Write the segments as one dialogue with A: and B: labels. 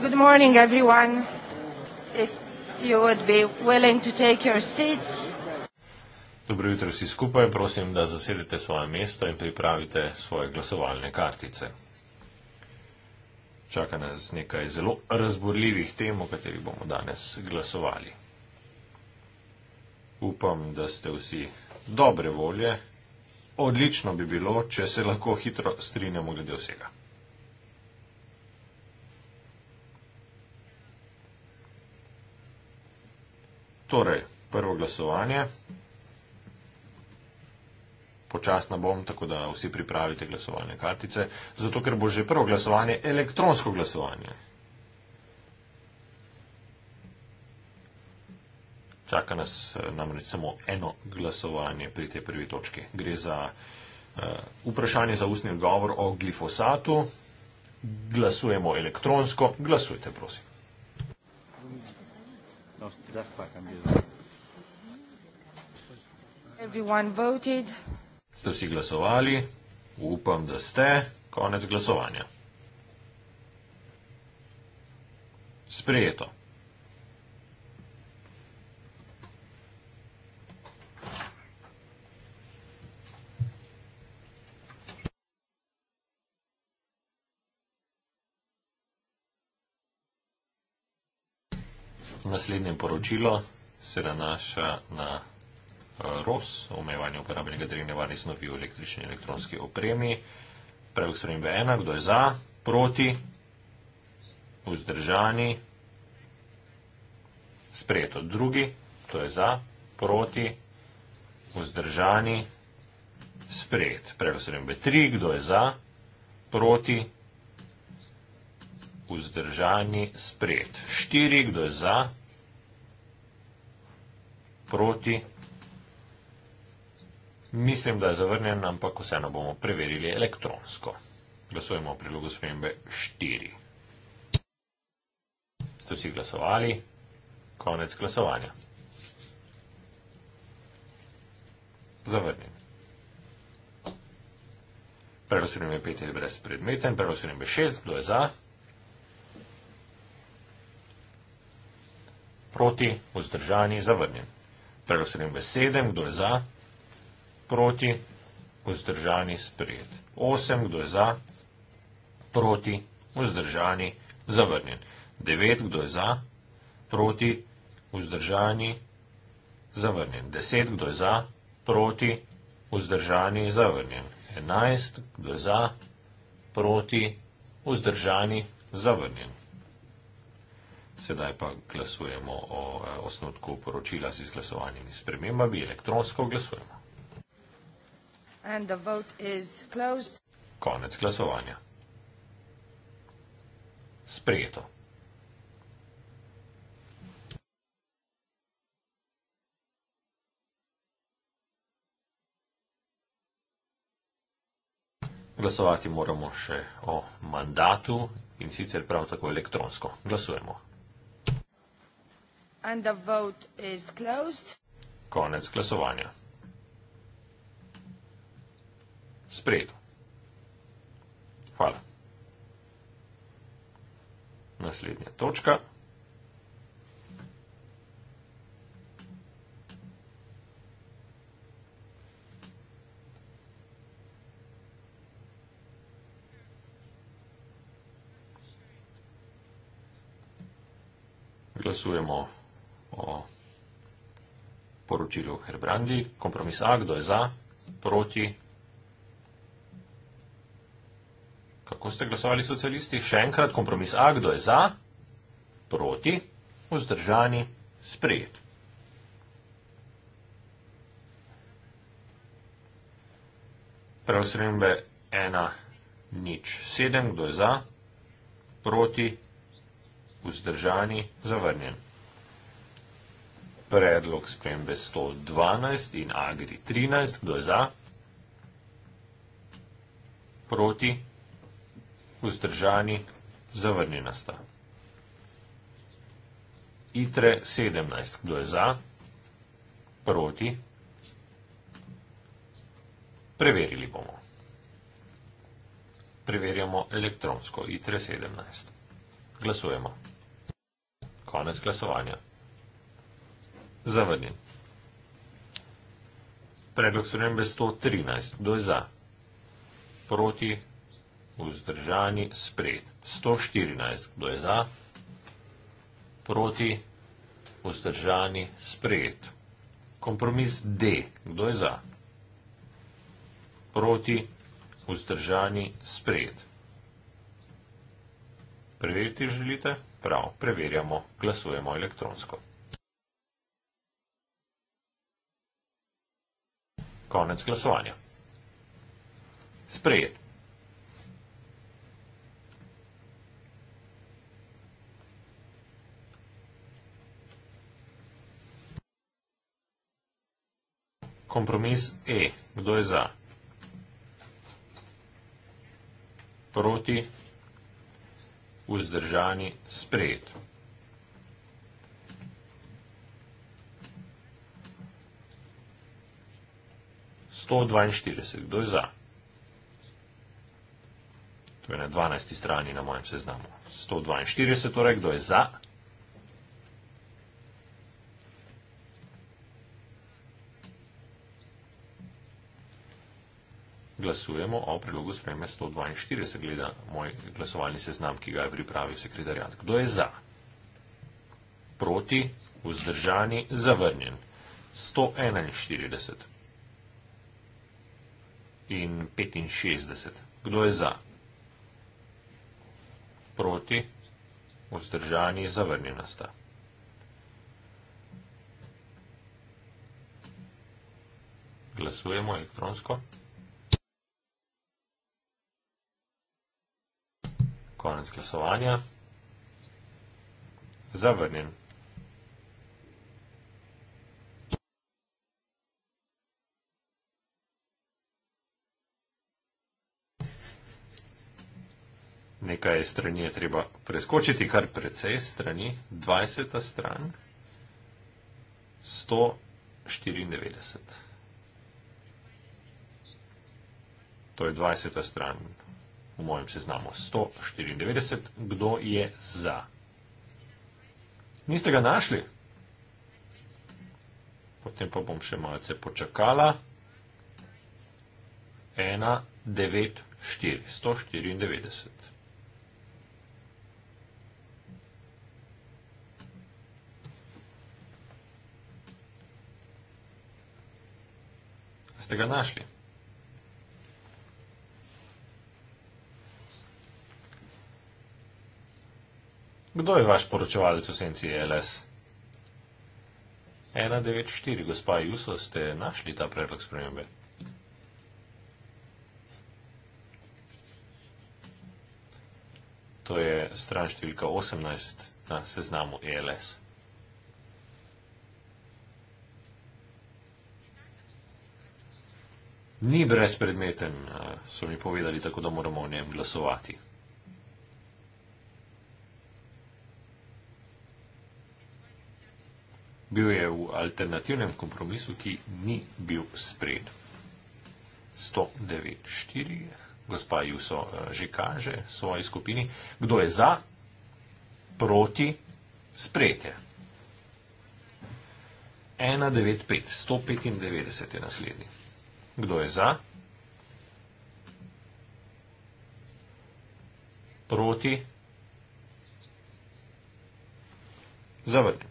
A: Good morning, everyone. If you would be willing to take your seats.
B: Dobro jutro vsi skupaj. Prosim, da zasedete svoje mesto in pripravite svoje glasovalne kartice. Čaka nas nekaj zelo razburljivih tem, o katerih bomo danes glasovali. Upam, da ste vsi dobre volje. Odlično bi bilo, če se lahko hitro strinjamo glede vsega. Torej, prvo glasovanje. Počasna bom, tako da vsi pripravite glasovalne kartice, zato ker bo že prvo glasovanje elektronsko glasovanje. Čaka nas eh, namreč samo eno glasovanje pri tej prvi točki. Gre za uh, vprašanje za ustni odgovor o glifosatu. Glasujemo elektronsko. Glasujte, prosim. No, ste vsi glasovali? Upam, da ste. Konec glasovanja. Sprejeto. Naslednje poročilo se nanaša na eh, ROS, omejevanje uporabe nekaterih nevarnih snovi v električni elektronski opremi. Predlog sprememb je ena, kdo je za, proti, vzdržani, sprejeto drugi, kdo je za, proti, vzdržani, sprejet. Predlog sprememb je tri, kdo je za, proti, vzdržani, sprejet. Štiri, kdo je za, proti proti. Mislim, da je zavrnjen, ampak vseeno bomo preverili elektronsko. Glasujemo o prilogu spremembe 4. Ste vsi glasovali? Konec glasovanja. Zavrnjen. Prelog spremembe 5 je brezpredmeten, prelog spremembe 6, kdo je za? Proti, vzdržani, zavrnjen predlog spremembe 7, kdo je za, proti, vzdržani, sprejet. 8, kdo je za, proti, vzdržani, zavrnjen. 9, kdo je za, proti, vzdržani, zavrnjen. 10, kdo je za, proti, vzdržani, zavrnjen. 11, kdo je za, proti, vzdržani, zavrnjen. Sedaj pa glasujemo o eh, osnutku poročila z izglasovanimi spremembami. Elektronsko glasujemo. Konec glasovanja. Sprejeto. Glasovati moramo še o mandatu in sicer prav tako elektronsko. Glasujemo.
A: And the vote is closed.
B: Konec glasovanja. Spredo. Hvala. Naslednja točka. Glasujemo o poročilu Herbrandi. Kompromis A, kdo je za, proti. Kako ste glasovali socialisti? Še enkrat, kompromis A, kdo je za, proti, vzdržani, sprejet. Preostrembe 1, nič 7, kdo je za, proti, vzdržani, zavrnjen predlog spremembe 112 in agri 13. Kdo je za? Proti? Vzdržani? Zavrnjena sta. ITRE 17. Kdo je za? Proti? Preverili bomo. Preverjamo elektronsko ITRE 17. Glasujemo. Konec glasovanja. Zavrnjen. Predlog so nembe 113. Kdo je za? Proti? Vzdržani? Sprejet. 114. Kdo je za? Proti? Vzdržani? Sprejet. Kompromis D. Kdo je za? Proti? Vzdržani? Sprejet. Preveriti želite? Prav. Preverjamo. Glasujemo elektronsko. Konec glasovanja. Sprejet. Kompromis E. Kdo je za? Proti. Vzdržani. Sprejet. Sprejet. 142. Kdo je za? To je na 12. strani na mojem seznamu. 142, torej kdo je za? Glasujemo o predlogu spremembe 142, gleda moj glasovalni seznam, ki ga je pripravil sekretarjat. Kdo je za? Proti, vzdržani, zavrnjen. 141 in 65. Kdo je za? Proti, vzdržani, zavrnjena sta. Glasujemo elektronsko. Konec glasovanja. Zavrnjen. nekaj strani je treba preskočiti, kar precej strani, 20. stran, 194. To je 20. stran v mojem seznamu, 194. Kdo je za? Niste ga našli? Potem pa bom še malce počakala. 1, 9, 4, 194. ste ga našli. Kdo je vaš poročevalec v senci e LS? 194, gospa Juso, ste našli ta predlog spremembe? To je stran številka 18 na seznamu ELS. ni brezpredmeten, eh, so mi povedali, tako da moramo o njem glasovati. Bil je v alternativnem kompromisu, ki ni bil spred. 109.4. Gospa Juso eh, že kaže svoji skupini, kdo je za, proti, sprejete. 195, 195 je naslednji. Kdo je za? Proti? Zavrnjen.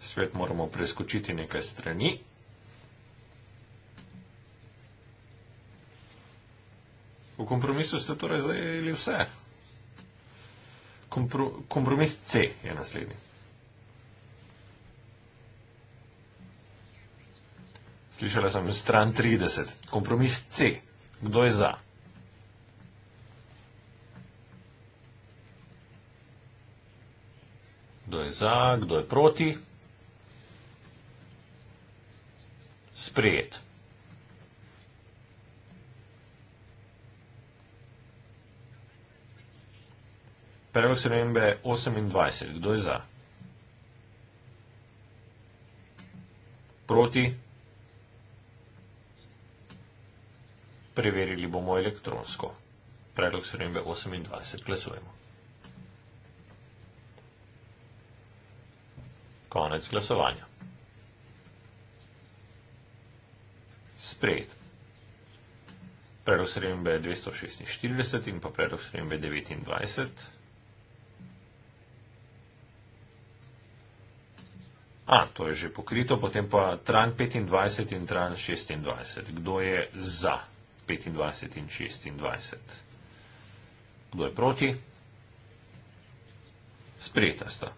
B: Svet moramo preskočiti nekaj strani. V kompromisu ste torej zajeli vse. Kompromis C je naslednji. Slišala sem stran 30. Kompromis C. Kdo je za? Kdo je za, kdo je proti? Sprejet. Prvo srembe 28. Kdo je za? Proti? Proti? Preverili bomo elektronsko. Predlog srednje 28 glasujemo. Konec glasovanja. Sprejet. Predlog srednje 246 in pa predlog srednje 29. A, to je že pokrito, potem pa tran 25 in tran 26. Kdo je za? Kdo je za? 25 in 26. Kdo je proti? Sprejeta sta.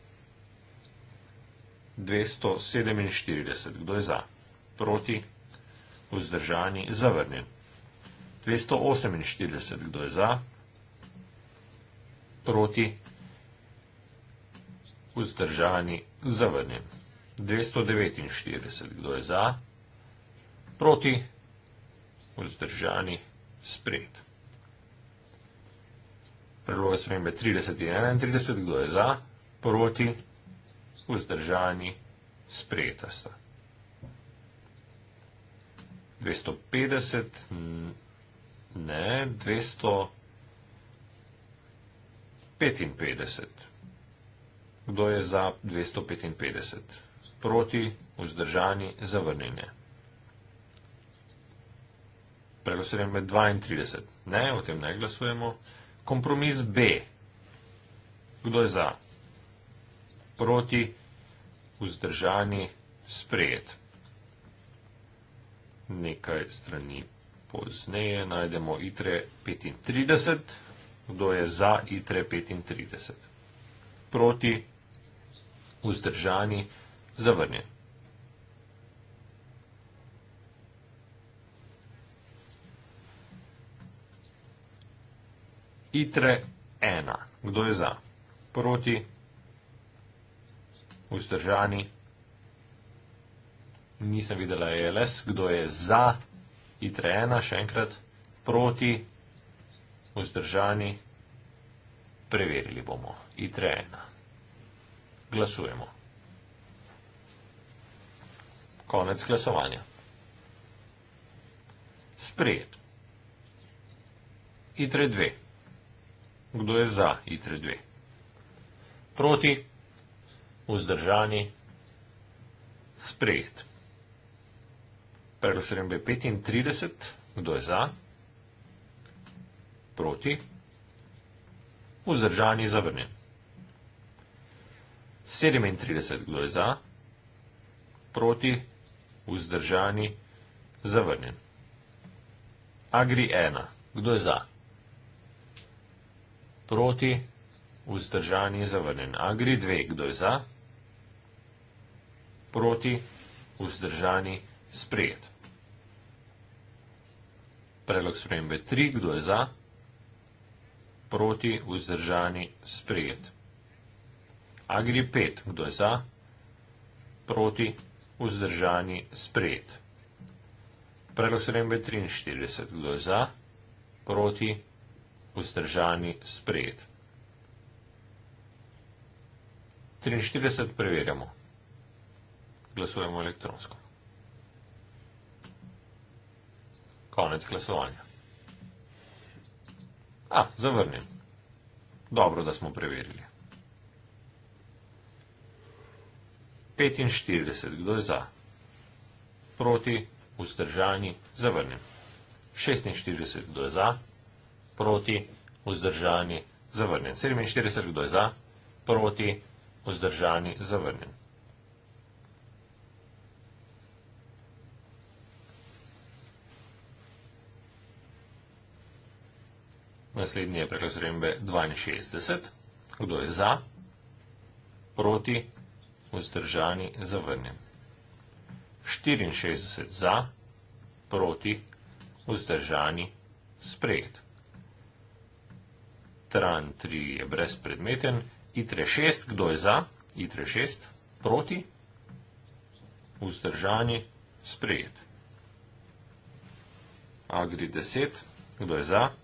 B: 247. Kdo je za? Proti? Vzdržani? Zavrnjen. 248. Kdo je za? Proti? Vzdržani? Zavrnjen. 249. Kdo je za? Proti? vzdržani, sprejet. Predloga spremembe 30 in 31, kdo je za, proti, vzdržani, sprejeta sta. 250, ne, 255. Kdo je za 255? Proti, vzdržani, zavrnjeni preglasujemo med 32. Ne, o tem ne glasujemo. Kompromis B. Kdo je za? Proti, vzdržani, sprejet. Nekaj strani pozneje najdemo ITRE 35. Kdo je za ITRE 35? Proti, vzdržani, zavrnjen. ITRE 1. Kdo je za? Proti? Vzdržani? Nisem videla ELS. Kdo je za ITRE 1? Še enkrat. Proti? Vzdržani? Preverili bomo. ITRE 1. Glasujemo. Konec glasovanja. Sprejet. ITRE 2 kdo je za ITR2. Proti, vzdržani, sprejet. Predlog sprejem B35, kdo je za, proti, vzdržani, zavrnjen. 37, kdo je za, proti, vzdržani, zavrnjen. Agri 1, kdo je za, proti proti, vzdržani, zavrnjen. Agri 2, kdo je za, proti, vzdržani, sprejet. Predlog spremembe 3, kdo je za, proti, vzdržani, sprejet. Agri 5, kdo je za, proti, vzdržani, sprejet. Predlog spremembe 43, kdo je za, proti, vzdržani, sprejet vzdržani sprejet. 43 preverjamo. Glasujemo elektronsko. Konec glasovanja. A, zavrnjen. Dobro, da smo preverili. 45. Kdo je za? Proti, vzdržani, zavrnjen. 46. Kdo je za? Proti proti, vzdržani, zavrnjen. 47, kdo je za, proti, vzdržani, zavrnjen. Naslednji je preklas rembe 62, kdo je za, proti, vzdržani, zavrnjen. 64 za, proti, vzdržani, sprejet tran 3 je brezpredmeten, itre 6, kdo je za, itre 6, proti, vzdržani, sprejet. Agri 10, kdo je za,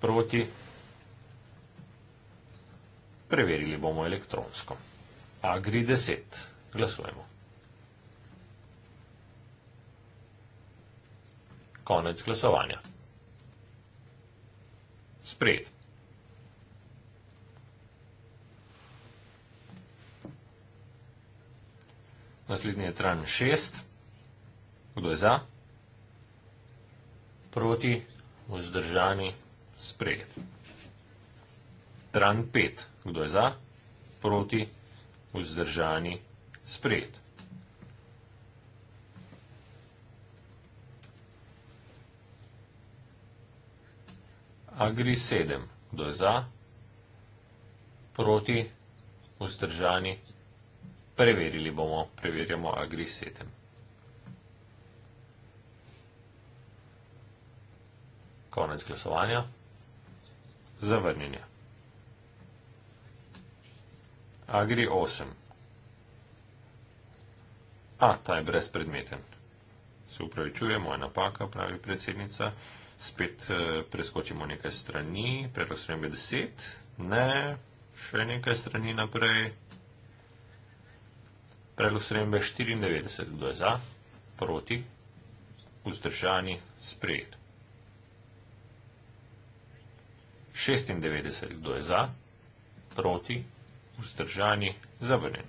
B: proti, preverili bomo elektronsko. Agri 10, glasujemo. Konec glasovanja. Sprejet. Naslednji je tran 6. Kdo je za? Proti, vzdržani, sprejet. Tran 5. Kdo je za? Proti, vzdržani, sprejet. Agri 7. Kdo je za? Proti, vzdržani, sprejet. Preverili bomo, preverjamo Agri 7. Konec glasovanja. Zavrnjenje. Agri 8. A, ta je brezpredmeten. Se upravičuje, moja napaka, pravi predsednica. Spet eh, preskočimo nekaj strani, predlog srembe 10. Ne, še nekaj strani naprej. Ne. Predlog sprejembe 94, kdo je za, proti, vzdržani, sprejet. 96, kdo je za, proti, vzdržani, zavrnjen.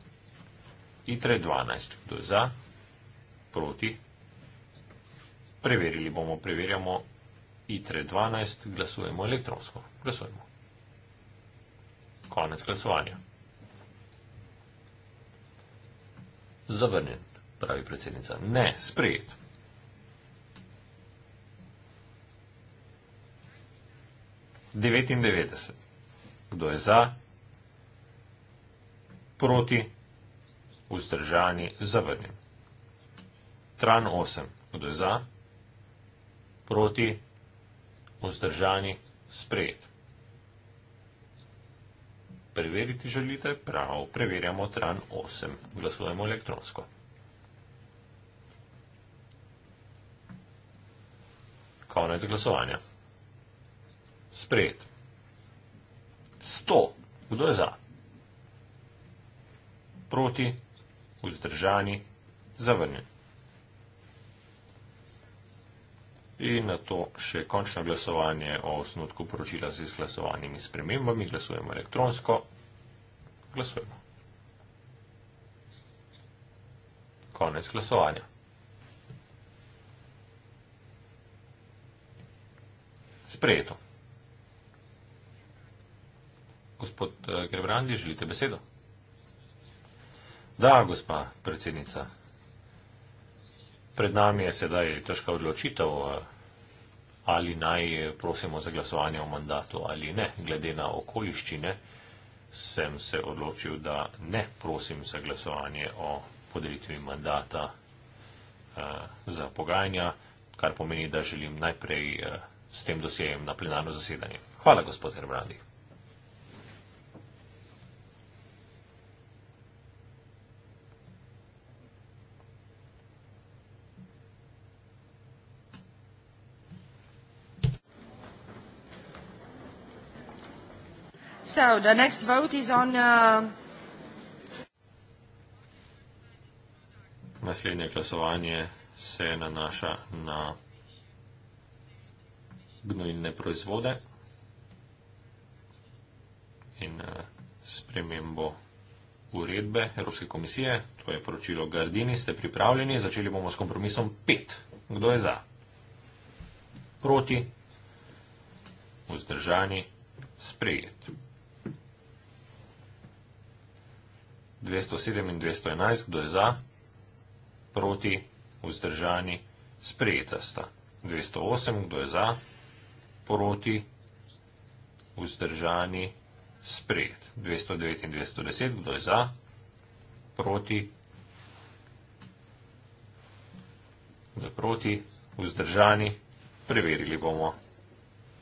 B: ITRE 12, kdo je za, proti, preverili bomo, preverjamo ITRE 12, glasujemo elektronsko. Glasujemo. Konec glasovanja. Zavrnjen, pravi predsednica. Ne, sprejet. Devetindevetdeset. Kdo je za? Proti? Vzdržani? Zavrnjen. Tran osem. Kdo je za? Proti? Vzdržani? Sprejet. Preveriti želite? Prav, preverjamo tran 8. Glasujemo elektronsko. Konec glasovanja. Sprejet. 100. Kdo je za? Proti, vzdržani, zavrnjeni. in na to še končno glasovanje o osnutku poročila z izglasovanimi spremembami. Glasujemo elektronsko. Glasujemo. Konec glasovanja. Sprejeto. Gospod eh, Grebrandi, želite besedo? Da, gospa predsednica. Pred nami je sedaj težka odločitev, ali naj prosimo za glasovanje o mandatu ali ne. Glede na okoliščine sem se odločil, da ne prosim za glasovanje o podelitvi mandata eh, za pogajanja, kar pomeni, da želim najprej eh, s tem dosjejem na plenarno zasedanje. Hvala, gospod Herbrandi.
A: So the next vote is on. Uh,
B: Naslednje glasovanje se nanaša na gnojne proizvode in uh, spremembo uredbe Evropske komisije. To je poročilo Gardini. Ste pripravljeni? Začeli bomo s kompromisom 5. Kdo je za? Proti? Vzdržani? Sprejeti? 207 in 211, kdo je za, proti, vzdržani, sprejeta sta. 208, kdo je za, proti, vzdržani, sprejet. 209 in 210, kdo je za, proti, kdo je proti, vzdržani, preverili bomo.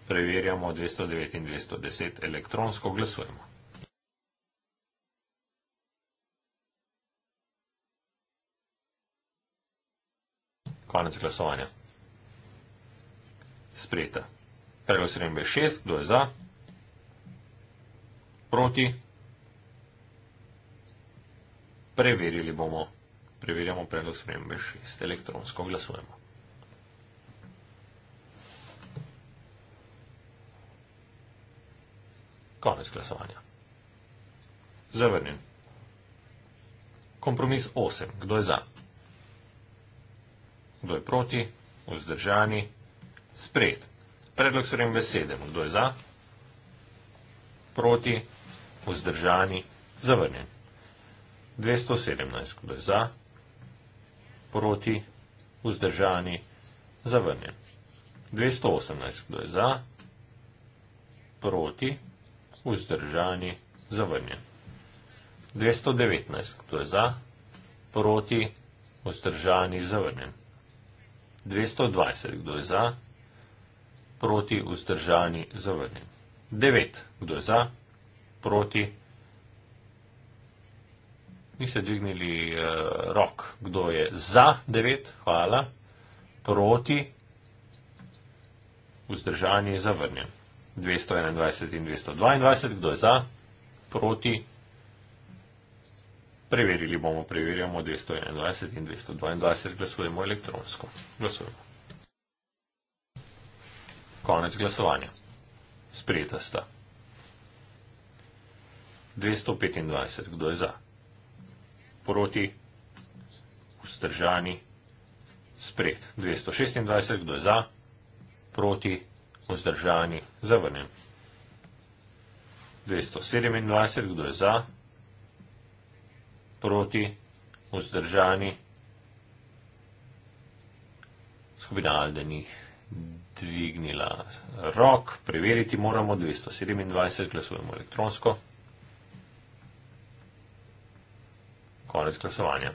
B: Preverjamo 209 in 210, elektronsko glasujemo. Konec glasovanja. Sprejeta. Predlog sprejem B6, kdo je za? Proti? Preverili bomo. Preverjamo predlog sprejem B6. Elektronsko glasujemo. Konec glasovanja. Zavrnjen. Kompromis 8. Kdo je za? Kdo je za? Kdo je proti? Vzdržani? Sprejet. Predlog sprem besede. Kdo je za? Proti? Vzdržani? Zavrnjen. 217. Kdo je za? Proti? Vzdržani? Zavrnjen. 218. Kdo je za? Proti? Vzdržani? Zavrnjen. 219. Kdo je za? Proti? Vzdržani? Zavrnjen. 220. 220. Kdo je za? Proti vzdržani zavrnjen. 9. Kdo je za? Proti. Niste dvignili uh, rok. Kdo je za? 9. Hvala. Proti. Vzdržani zavrnjen. 221 in 222. Kdo je za? Proti. Preverili bomo, preverjamo 221 in 222, glasujemo elektronsko. Glasujemo. Konec glasovanja. Sprejeta sta. 225, kdo je za? Proti, vzdržani, sprejet. 226, kdo je za? Proti, vzdržani, zavrnjen. 227, kdo je za? Proti, vzdržani, zavrnjen proti, vzdržani. Skupina Aldenih dvignila rok, preveriti moramo 227, glasujemo elektronsko. Konec glasovanja.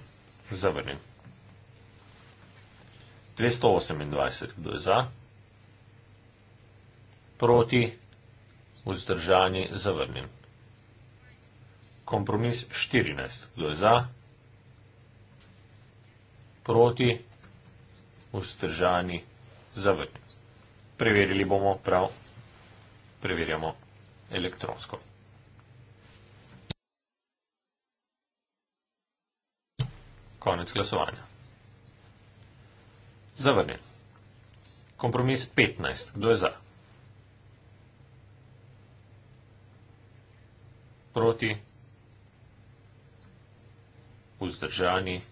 B: Zavrnjen. 228, kdo je za? Proti, vzdržani, zavrnjen kompromis 14. Kdo je za? Proti? Vzdržani? Zavrnjen. Preverili bomo prav. Preverjamo elektronsko. Konec glasovanja. Zavrnjen. Kompromis 15. Kdo je za? Proti? vzdržani,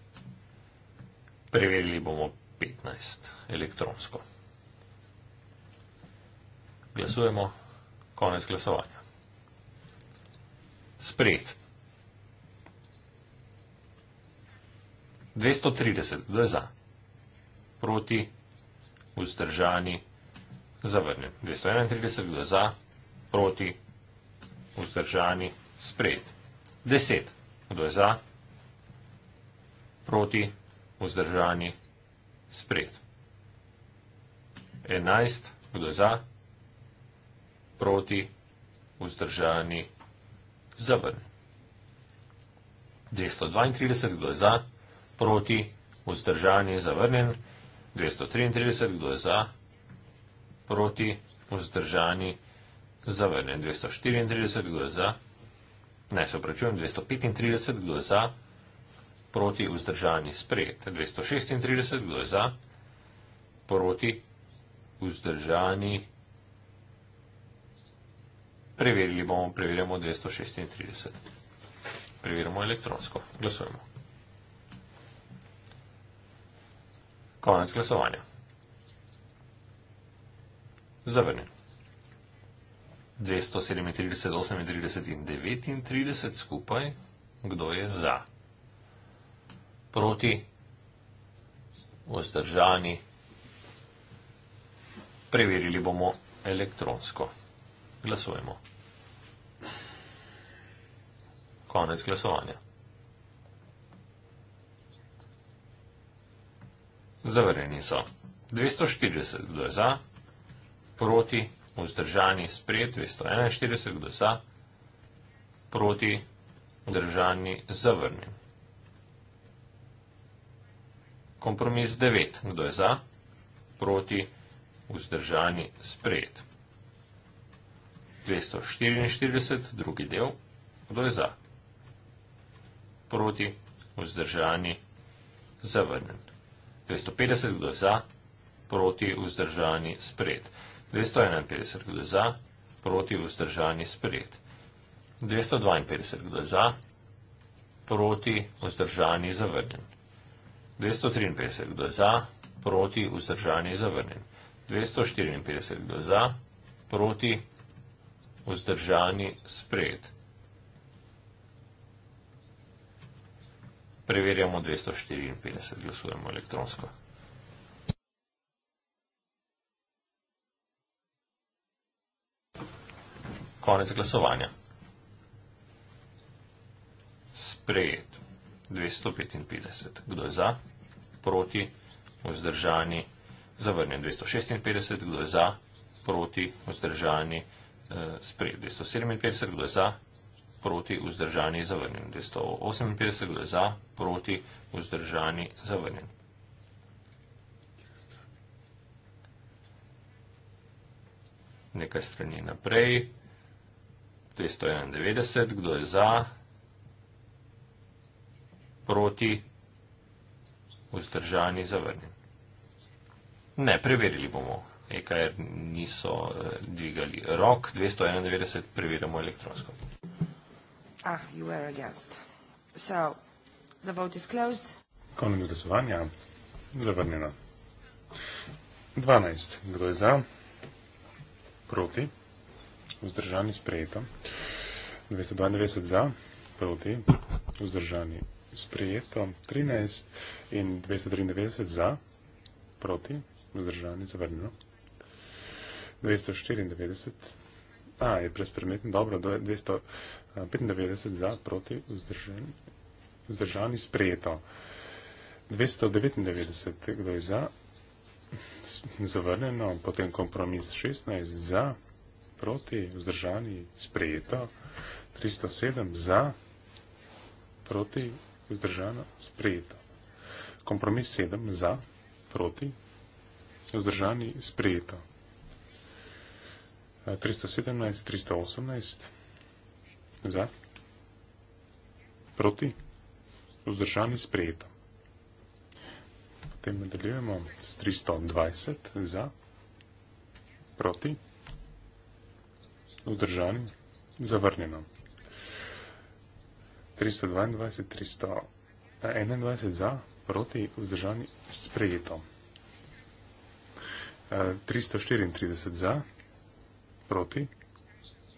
B: preverili bomo 15 elektronsko. Glasujemo, konec glasovanja. Sprejet. 230, kdo je za? Proti, vzdržani, zavrnjen. 231, kdo je za? Proti, vzdržani, sprejet. 10, kdo je za? Proti, vzdržani, sprejet proti vzdržani spred. 11, kdo za, proti vzdržani zavrn. 232, kdo za, proti vzdržani zavrnjen. 233, kdo za, proti vzdržani zavrnjen. 234, kdo za, ne se opračujem, 235, kdo za, proti vzdržani zavrnjen proti vzdržani sprejet. 236, kdo je za, proti vzdržani. Preverili bomo, preverjamo 236. Preverjamo elektronsko. Glasujemo. Konec glasovanja. Zavrnjen. 237, 38 in 39 skupaj. Kdo je za? proti, vzdržani. Preverili bomo elektronsko. Glasujemo. Konec glasovanja. Zavrnjeni so 240 kdo je za, proti, vzdržani, sprejet, 241 kdo je za, proti, vzdržani, zavrnjeni kompromis 9. Kdo je za? Proti, vzdržani, sprejet. 244, drugi del. Kdo je za? Proti, vzdržani, zavrnjen. 250, kdo je za? Proti, vzdržani, sprejet. 251, kdo je za? Proti, vzdržani, sprejet. 252, kdo je za? Proti, vzdržani, zavrnjen. 253 kdo za, proti, vzdržani, zavrnjen. 254 kdo za, proti, vzdržani, sprejet. Preverjamo 254, glasujemo elektronsko. Konec glasovanja. Sprejet. 255. Kdo je za? Proti? Vzdržani? Zavrnjen. 256. Kdo je za? Proti? Vzdržani? Eh, sprejet. 257. Kdo je za? Proti? Vzdržani? Zavrnjen. 258. Kdo je za? Proti? Vzdržani? Zavrnjen. Nekaj strani naprej. 291. Kdo je za? Proti? proti, vzdržani, zavrnjen. Ne, preverili bomo. EKR er niso uh, dvigali rok, 291 preverjamo
C: elektronsko.
A: Ah, you were against. So, the vote is closed.
C: Konec glasovanja, zavrnjeno. 12, kdo je za, proti, vzdržani, sprejeto. 292 za, proti, vzdržani, sprejeto 13 in 293 za, proti, zadržani, zavrnjeno. 294, a je prespremetno, dobro, 295 za, proti, vzdržani, vzdržani, sprejeto. 299, kdo je za, zavrnjeno, potem kompromis 16 za, proti, vzdržani, sprejeto. 307 za, proti, vzdržano, sprejeto. Kompromis sedem za, proti, vzdržani, sprejeto. 317, eh, 318 za, proti, vzdržani, sprejeto. Potem nadaljujemo s 320 za, proti, vzdržani, zavrnjeno. 321 za, proti, vzdržani, sprejeto. 334 eh, za, proti,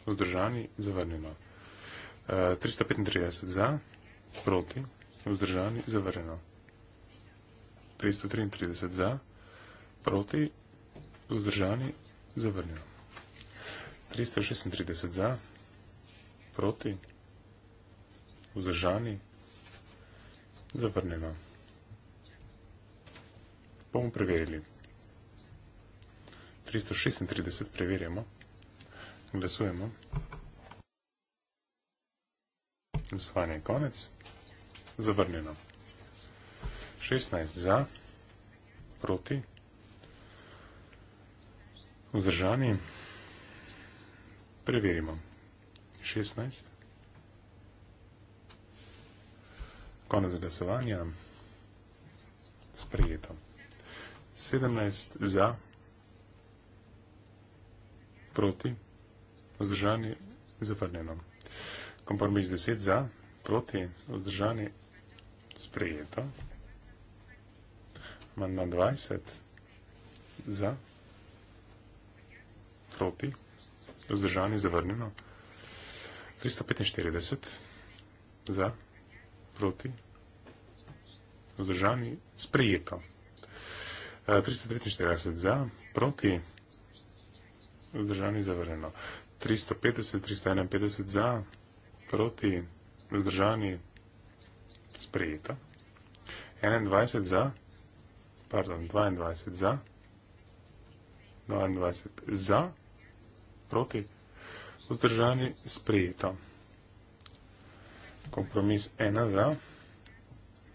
C: vzdržani, zavrnjeno. 335 eh, za, proti, vzdržani, zavrnjeno. 333 za, proti, vzdržani, zavrnjeno. 336 za, proti, vzdržani, zavrnjeno vzdržani, zavrnemo. Bomo preverili. 336 preverjamo. Glasujemo. Glasovanje je konec. Zavrnjeno. 16 za, proti, vzdržani. Preverimo. 16. konec glasovanja sprejeto. 17 za, proti, vzdržani, zavrnjeno. Kompromis 10 za, proti, vzdržani, sprejeto. Manjna 20 za, proti, vzdržani, zavrnjeno. 345 za, proti proti, vzdržani, sprejeto. 349 e, za, proti, vzdržani, zavrjeno. 350, 351 za, proti, vzdržani, sprejeto. 21 za, pardon, 22 za, 22 za, proti, vzdržani, sprejeto. Kompromis ena za,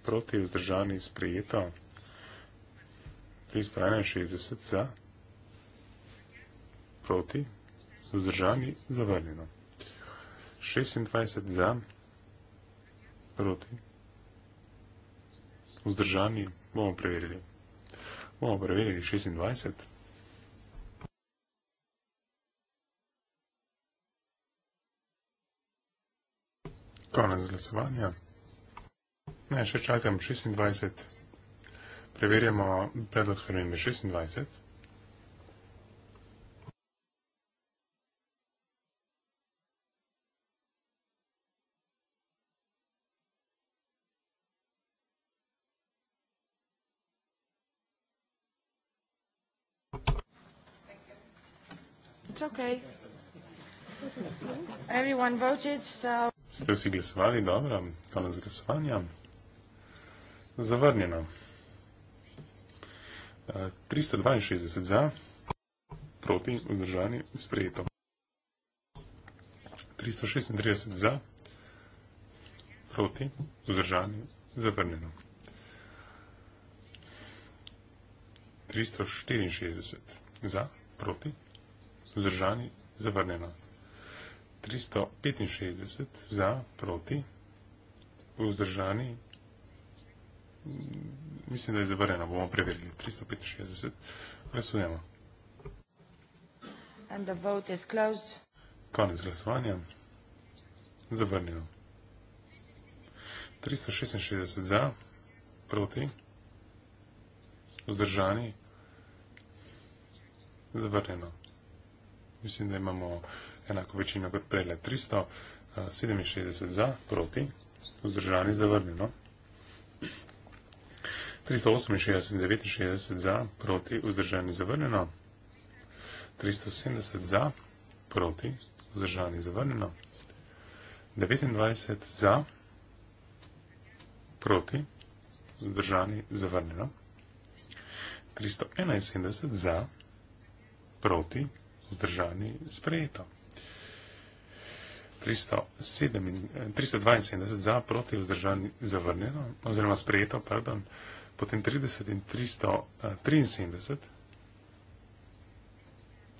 C: proti vzdržani sprejeto, 361 za, proti vzdržani zavrnjeno. 26 za, proti vzdržani bomo preverili. Bomo preverili 26. Konec glasovanja. Ne, še čakam 26. Preverjamo predlog spremembe 26.
A: It's okay. Everyone voted, so
C: ste vsi glasovali, dobro, konec glasovanja. Zavrnjeno. 362 e, za, proti, vzdržani, sprejeto. 336 za, proti, vzdržani, zavrnjeno. 364 za, proti, vzdržani, zavrnjeno. 365 za, proti, vzdržani, mislim, da je zavrjeno, bomo preverili, 365, glasujemo.
A: And the vote is closed.
C: Konec glasovanja, zavrnjeno. 366 za, proti, vzdržani, zavrnjeno. Mislim, da imamo enako večino kot prele eh, 367 za, proti, vzdržani zavrnjeno. 368, 69 za, proti, vzdržani zavrnjeno. 370 za, proti, vzdržani zavrnjeno. 29 za, proti, vzdržani zavrnjeno. 371 za, proti, vzdržani sprejeto. 307, 372 za, proti, vzdržani, zavrnjeno, oziroma sprejeto, pardon, potem 30 in 373. Eh,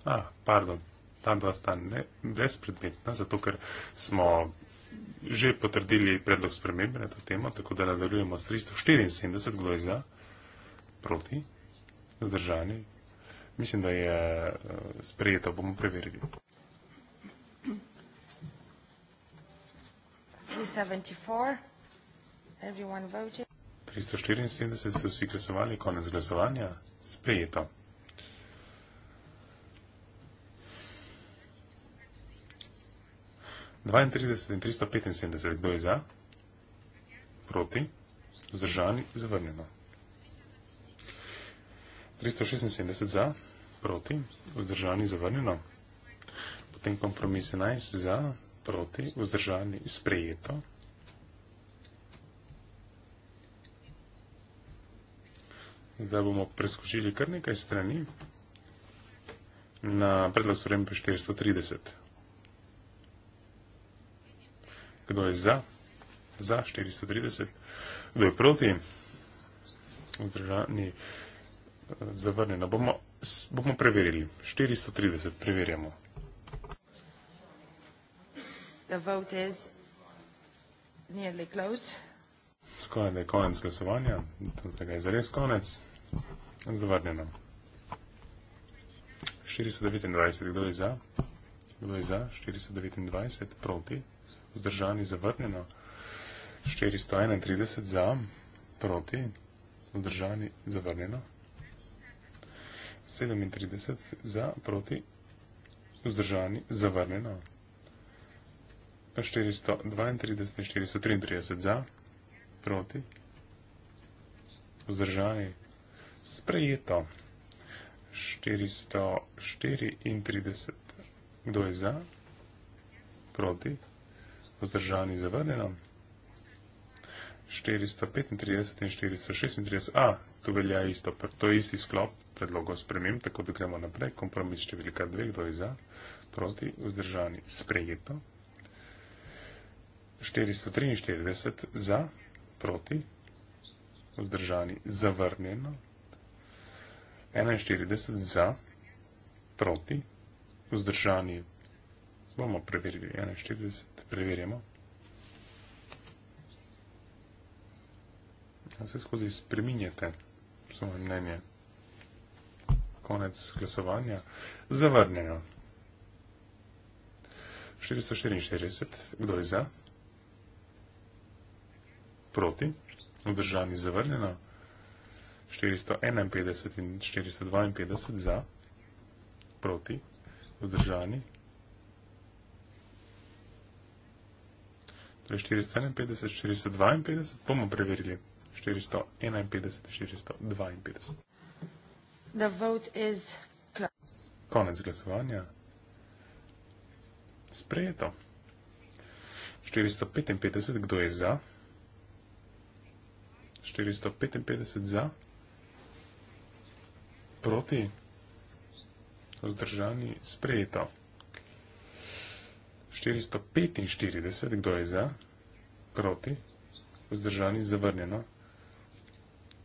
C: A, pardon, ta dva sta ne, brezpredmetna, zato ker smo že potrdili predlog spremembe na to temo, tako da nadaljujemo s 374, kdo je za, proti, vzdržani. Mislim, da je eh, sprejeto, bomo preverili.
A: 374
C: ste vsi glasovali, konec glasovanja, sprejeto. Dvaintrideset in tristo petinsedemdeset. Kdo je za? Proti? Zdržani? Zavrnjeno. Tristo šestinsedemdeset za? Proti? Zdržani? Zavrnjeno. Potem kompromis enajst za? proti, vzdržani, sprejeto. Zdaj bomo preskočili kar nekaj strani na predlog sprejembe 430. Kdo je za? Za 430. Kdo je proti? Vzdržani, zavrnjeno. Bomo, bomo preverili. 430 preverjamo.
A: The vote is nearly close.
C: Skoraj da je konec glasovanja, da je zares konec. Zavrnjeno. 429, kdo je za? Kdo je za? 429, proti. Vzdržani, zavrnjeno. 431 za, proti. Vzdržani, zavrnjeno. 37 za, proti. Vzdržani, zavrnjeno. 432 in 433 za, proti, vzdržani, sprejeto. 434, kdo je za, proti, vzdržani, zavrnjeno. 435 in 436 a, tu velja isto, to je isti sklop predlogov spremem, tako da gremo naprej, kompromis številka 2, kdo je za, proti, vzdržani, sprejeto. 434. 443 za, proti, vzdržani, zavrnjeno, 41 za, proti, vzdržani, bomo preverili, 41, preverjamo. Vse skozi spreminjate svoje mnenje. Konec glasovanja. Zavrnjeno. 444, kdo je za? proti, vzdržani zavrnjeno, 451 in 452 za, proti, vzdržani. Torej 451, 452, bomo preverili 451, 452. Konec glasovanja. Sprejeto. 455, kdo je za? 455 za, proti, vzdržani, sprejeto. 445, kdo je za, proti, vzdržani, zavrnjeno.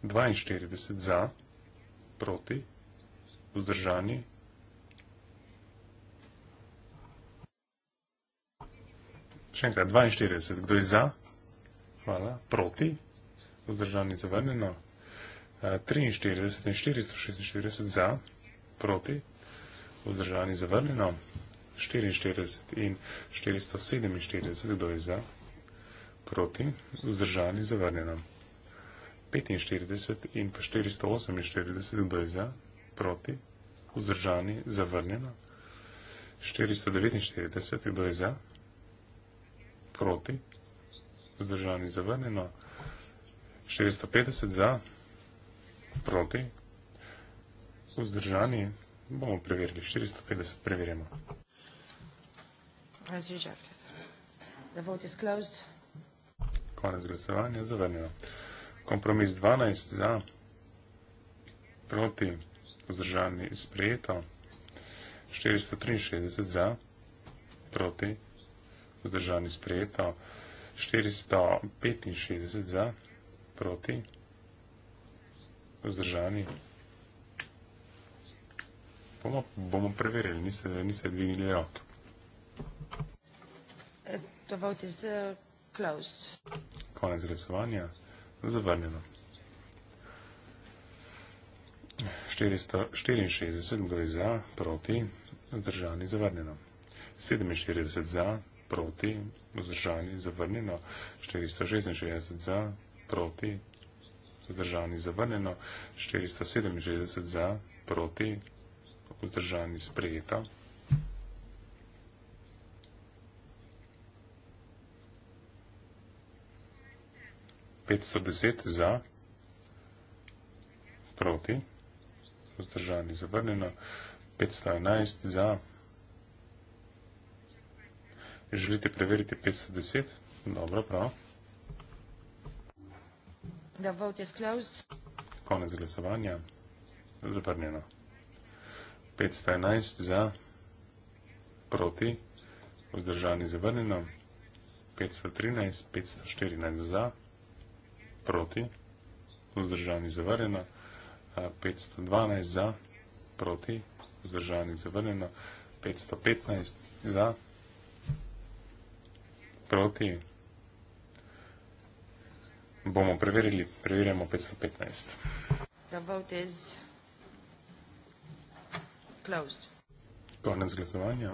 C: 42 za, proti, vzdržani. Še enkrat, 42, kdo je za, hvala, proti, vzdržani vzdržani zavrnjeno, 43 eh, in 446 za, proti, vzdržani zavrnjeno, 44 in 447, kdo je za, proti, vzdržani zavrnjeno, 45 in pa 448, kdo je za, proti, vzdržani zavrnjeno, 449, kdo je za, proti, vzdržani zavrnjeno, 450 za, proti, vzdržani, bomo preverili, 450 preverjamo.
A: As rejected. The vote is closed.
C: Konec glasovanja, zavrnjeno. Kompromis 12 za, proti, vzdržani, sprejeto, 463 za, proti, vzdržani, sprejeto, 465 za, proti, proti, vzdržani. Bomo, bomo preverili, niste, niste dvignili rok.
A: Uh, the vote is uh, closed.
C: Konec glasovanja, zavrnjeno. 464, kdo je za, proti, vzdržani, zavrnjeno. 47 za, proti, vzdržani, zavrnjeno. 466 za, proti, vzdržani zavrnjeno, 467 za, proti, vzdržani sprejeto. Petsto deset za, proti, vzdržani zavrnjeno, petsto enajst za. Želite preveriti petsto deset? Dobro, prav.
A: The vote is closed.
C: Konec glasovanja. Zaprnjeno. 511 za, proti, vzdržani zavrnjeno. 513, 514 za, proti, vzdržani zavrnjeno. 512 za, proti, vzdržani zavrnjeno. 515 za, proti, vzdržani zavrnjeno. Bomo preverili, preverjamo 515. Konec glasovanja.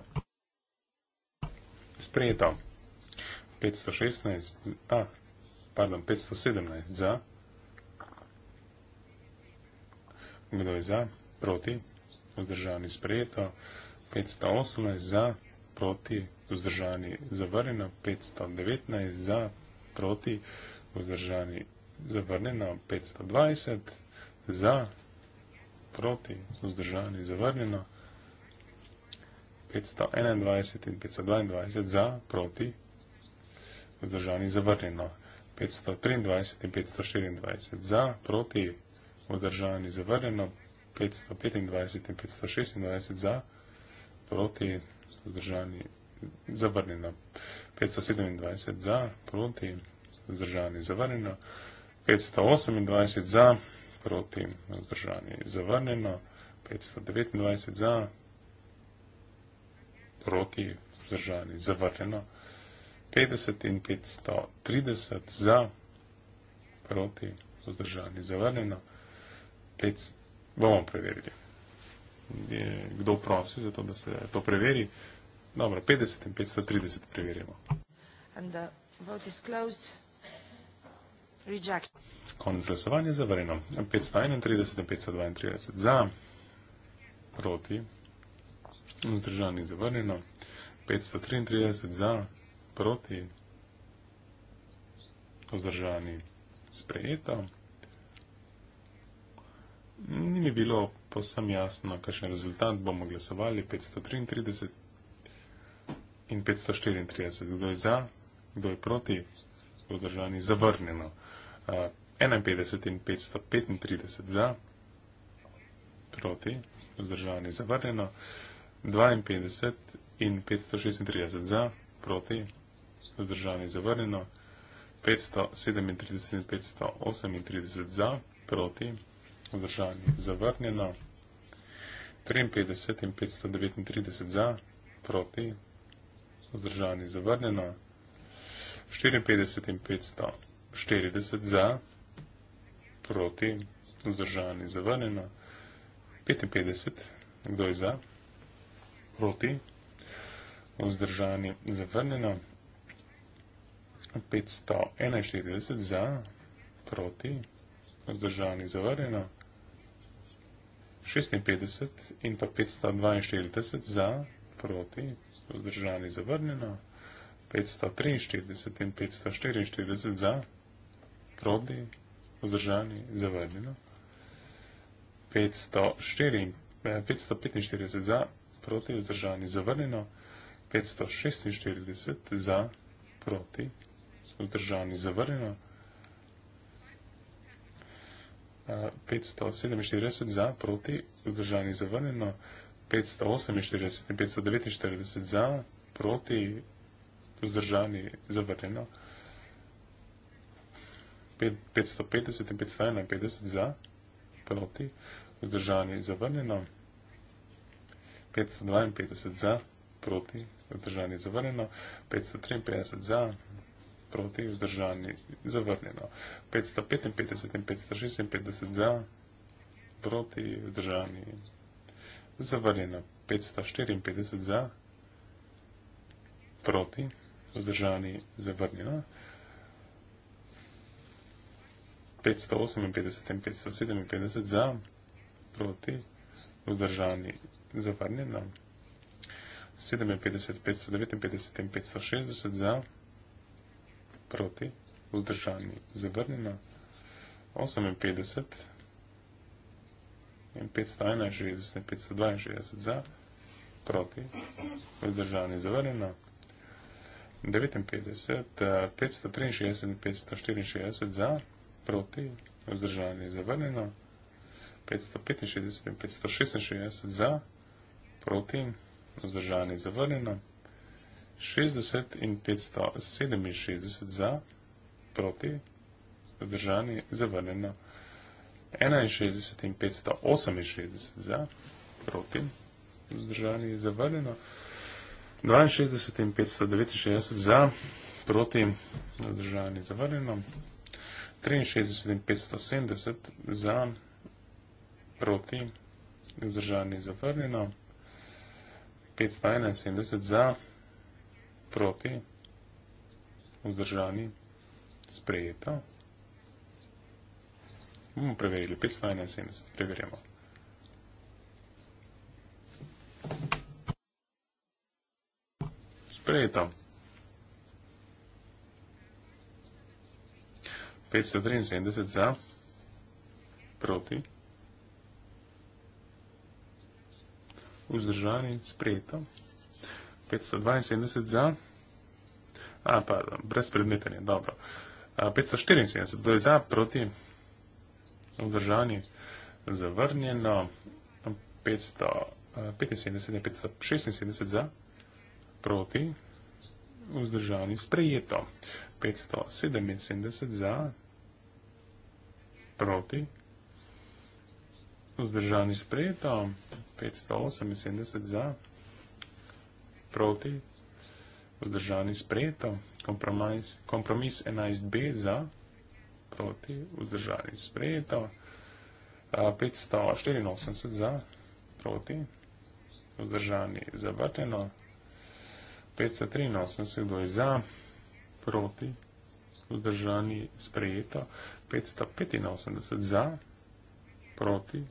C: Sprejeto. 516, a, pardon, 517 za. Kdo je za? Proti. Vzdržani sprejeto. 518 za. Proti. Vzdržani zavrjeno. 519 za. Proti vzdržani, zavrnjeno 520, za, proti, vzdržani, zavrnjeno 521 in 522, za, proti, vzdržani, zavrnjeno 523 in 524, za, proti, vzdržani, zavrnjeno 525 in 526, za, proti, vzdržani, zavrnjeno 527 za, proti, vzdržani zavrnjeno, 528 za, proti vzdržani zavrnjeno, 529 za, proti vzdržani zavrnjeno, 50 in 530 za, proti vzdržani zavrnjeno, 5, bomo preverili. Je kdo prosi za to, da se to preveri? Dobro, 50 in 530 preverimo.
A: And the vote is closed. Reject.
C: Konec glasovanja je zavrnjeno. 531 in 532 za, proti, vzdržani je zavrnjeno. 533 za, proti, vzdržani sprejeto. Ni mi bilo posem jasno, kakšen rezultat bomo glasovali. 533 in 534. Kdo je za, kdo je proti, vzdržani je zavrnjeno. 51 in 535 za, proti, vzdržavanje zavrnjeno, 52 in 536 za, proti, vzdržavanje zavrnjeno, 537 in 538 za, proti, vzdržavanje zavrnjeno, 53 in 539 za, proti, vzdržavanje zavrnjeno, 54 in 500 40 za, proti, vzdržani, zavrnjeno, 55, kdo je za, proti, vzdržani, zavrnjeno, 541 za, proti, vzdržani, zavrnjeno, 56 in pa 542 za, proti, vzdržani, zavrnjeno, 543 in 544 za, proti, probi, vzdržani, zavrnjeno. 545 eh, za, proti, vzdržani, zavrnjeno. 546 za, proti, vzdržani, zavrnjeno. 547 eh, za, proti, vzdržani, zavrnjeno. 548 in 549 za, proti, vzdržani, zavrnjeno. 550 in 551 za, proti, vzdržani zavrnjeno, 552 za, proti, vzdržani zavrnjeno, 553 za, proti, vzdržani zavrnjeno, 555 in 556 za, proti, vzdržani zavrnjeno, 554 za, proti, vzdržani zavrnjeno, 558 in 557 za, proti, vzdržani, zavrnjeno. 57, 559 in 560 za, proti, vzdržani, zavrnjeno. 58 in 561 in 562 za, proti, vzdržani, zavrnjeno. 59, 563 eh, in 564 za, proti, vzdržanje je zavrnjeno, 565 in 566 za, proti, vzdržanje je zavrnjeno, 60 in 567 za, proti, vzdržanje je zavrnjeno, 61 in 568 za, proti, vzdržanje je zavrnjeno, 62 in 569 za, proti, vzdržanje je zavrnjeno. 563 in 570 za, proti, vzdržani zavrnjeno, 571 za, proti, vzdržani sprejeto. Bomo preverili, 571, preverjamo. Sprejeto. 573 za, proti, vzdržani, sprejeto. 572 za, a pa brez predmetenja, dobro. 574, to je za, proti, vzdržani, zavrnjeno. 575 je 576 za, proti, vzdržani, sprejeto. 577 za, proti, vzdržani sprejeto, 578 za, proti, vzdržani sprejeto, kompromis, kompromis 11b za, proti, vzdržani sprejeto, 584 za, proti, vzdržani zavrteno, 583 za, proti, vzdržani sprejeto. 585 za, proti,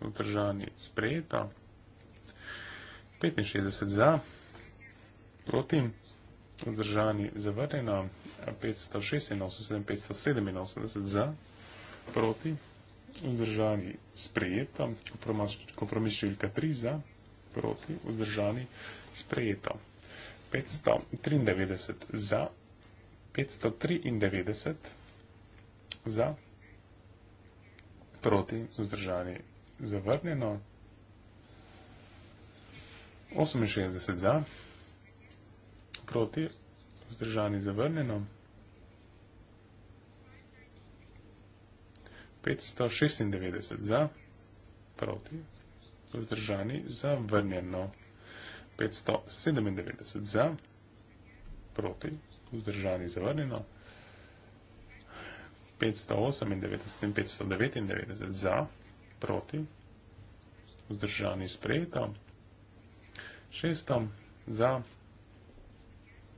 C: vzdržani, sprejeto, 65 za, proti, vzdržani, zavrnjeno, 586 in 587 za, proti, vzdržani, sprejeto, kompromis številka 3 za, proti, vzdržani, sprejeto, 593 za, 593 za, proti, vzdržani, zavrnjeno, 68 za, proti, vzdržani, zavrnjeno, 596 za, proti, vzdržani, zavrnjeno, 597 za, proti, vzdržani, zavrnjeno, 597 za, proti, 598 in 599 za, proti, vzdržani sprejeto, 600 za,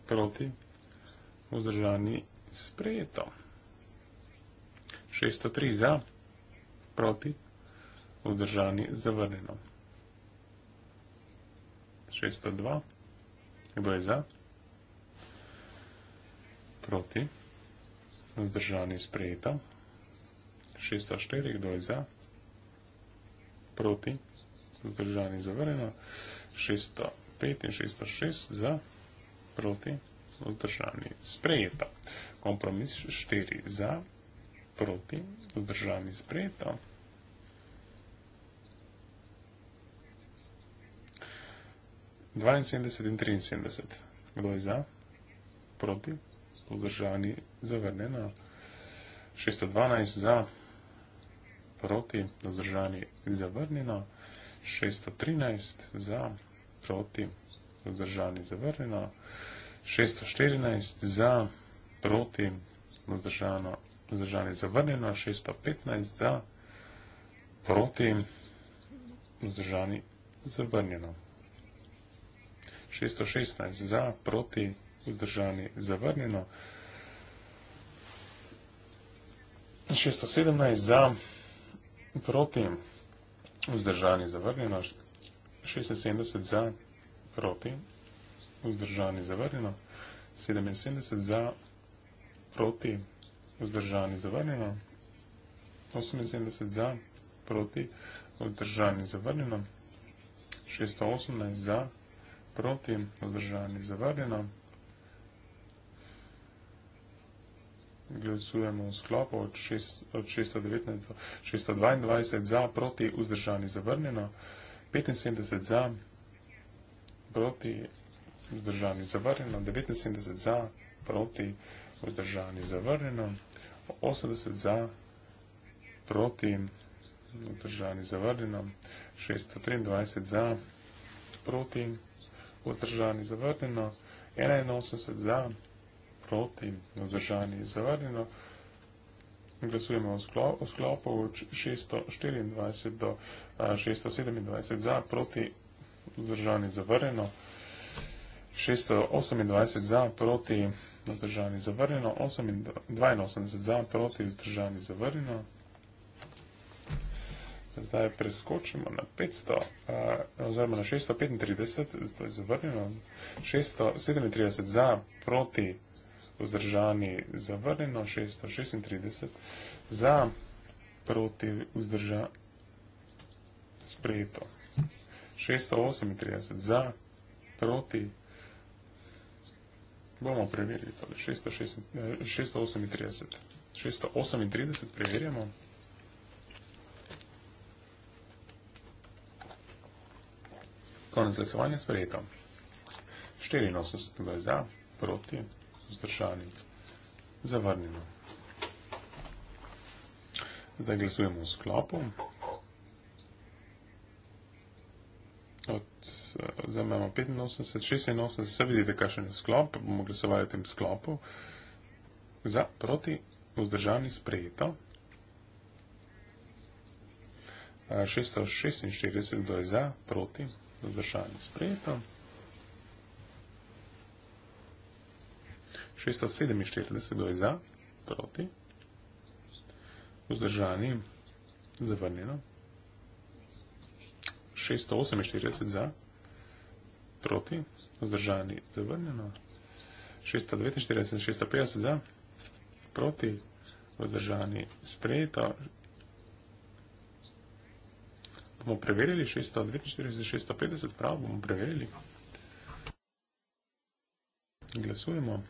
C: proti, vzdržani sprejeto, 603 za, proti, vzdržani zavrneno, 602, kdo je za, proti, Vzdržani sprejeta. 604, kdo je za? Proti. Vzdržani zavrjeno. 605 in 606 za? Proti. Vzdržani sprejeta. Kompromis 4 za? Proti. Vzdržani sprejeta. Dvajensedeset in trinsedeset. Kdo je za? Proti vzdržani, zavrnjeno. 612 za, proti, vzdržani, zavrnjeno. 613 za, proti, vzdržani, zavrnjeno. 614 za, proti, vzdržano, vzdržani, zavrnjeno. 615 za, proti, vzdržani, zavrnjeno. 616 za, proti, vzdržani, zavrnjeno vzdržani zavrnjeno. 617 za, proti, vzdržani zavrnjeno, 670 za, proti, vzdržani zavrnjeno, 77 za, proti, vzdržani zavrnjeno, 78 za, proti, vzdržani zavrnjeno, 618 za, proti, vzdržani zavrnjeno, glasujemo v sklopu od, šest, od 619 do 622 za, proti, vzdržani, zavrnjeno, 75 za, proti, vzdržani, zavrnjeno, 79 za, proti, vzdržani, zavrnjeno, 80 za, proti, vzdržani, zavrnjeno, 623 za, proti, vzdržani, zavrnjeno, 81 za, proti in vzdržani zavrnjeno. Glasujemo o sklopu 624 do 627 za, proti vzdržani zavrnjeno, 628 za, proti vzdržani zavrnjeno, 82 za, proti vzdržani zavrnjeno. Zdaj preskočimo na 500, oziroma na 635, zdaj zavrnjeno, 637 za, proti vzdržani zavrnjeno, 636 za proti vzdrža sprejeto, 638 za proti, bomo preverili tole, 638, 638 eh, preverjamo. Konec glasovanja sprejeto. 84 za, proti vzdržali. Zavrnimo. Zdaj glasujemo v sklopu. Eh, zdaj imamo 85, 86, vse vidite, kakšen je sklop, bomo glasovali v tem sklopu. Za, proti, vzdržani, sprejeto. 646, eh, kdo je za, proti, vzdržani, sprejeto. 647 je za, proti, vzdržani, zavrnjeno, 648 za, proti, vzdržani, zavrnjeno, 649, 650 za, proti, vzdržani, sprejeto, bomo preverili 649, 650, prav bomo preverili. Glasujemo.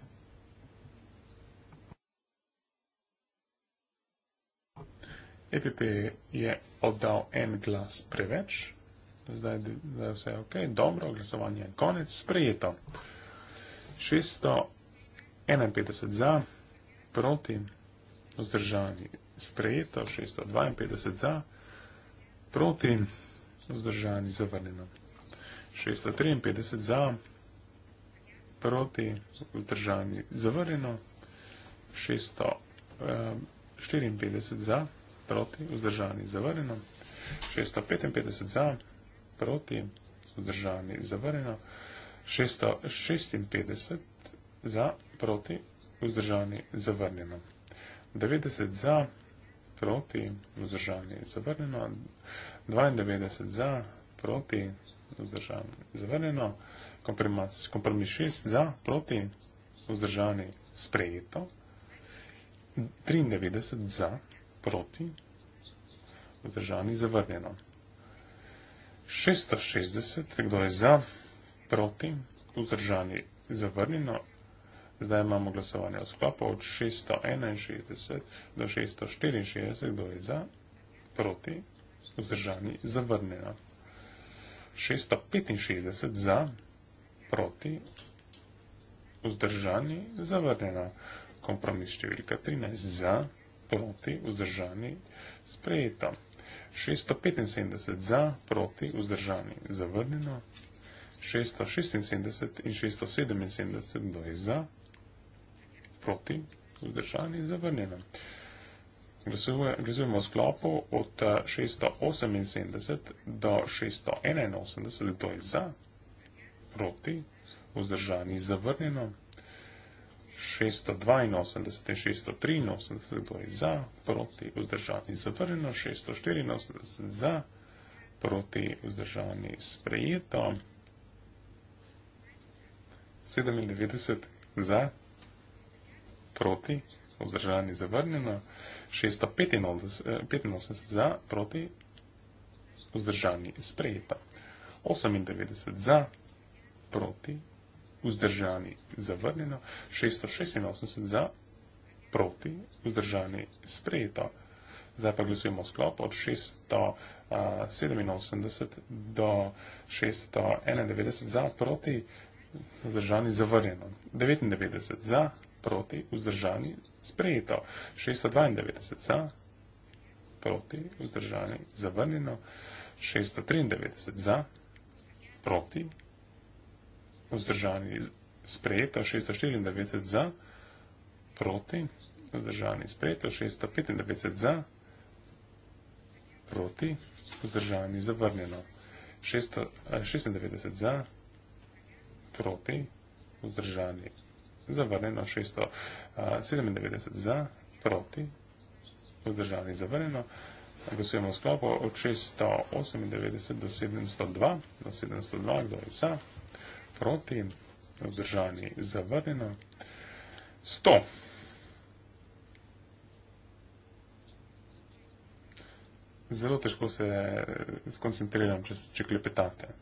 C: EPP je oddal en glas preveč. Zdaj, zdaj vse je ok, dobro, glasovanje je konec, sprejeto. 651 za, proti, vzdržani, sprejeto, 652 za, proti, vzdržani, zavrnjeno. 653 za, proti, vzdržani, zavrnjeno. 654 eh, za proti, vzdržani, zavrnjeno. 655 za, proti, vzdržani, zavrnjeno. 656 za, proti, vzdržani, zavrnjeno. 90 za, proti, vzdržani, zavrnjeno. 92 za, proti, vzdržani, zavrnjeno. Kompromis 6 za, proti, vzdržani, sprejeto. 93 za, proti, vzdržani zavrnjeno. 660, kdo je za, proti, vzdržani zavrnjeno. Zdaj imamo glasovanje od sklopa od 661 do 664, kdo je za, proti, vzdržani zavrnjeno. 665 za, proti, vzdržani zavrnjeno. Kompromis številka 13 za, proti proti, vzdržani, sprejeta. 675 za, proti, vzdržani, zavrnjeno. 676 in 677 do za, proti, vzdržani, zavrnjeno. Glasujemo v sklopu od 678 do 681, to je za, proti, vzdržani, zavrnjeno. 682 in 683, kdo je za, proti, vzdržani, zavrnjeno, 684 za, proti, vzdržani, sprejeto, 97 za, proti, vzdržani, zavrnjeno, 685 za, proti, vzdržani, sprejeto, 98 za, proti, vzdržani zavrnjeno, 686 za, proti, vzdržani sprejeto. Zdaj pa glasujemo sklop od 687 eh, do 691 za, proti, vzdržani zavrnjeno, 99 za, proti, vzdržani sprejeto, 692 za, proti, vzdržani zavrnjeno, 693 za, proti, vzdržani sprejeta, 694 za, proti, vzdržani sprejeta, 695 za, proti, vzdržani zavrnjeno, 696 eh, za, proti, vzdržani zavrnjeno, 697 eh, za, proti, vzdržani zavrnjeno, Glasujemo v sklopu od 698 do 702, do 702, kdo je za, proti, vzdržani zavrnjeno. 100. Zelo težko se skoncentriram, če, če klepetate.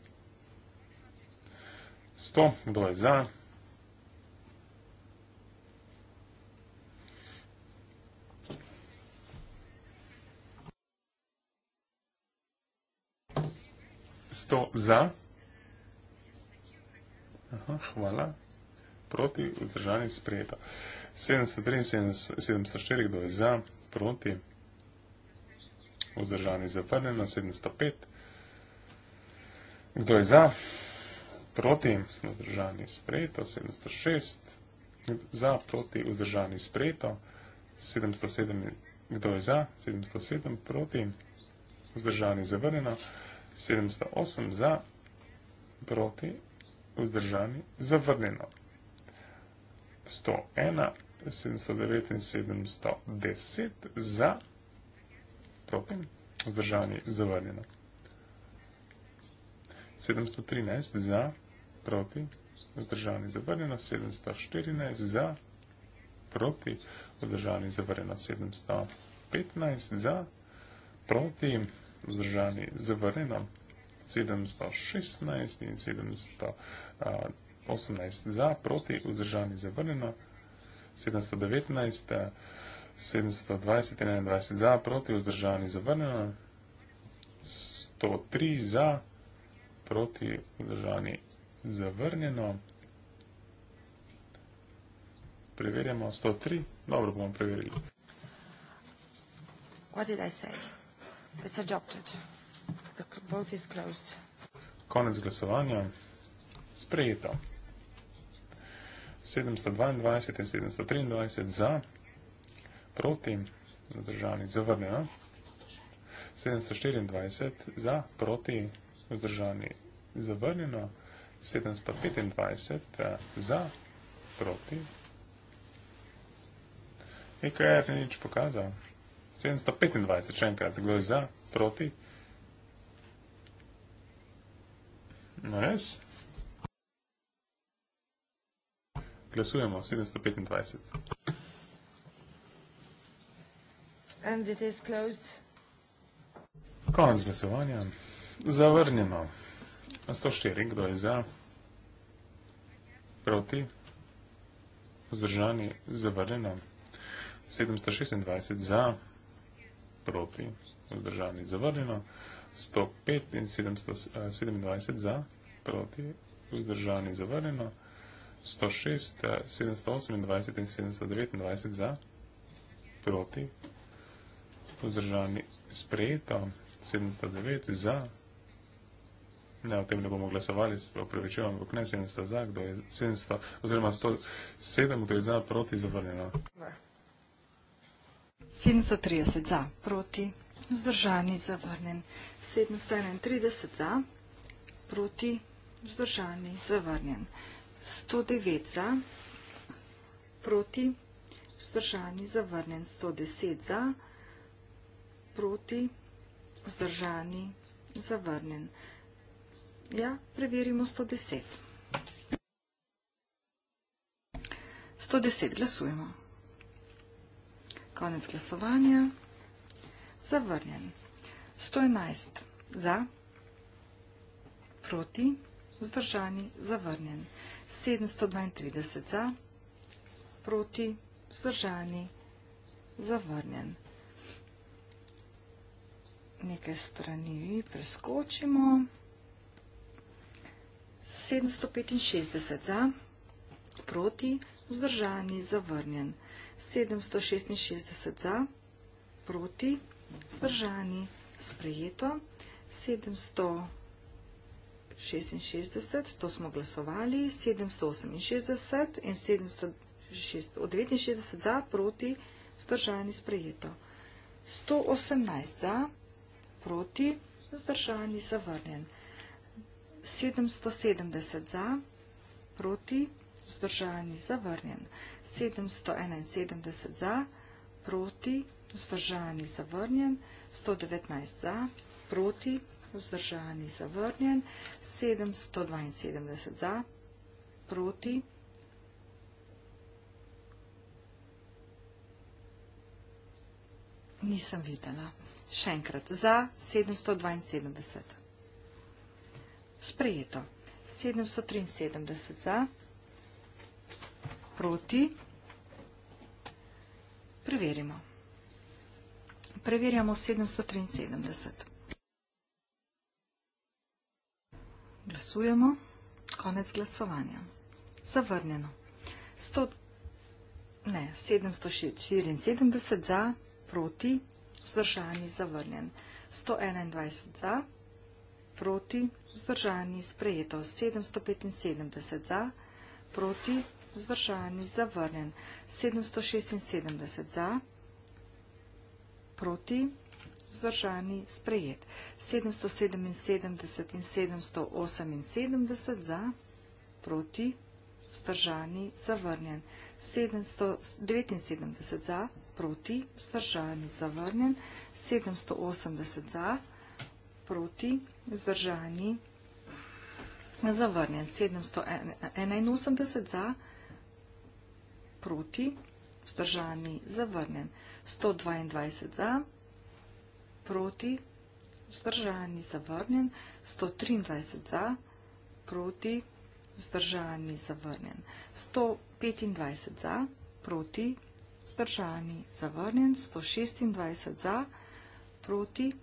C: 100, kdo je za? Sto za. Hvala. Proti, vzdržani sprejeta. 743, kdo je za, proti, vzdržani zavrnjeno, 705. Kdo je za, proti, vzdržani sprejeto, 706. Za, proti, vzdržani sprejeto, 707. Kdo je za, 707, proti, vzdržani zavrnjeno, 708 za, proti, vzdržani sprejeto vzdržani, zavrnjeno. 101, 709 in 710 za, proti, vzdržani, zavrnjeno. 713 za, proti, vzdržani, zavrnjeno. 714 za, proti, vzdržani, zavrnjeno. 715 za, proti, vzdržani, zavrnjeno. 715 za, proti, vzdržani, zavrnjeno. 716 i 718 za, proti, uzdržani za vrljeno, 719, 720 i 21 za, proti, uzdržani za vrljeno, 103 za, proti, uzdržani za vrljeno, preverjamo 103, dobro bomo preverili.
A: What did I say? It's adopted. The vote is closed.
C: Konec glasovanja. Sprejeto. 722 in 723 za, proti, zdržani, zavrnjeno. 724 za, proti, zdržani, zavrnjeno. 725 eh, za, proti. EKR ni nič pokazal. 725, še enkrat, kdo je za, proti, Na res? Glasujemo 725. Konec glasovanja. Zavrnjeno. 104, kdo je za? Proti? Zdržani? Zavrnjeno. 726 za? Proti? Zdržani? Zavrnjeno. 105 in 727 eh, za, proti, vzdržani zavrnjeno, 106, 728 eh, in 729 za, proti, vzdržani sprejeto, 709 za, ne, o tem ne bomo glasovali, opravičujem, ampak ne 700 za, kdo je 700, oziroma 107, kdo je za, proti, zavrnjeno.
A: 730 za, proti, vzdržani zavrnen. 731 za, proti vzdržani zavrnen. 109 za, proti vzdržani zavrnen. 110 za, proti vzdržani zavrnen. Ja, preverimo 110. 110 glasujemo. Konec glasovanja. Zavrnjen. 111. Za. Proti. Vzdržani. Zavrnjen. 732. Za. Proti. Vzdržani. Zavrnjen. Nekaj strani preskočimo. 765 za, proti, vzdržani, zavrnjen. 766 za, proti, vzdržani, sprejeto 766, to smo glasovali, 768 in 769 za, proti, vzdržani, sprejeto 118 za, proti, vzdržani, zavrnjen 770 za, proti, vzdržani, zavrnjen 771 za, proti, vzdržani, zavrnjen vzdržani zavrnjen, 119 za, proti, vzdržani zavrnjen, 772 za, proti, nisem videla. Še enkrat, za 772. Sprejeto. 773 za, proti, preverimo preverjamo 773. Glasujemo. Konec glasovanja. Zavrnjeno. 100, ne, 774 za, proti, vzdržani, zavrnjen. 121 za, proti, vzdržani, sprejeto. 775 za, proti, vzdržani, zavrnjen. 776 za, proti, vzdržani, zavrnjen proti, vzdržani, sprejet. 777 in 778 za, proti, vzdržani, zavrnjen. 779 za, proti, vzdržani, zavrnjen. 780 za, proti, vzdržani, zavrnjen. 781 za, proti, vzdržani, zavrnjen. 122 za, proti, vzdržani, zavrnjen, 123 za, proti, vzdržani, zavrnjen, 125 za, proti, vzdržani, zavrnjen, 126 za, proti,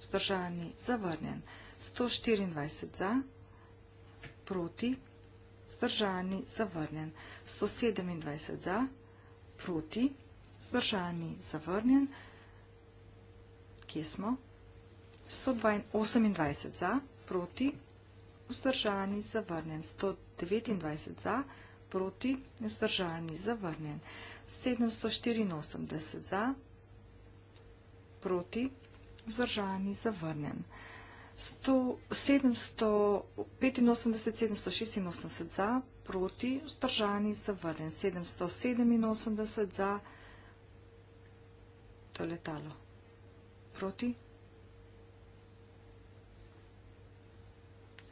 A: vzdržani, zavrnjen, 124 za, proti, vzdržani, zavrnjen, 127 za, proti, vzdržani, zavrnjen, zdržani, zavrnjen. Kje smo? 128 za, proti, vzdržani, zavrnjen. 129 za, proti, vzdržani, zavrnjen. 784 za, proti, vzdržani, zavrnjen. 785-786 za, proti, vzdržani, zavrnjen. 787 za, proti, vzdržani, zavrnjen to letalo. Proti?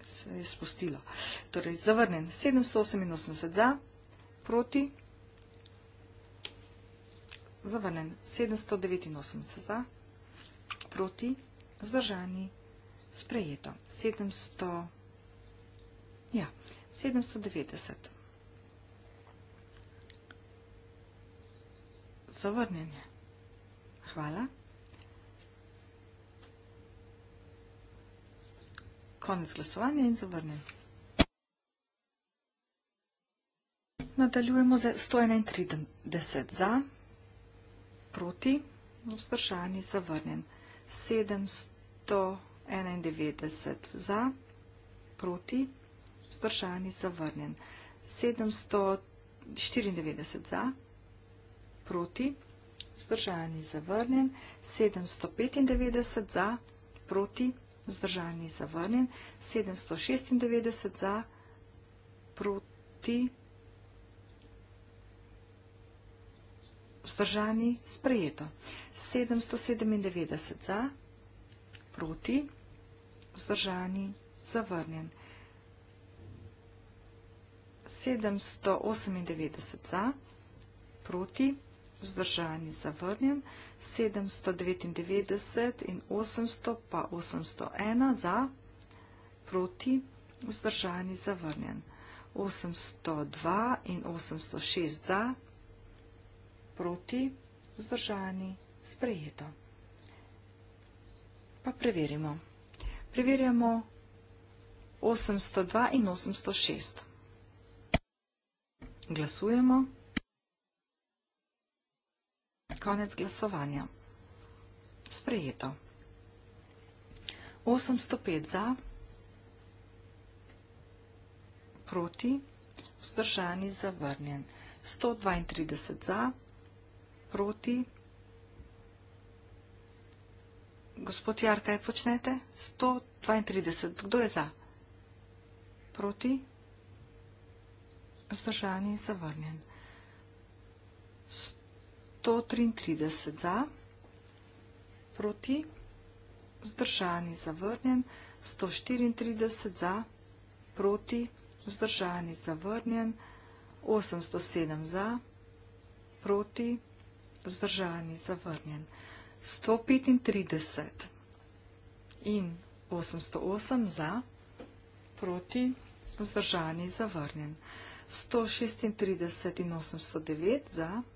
A: Se je spustilo. Torej, zavrnen 788 za, proti? Zavrnen 789 za, proti? Zdržani, sprejeto. 700, ja, 790. Zavrnjenje. Hvala. Konec glasovanja in zavrnem. Nadaljujemo za 131 za, proti, vzdržani, zavrnen. 791 za, proti, vzdržani, zavrnen. 794 za, proti, vzdržani vzdržani, zavrnjen, 795 za, proti, vzdržani, zavrnjen, 796 za, proti, vzdržani, sprejeto, 797 za, proti, vzdržani, zavrnjen, 798 za, proti, vzdržani, zavrnjen, 798 za, proti, vzdržani zavrnjen, 799 in 800 pa 801 za, proti, vzdržani zavrnjen, 802 in 806 za, proti, vzdržani sprejeto. Pa preverimo. Preverjamo 802 in 806. Glasujemo. Konec glasovanja. Sprejeto. 805 za, proti, vzdržani, zavrnjen. 132 za, proti, gospod Jar, kaj počnete? 132, kdo je za? Proti, vzdržani, zavrnjen. 133 za, proti, vzdržani, zavrnjen, 134 za, proti, vzdržani, zavrnjen, 807 za, proti, vzdržani, zavrnjen, 135 in 808 za, proti, vzdržani, zavrnjen, 136 in 809 za, proti,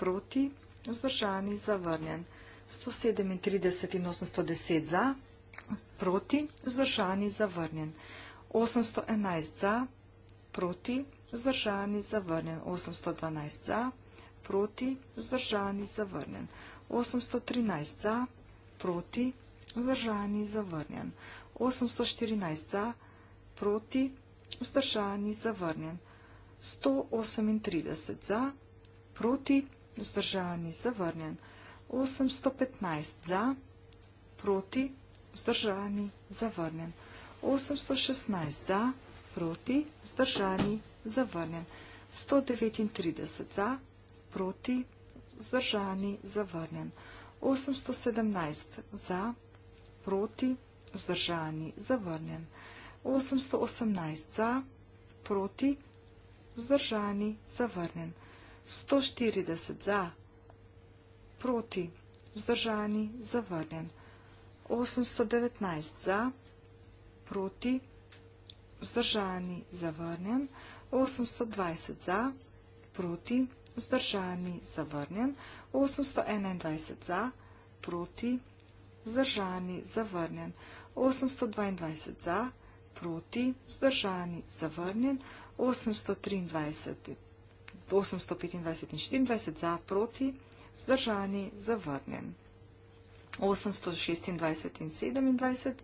A: proti, vzdržani, zavrnjen. 137 in 810 za, proti, vzdržani, zavrnjen. 811 za, proti, vzdržani, zavrnjen. 812 za, proti, vzdržani, zavrnjen. 813 za, proti, vzdržani, zavrnjen. 814 za, proti, vzdržani, zavrnjen. 138 za, proti, vzdržani, zavrnjen vzdržani, zavrnjen. 815 za, proti, vzdržani, zavrnjen. 816 za, proti, vzdržani, zavrnjen. 139 za, proti, vzdržani, zavrnjen. 817 za, proti, vzdržani, zavrnjen. 818 za, proti, vzdržani, zavrnjen. 140 za, proti, vzdržani, zavrnjen. 819 za, proti, vzdržani, zavrnjen. 820 za, proti, vzdržani, zavrnjen. 821 za, proti, vzdržani, zavrnjen. 822 za, proti, vzdržani, zavrnjen. 823 za, proti, vzdržani, zavrnjen. 825 in 24 za, proti, zdržani, zavrnjen. 826 in 27,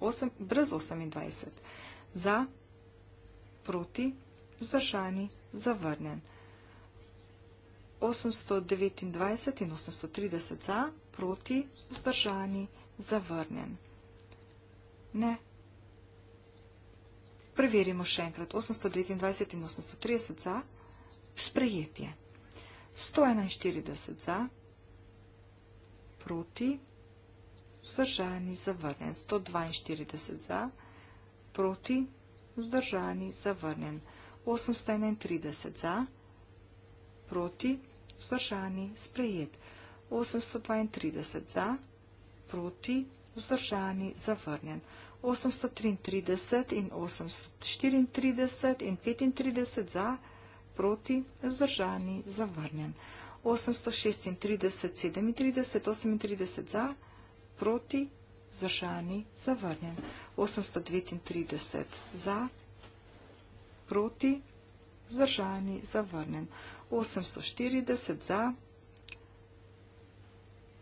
A: 8, brez 28, za, proti, zdržani, zavrnjen. 829 in 830 za, proti, vzdržani, zavrnjen. Ne. Preverimo še enkrat. 829 in 830 za, sprejetje. 141 za, proti, vzdržani, zavrnen. 142 za, proti, vzdržani, zavrnen. 831 za, proti, vzdržani, sprejet. 832 za, proti, vzdržani, zavrnen. 833 in 834 in 35 za, proti, vzdržani, zavrnen proti, vzdržani, zavrnjen. 836, 37, 38 za, proti, vzdržani, zavrnjen. 839 za, proti, vzdržani, zavrnjen. 840 za,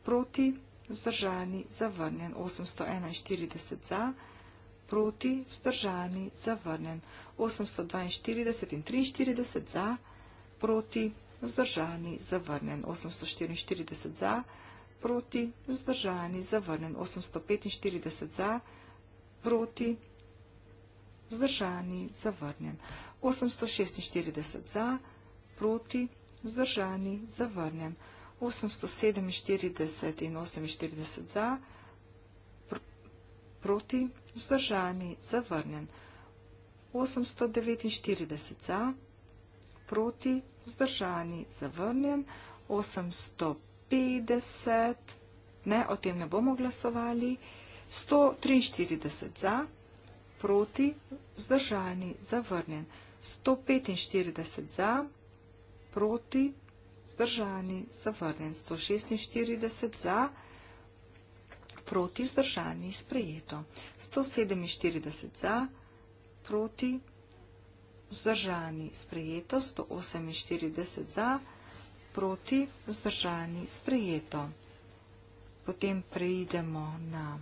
A: proti, vzdržani, zavrnjen. 841 za, proti, vzdržani, zavrnjen proti, vzdržani, zavrnjen. 842 in 43 za, proti, vzdržani, zavrnjen. 844 za, proti, vzdržani, zavrnjen. 845 za, proti, vzdržani, zavrnjen. 846 za, proti, vzdržani, zavrnjen. 847 in 48 za, pr proti, vzdržani, zavrnjen vzdržani, zavrnjen. 849 za, proti, vzdržani, zavrnjen. 850, ne, o tem ne bomo glasovali. 143 za, proti, vzdržani, zavrnjen. 145 za, proti, vzdržani, zavrnjen. 146 za, proti, vzdržani, zavrnjen proti vzdržani sprejeto. 147 za, proti vzdržani sprejeto. 148 za, proti vzdržani sprejeto. Potem preidemo na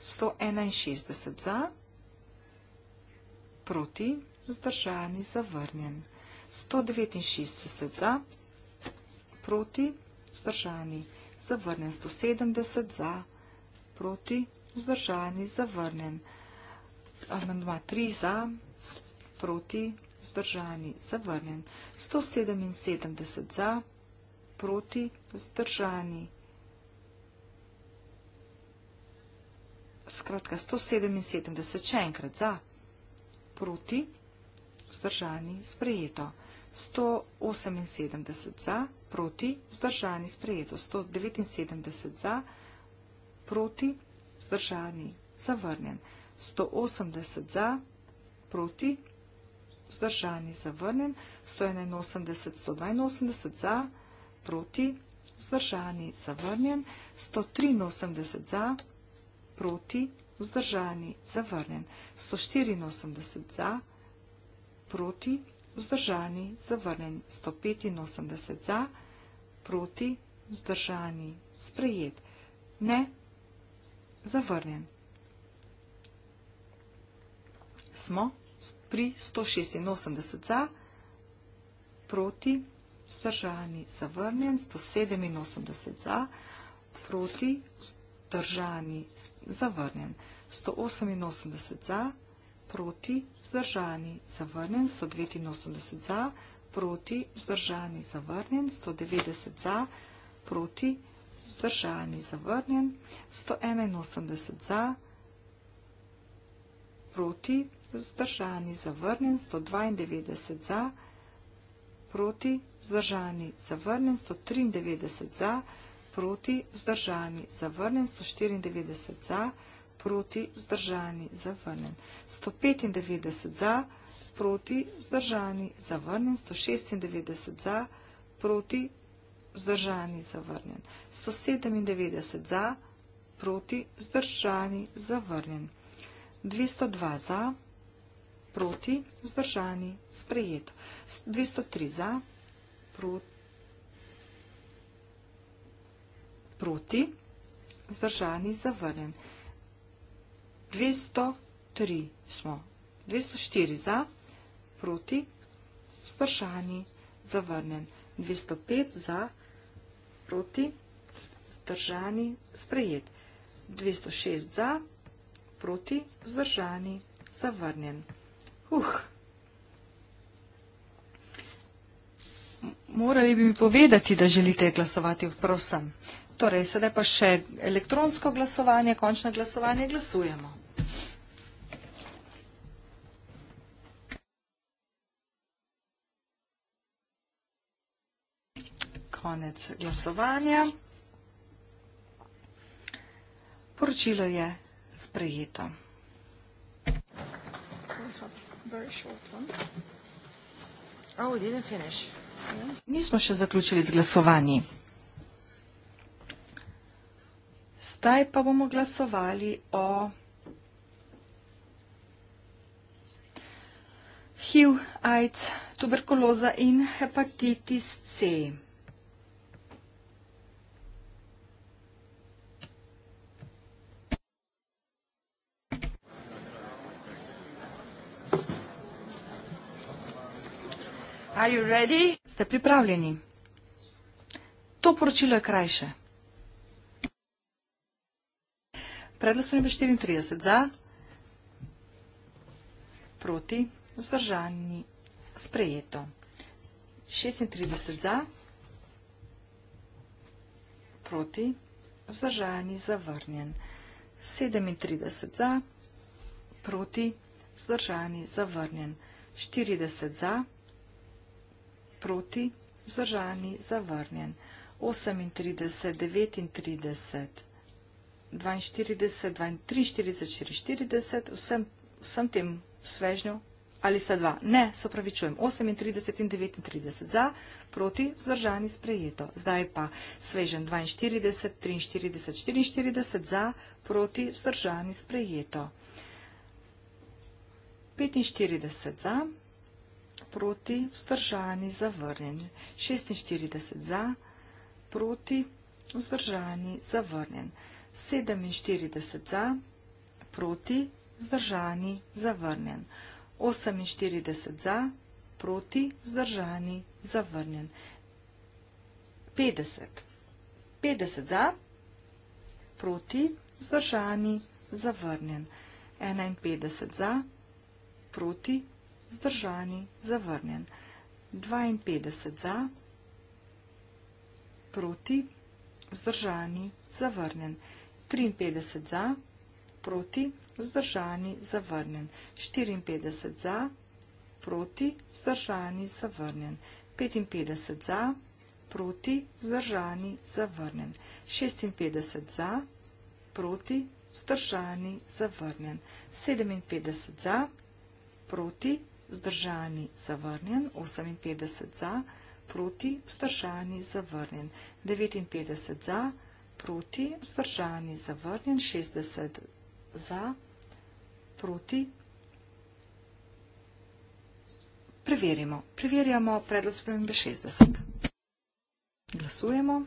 A: 161 za, proti vzdržani zavrnjen. 169 za, proti vzdržani sprejeto vzdržani, zavrnen 170 za, proti, vzdržani, zavrnen, amandma 3 za, proti, vzdržani, zavrnen, 177 za, proti, vzdržani. Skratka, 177 še enkrat za, proti, vzdržani, sprejeto. 178 za, proti, vzdržani, sprejeto, 179 za, proti, vzdržani, zavrnjen, 180 za, proti, vzdržani, zavrnjen, 181, 182 za, proti, vzdržani, zavrnjen, 183 za, proti, vzdržani, zavrnjen, 184 za, proti, vzdržani, zavrnjen, 184 za, proti, vzdržani, zavrnjen, 185 za, proti, vzdržani, sprejet, ne, zavrnjen. Smo pri 186 za, proti, vzdržani, zavrnjen, 187 za, proti, vzdržani, zavrnjen, 188 za, proti, vzdržani, zavrnjen. 188 za, proti, vzdržani, zavrnjen, 189 za, proti, vzdržani, zavrnjen, 190 za, proti, vzdržani, zavrnjen, 181 za, proti, vzdržani, zavrnjen, 192 za, proti, vzdržani, zavrnjen, 193 za, proti, vzdržani, zavrnjen, 194 za, proti, vzdržani, zavrnjen, 194 za, proti, vzdržani, zavrnjen. 195 za, proti, vzdržani, zavrnjen. 196 za, proti, vzdržani, zavrnjen. 197 za, proti, vzdržani, zavrnjen. 202 za, proti, vzdržani, sprejet. 203 za, proti, vzdržani, zavrnjen. 204 za, proti, vzdržani, zavrnjen. 203 smo. 204 za, proti, zdržani, zavrnen. 205 za, proti, zdržani, sprejet. 206 za, proti, zdržani, zavrnen. Uh. Morali bi mi povedati, da želite glasovati, prosim. Torej, sedaj pa še elektronsko glasovanje, končno glasovanje, glasujemo. konec glasovanja. Poročilo je sprejeto. Oh, Nismo še zaključili z glasovanji. Zdaj pa bomo glasovali o HIV, AIDS, tuberkuloza in hepatitis C. Ste pripravljeni? To poročilo je krajše. Predlog so nebe 34 za, proti, vzdržani, sprejeto. 36 za, proti, vzdržani, zavrnjen. 37 za, proti, vzdržani, zavrnjen. 40 za, proti, vzdržani, zavrnjen proti, vzdržani, zavrnjen. 38, 39, 42, 43, 44, vsem, vsem tem svežnju, ali sta dva? Ne, se opravičujem. 38 in 39 za, proti, vzdržani, sprejeto. Zdaj pa svežen 42, 43, 44 za, proti, vzdržani, sprejeto. 45 za, proti, vzdržani, zavrnjeni. 46 za, proti, vzdržani, zavrnjeni. 47 za, proti, vzdržani, zavrnjeni. 48 za, proti, vzdržani, zavrnjeni. 50. 50 za, proti, vzdržani, zavrnjeni. 51 za, proti, Vzdržani, zavrnjen. 52 za, proti, vzdržani, zavrnjen. 53 za, proti, vzdržani, zavrnjen. 54 za, proti, vzdržani, zavrnjen. 55 za, proti, vzdržani, zavrnjen. 56 za, proti, vzdržani, zavrnjen. 57 za, proti, vzdržani, zavrnjen vzdržani zavrnjen, 58 za, proti, vzdržani zavrnjen, 59 za, proti, vzdržani zavrnjen, 60 za, proti, preverimo. Preverjamo predlog spremembe 60. Glasujemo.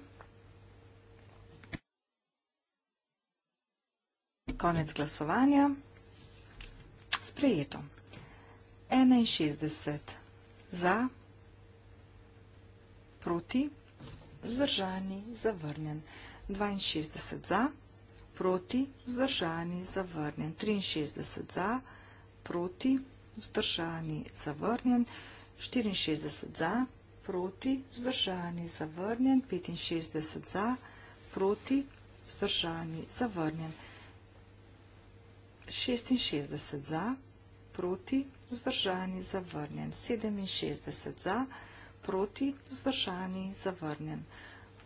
A: Konec glasovanja. Sprejeto. 61 za, proti, vzdržani, zavrnjen. 62 za, proti, vzdržani, zavrnjen. 63 za, proti, vzdržani, zavrnjen. 64 za, proti, vzdržani, zavrnjen. 65 za, proti, vzdržani, zavrnjen. 66 za, proti, vzdržani, zavrnjen vzdržani, zavrnjen, 67 za, proti, vzdržani, zavrnjen,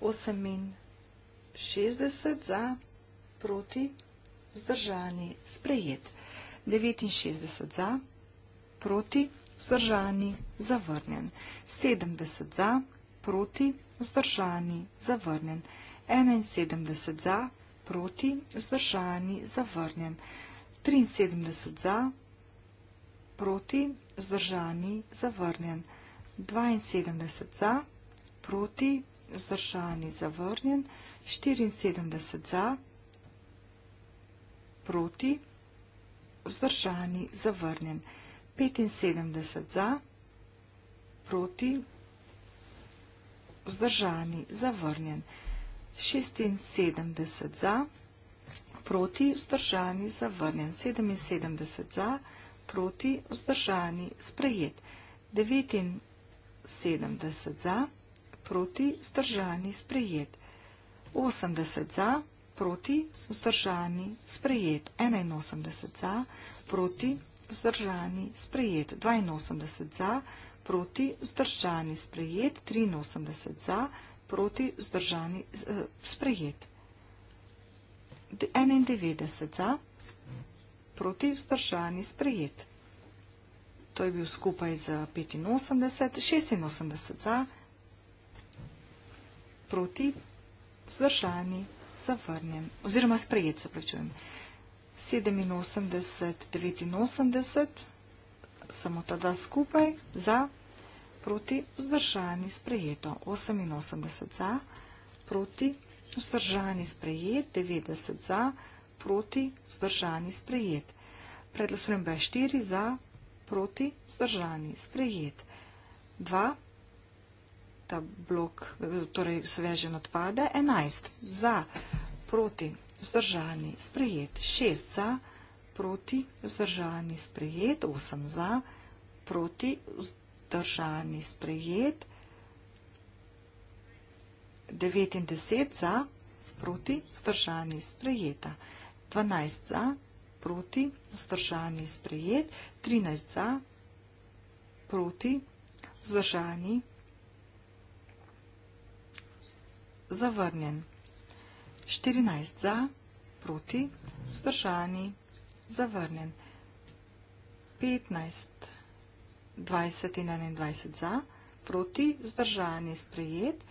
A: 68 za, proti, vzdržani, sprejet, 69 za, proti, vzdržani, zavrnjen, 70 za, proti, vzdržani, zavrnjen, 71 za, proti, vzdržani, zavrnjen, 73 za, proti, vzdržani, zavrnjen, proti, vzdržani, zavrnjen. 72 za, proti, vzdržani, zavrnjen. 74 za, proti, vzdržani, zavrnjen. 75 za, proti, vzdržani, zavrnjen. 76 za, proti, vzdržani, zavrnjen. 77 za, proti, vzdržani, zavrnjen proti, vzdržani, sprejet. 79 za, proti, vzdržani, sprejet. 80 za, proti, vzdržani, sprejet. 81 za, proti, vzdržani, sprejet. 82 za, proti, vzdržani, sprejet. 83 za, proti, vzdržani, eh, sprejet. 91 za, sprejet proti vzdržani sprejet. To je bil skupaj z 85, 86 za, proti vzdržani zavrnjen, oziroma sprejet, se pravčujem. 87, 89, samo ta da skupaj, za, proti vzdržani sprejeto. 88 za, proti vzdržani sprejet, 90 za, proti vzdržani sprejet proti, vzdržani, sprejet. Predlasujem B4 za, proti, vzdržani, sprejet. 2, ta blok, torej svežen odpade, 11, za, proti, vzdržani, sprejet. 6, za, proti, vzdržani, sprejet. 8, za, proti, vzdržani, sprejet. 9 in 10, za, proti, vzdržani, sprejeta. 10. 12 za, proti, vzdržani, sprejet, 13 za, proti, vzdržani, zavrnjen, 14 za, proti, vzdržani, zavrnjen, 15, 20 in 21 za, proti, vzdržani, sprejet, 30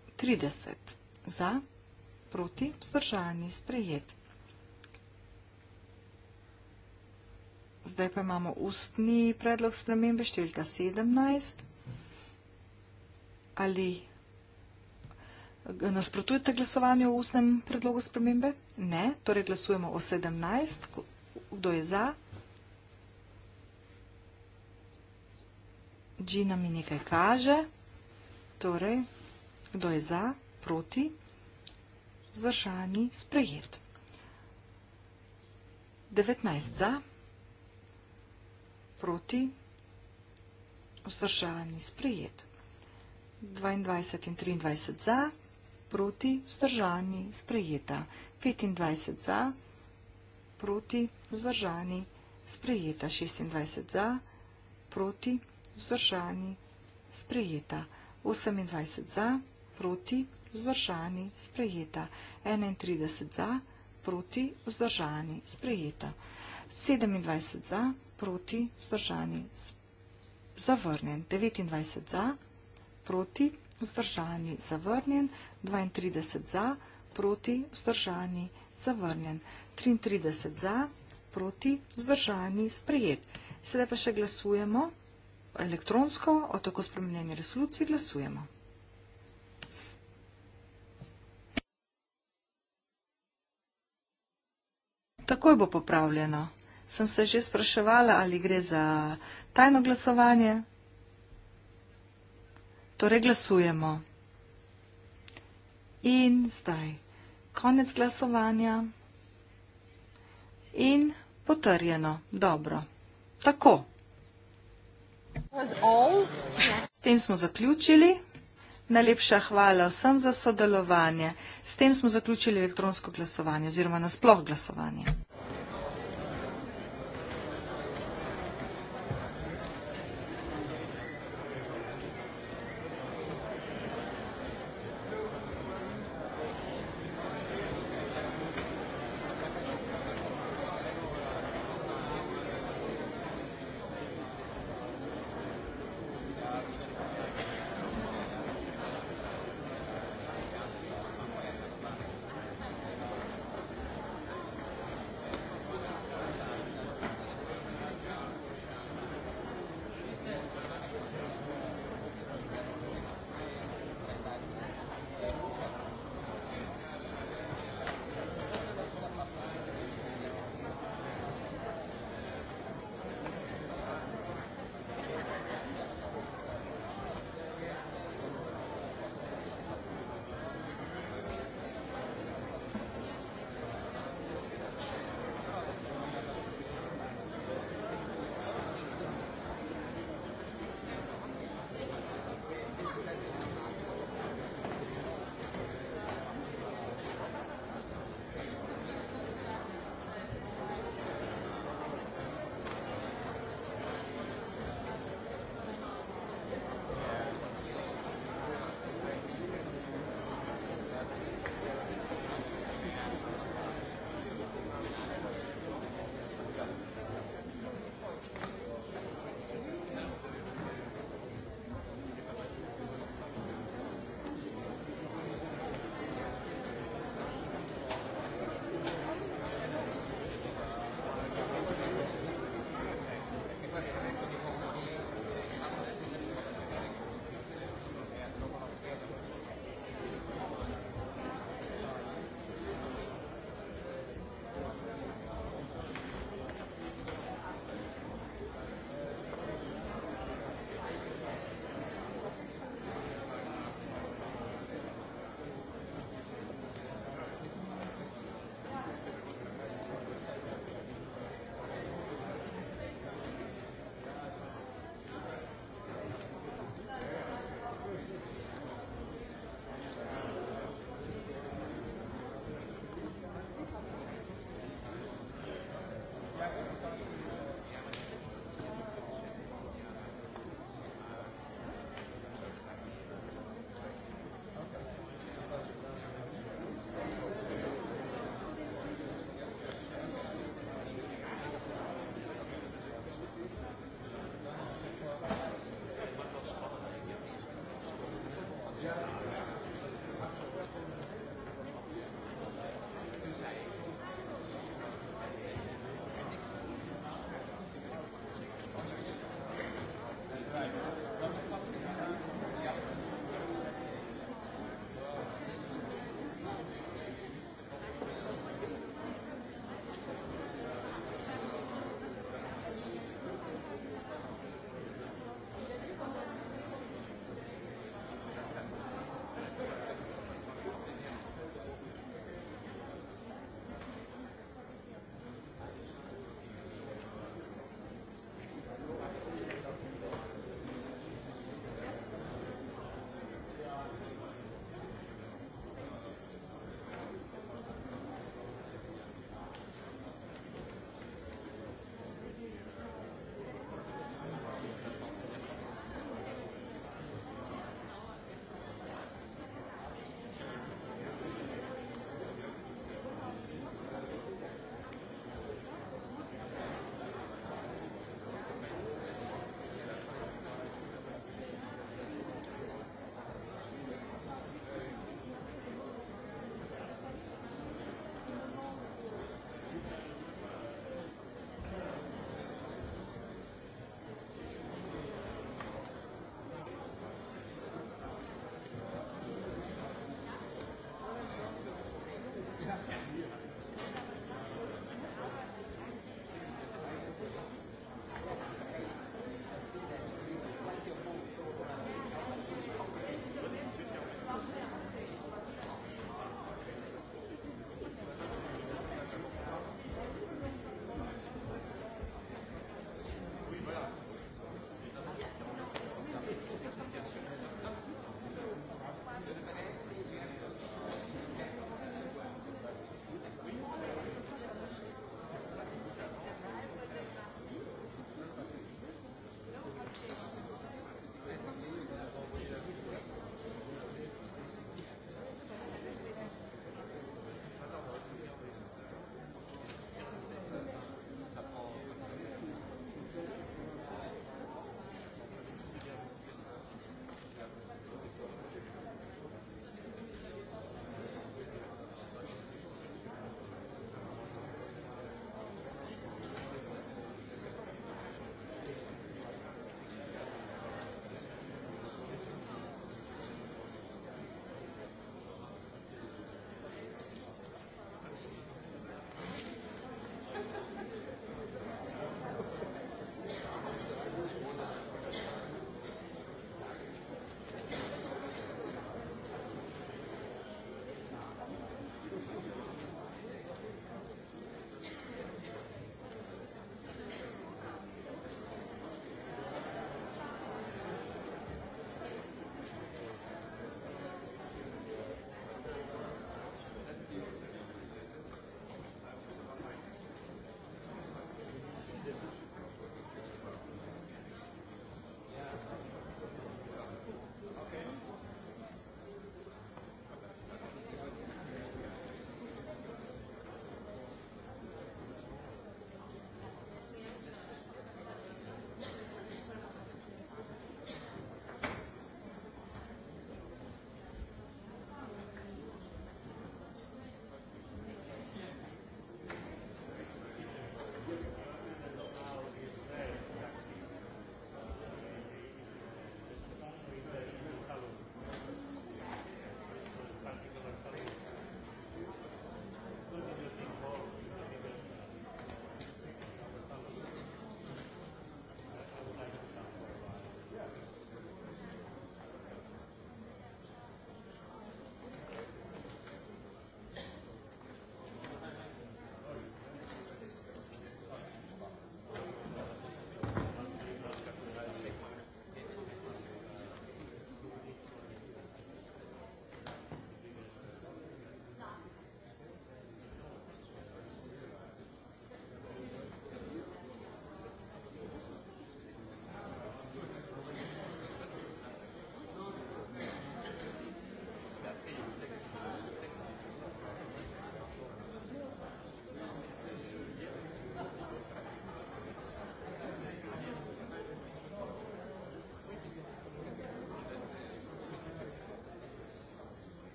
A: za, proti, vzdržani, sprejet, 30 za, proti vzdržani sprejet. Zdaj pa imamo ustni predlog spremembe številka 17. Ali nasprotujete glasovanju v ustnem predlogu spremembe? Ne, torej glasujemo o 17. Kdo je za? Džina mi nekaj kaže. Torej, kdo je za? Proti вздержани, сприет. 19 за, проти, вздержани, сприет. 22 in 23 za, proti, vzdržani, sprejeta. 25 za, proti, vzdržani, sprejeta. 26 za, proti, vzdržani, sprejeta. 28 za, proti, vzdržani, sprejeta. 31 za, proti, vzdržani, sprejeta. 27 za, proti, vzdržani, zavrnen. 29 za, proti, vzdržani, zavrnen. 32 za, proti, vzdržani, zavrnen. 33 za, proti, vzdržani, sprejet. Sedaj pa še glasujemo elektronsko, o tako spremenjeni resoluciji glasujemo. Takoj bo popravljeno. Sem se že spraševala, ali gre za tajno glasovanje. Torej glasujemo. In zdaj. Konec glasovanja. In potrjeno. Dobro. Tako. S tem smo zaključili. Najlepša hvala vsem za sodelovanje. S tem smo zaključili elektronsko glasovanje oziroma nasploh glasovanje.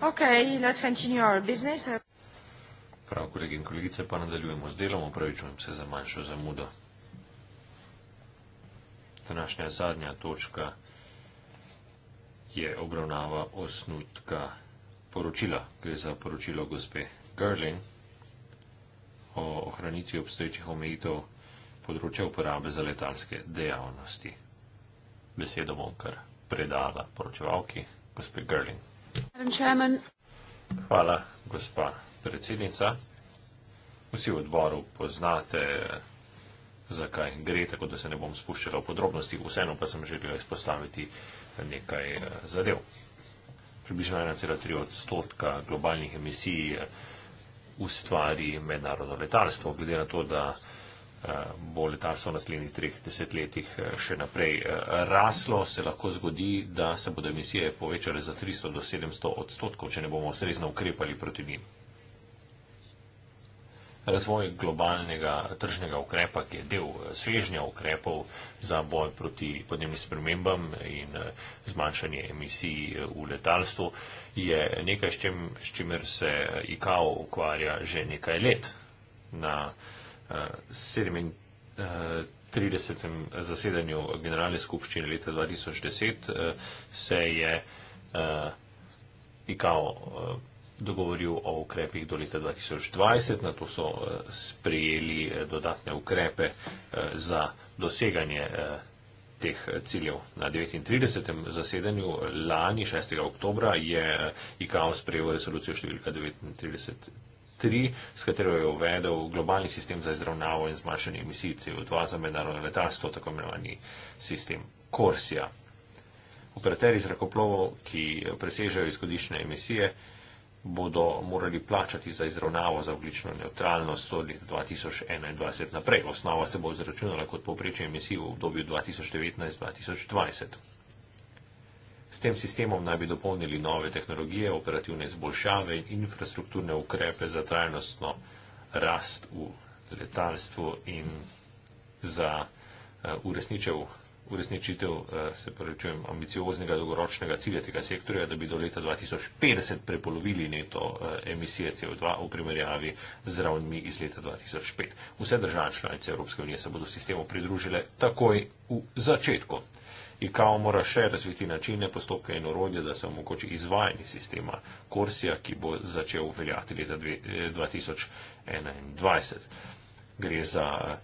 A: Okay, let's continue our business.
D: Prav, kolegi
B: in kolegice, pa nadaljujemo z delom, opravičujem se za manjšo zamudo. Današnja zadnja točka je obravnava osnutka poročila. Gre za poročilo gospe Gerling o ohranici obstoječih omejitev področja uporabe za letalske dejavnosti. Besedo bom kar predala poročevalki gospe Gerling.
D: Hvala,
B: gospa predsednica. Vsi v odboru poznate, zakaj gre, tako da se ne bom spuščala v podrobnosti, vseeno pa sem želela izpostaviti nekaj eh, zadev. Približno 1,3 odstotka globalnih emisij eh, ustvari mednarodno letalstvo, glede na to, da. Eh, bo letalstvo v naslednjih treh desetletjih eh, še naprej eh, raslo, se lahko zgodi, da se bodo emisije povečale za 300 do 700 odstotkov, če ne bomo ustrezno ukrepali proti njim. Razvoj globalnega tržnega ukrepa, ki je del svežnja ukrepov za boj proti podnebnim spremembam in zmanjšanje emisij v letalstvu, je nekaj, s čimer se IKAO ukvarja že nekaj let. Na 37. Eh, zasedanju Generalne skupščine leta 2010 eh, se je eh, IKAO dogovoril o ukrepih do leta 2020, na to so sprejeli dodatne ukrepe za doseganje teh ciljev. Na 39. zasedanju lani 6. oktobra je IKAO sprejel resolucijo številka 39. 3, s katero je uvedel globalni sistem za izravnavo in zmanjšanje emisij CO2 za mednarodno letalstvo, tako imenovani sistem Korsija. Operaterji zrakoplovov, ki presežejo izhodišne emisije, bodo morali plačati za izravnavo za oglično neutralnost od 2021 naprej. Osnova se bo izračunala kot povprečje emisij v obdobju 2019-2020. S tem sistemom naj bi dopolnili nove tehnologije, operativne izboljšave in infrastrukturne ukrepe za trajnostno rast v letalstvu in za eh, uresničev, uresničitev, eh, se pravičujem, ambicioznega dolgoročnega cilja tega sektorja, da bi do leta 2050 prepolovili neto eh, emisije CO2 v primerjavi z ravnmi iz leta 2005. Vse države članice Evropske unije se bodo sistemu pridružile takoj v začetku. IKAO mora še razviti načine, postopke in orodje, da se omogoči izvajanje sistema Korsija, ki bo začel uveljati leta 2021. Eh, Gre za eh,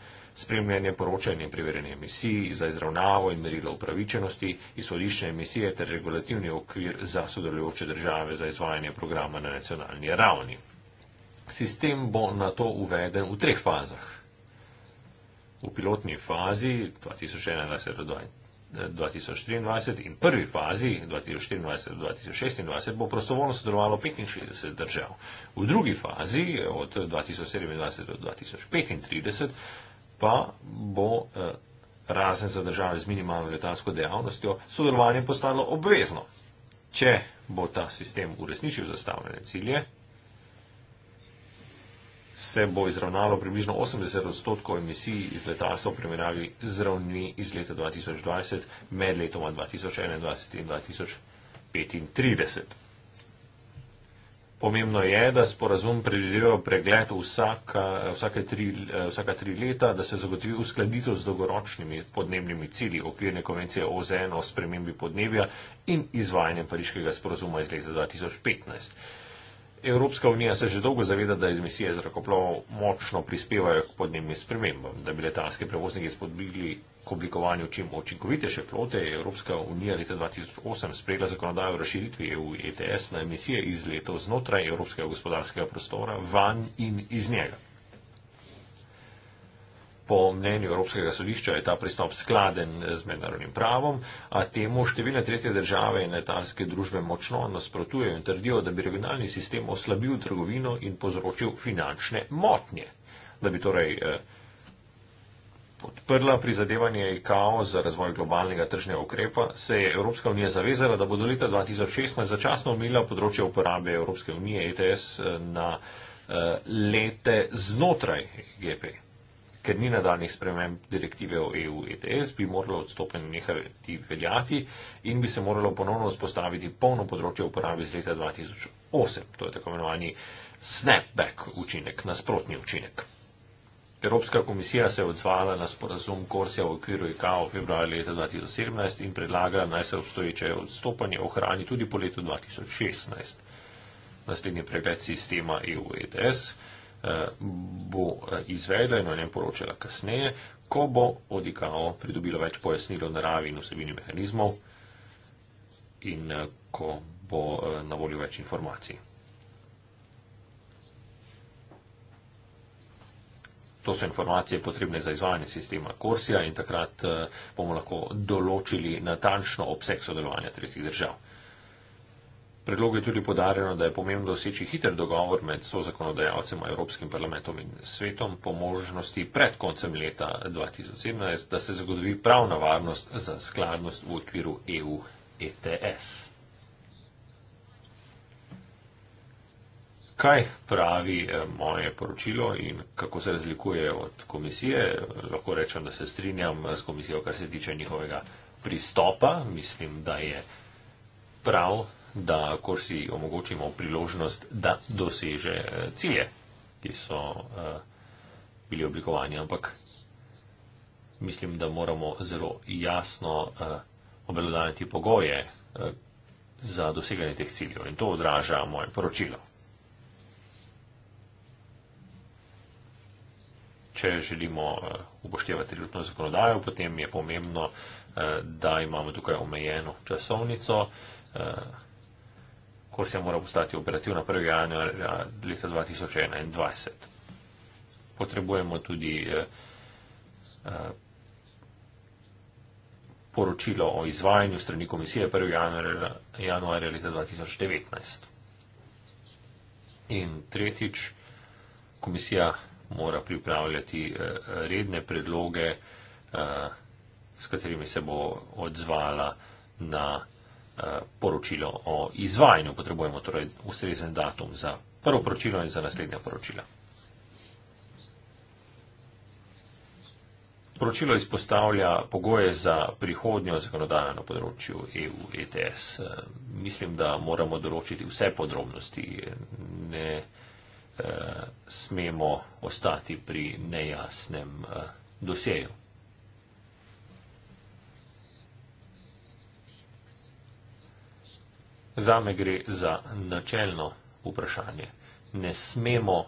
B: spremljanje poročanja in preverjanje emisij, za izravnavo in merilo upravičenosti, izhodišče emisije ter regulativni okvir za sodelujoče države za izvajanje programa na nacionalni ravni. Sistem bo na to uveden v treh fazah. V pilotni fazi 2021-2022 2023 in prvi fazi 2024-2026 bo prostovoljno sodelovalo 65 držav. V drugi fazi od 2027 do 2035 pa bo eh, razen za države z minimalno letalsko dejavnostjo sodelovanje postalo obvezno. Če bo ta sistem uresničil zastavljene cilje, se bo izravnalo približno 80 odstotkov emisij iz letalstva v primerjavi z ravni iz leta 2020 med letoma 2021 in 2035. Pomembno je, da sporazum predvideva pregled vsaka, vsake tri, vsaka tri leta, da se zagotovi uskladitev z dolgoročnimi podnebnimi cilji okvirne konvencije OZN o spremembi podnebja in izvajanjem pariškega sporazuma iz leta 2015. Evropska unija se že dolgo zaveda, da emisije zrakoplov močno prispevajo k podnebnim spremembam. Da bi letalske prevoznike spodbili k oblikovanju čim očinkovitejše flote, je Evropska unija leta 2008 sprejela zakonodajo o razširitvi EU ETS na emisije iz letov znotraj evropskega gospodarskega prostora, van in iz njega. Po mnenju Evropskega sodišča je ta pristop skladen z mednarodnim pravom, a temu številne tretje države in letalske družbe močno nasprotujejo in trdijo, da bi regionalni sistem oslabil trgovino in povzročil finančne motnje. Da bi torej eh, podprla prizadevanje ICAO za razvoj globalnega tržnega ukrepa, se je Evropska unija zavezala, da bo do leta 2016 začasno omila področje uporabe Evropske unije ETS eh, na eh, lete znotraj GPE ker ni nadaljnih sprememb direktive o EU ETS, bi moralo odstopanje nehati veljati in bi se moralo ponovno vzpostaviti polno področje uporabe iz leta 2008. To je tako imenovani snapback učinek, nasprotni učinek. Evropska komisija se je odzvala na sporazum Korsija v okviru IKO februarja leta 2017 in predlagala naj se obstoječe odstopanje ohrani tudi po letu 2016. Naslednji pregled sistema EU ETS. Eh, bo eh, izvedla in o njem poročala kasneje, ko bo odikao pridobila več pojasnil o naravi in vsebini mehanizmov in eh, ko bo na voljo več informacij. To so informacije potrebne za izvajanje sistema Korsija in takrat bomo lahko določili natančno obseg sodelovanja tretjih držav. Predlogu je tudi podarjeno, da je pomembno doseči hiter dogovor med sozakonodajalcem, Evropskim parlamentom in svetom po možnosti pred koncem leta 2017, da se zagotovi pravna varnost za skladnost v okviru EU ETS. Kaj pravi eh, moje poročilo in kako se razlikuje od komisije? Lahko rečem, da se strinjam eh, s komisijo, kar se tiče njihovega pristopa. Mislim, da je prav, da kursi omogočimo priložnost, da doseže eh, cilje, ki so eh, bili oblikovani. Ampak mislim, da moramo zelo jasno eh, obelodaniti pogoje za doseganje teh ciljev in to odraža moje poročilo. Če želimo upoštevati trenutno zakonodajo, potem je pomembno, da imamo tukaj omejeno časovnico, KOS je moral postati operativno 1. januarja leta 2021. Potrebujemo tudi eh, eh, poročilo o izvajanju strani komisije 1. Januarja, januarja leta 2019. In tretjič, komisija mora pripravljati eh, redne predloge, eh, s katerimi se bo odzvala na Eh, poročilo o izvajanju. Potrebujemo torej ustrezen datum za prvo poročilo in za naslednja poročila. Poročilo izpostavlja pogoje za prihodnjo zakonodajo na področju EU-ETS. Eh, mislim, da moramo določiti vse podrobnosti. Ne e, smemo ostati pri nejasnem e, dosjeju. Za me gre za načelno vprašanje. Ne smemo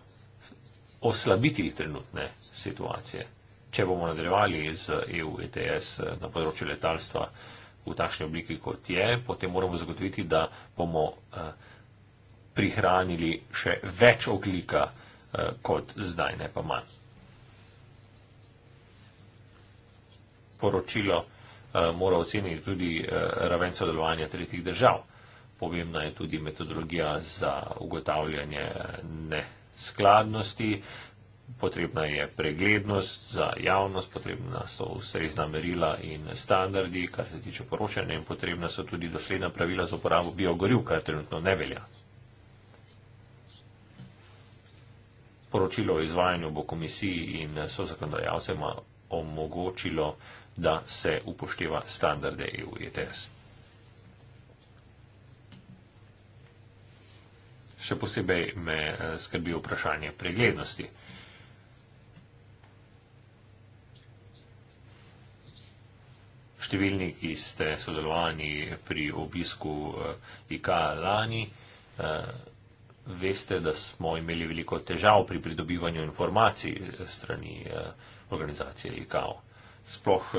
B: oslabiti trenutne situacije. Če bomo nadaljevali z EU ETS eh, na področju letalstva v takšni obliki, kot je, potem moramo zagotoviti, da bomo eh, prihranili še več oglika eh, kot zdaj, ne pa manj. Poročilo mora oceniti tudi raven sodelovanja tretjih držav pomembna je tudi metodologija za ugotavljanje neskladnosti, potrebna je preglednost za javnost, potrebna so ustrezna merila in standardi, kar se tiče poročanja in potrebna so tudi dosledna pravila za uporabo biogoriv, kar trenutno ne velja. Poročilo o izvajanju bo komisiji in so zakonodajalcema omogočilo, da se upošteva standarde EU ETS. Še posebej me eh, skrbi vprašanje preglednosti. Številni, ki ste sodelovali pri obisku eh, IK lani, eh, veste, da smo imeli veliko težav pri pridobivanju informacij strani organizacije IK. Sploh,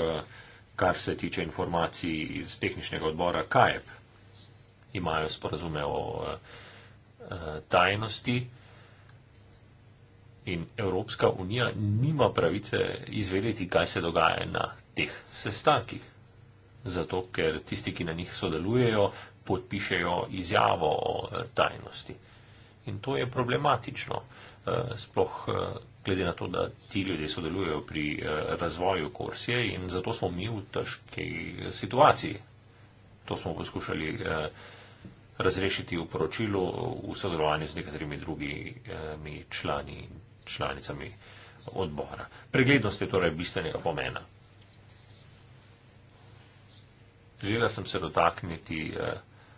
B: kar se tiče informacij iz tehničnega odbora KAEP, imajo sporazume o Eh, tajnosti in Evropska unija nima pravice izvedeti, kaj se dogaja na teh sestankih. Zato, ker tisti, ki na njih sodelujejo, podpišejo izjavo o eh, tajnosti. In to je problematično, eh, sploh glede na to, da ti ljudje sodelujejo pri razvoju korsije in zato smo mi v težki situaciji. To smo poskušali razrešiti v poročilu v sodelovanju z nekaterimi drugimi člani in članicami odbora. Preglednost je torej bistvenega pomena. Želela sem se dotakniti eh,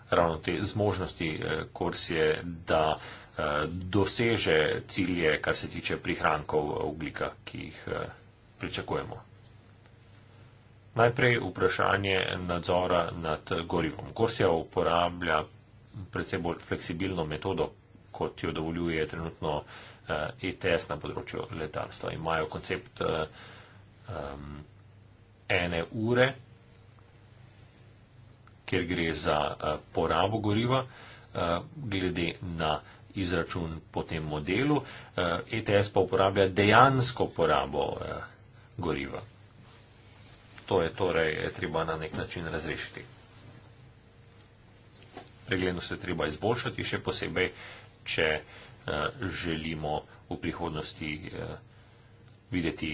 B: ravno te zmožnosti eh, Korsije, da eh, doseže cilje, kar se tiče prihrankov oglika, ki jih pričakujemo. Najprej vprašanje nadzora nad gorivom. Korsija uporablja predvsem bolj fleksibilno metodo, kot jo dovoljuje trenutno uh, eh, ETS na področju letalstva. Imajo koncept uh, um, ene ure, kjer gre za uh, porabo goriva, uh, glede na izračun po tem modelu. Uh, ETS pa uporablja dejansko porabo uh, goriva. To je torej treba na nek način razrešiti preglednost je treba izboljšati, še posebej, če uh, želimo v prihodnosti uh, videti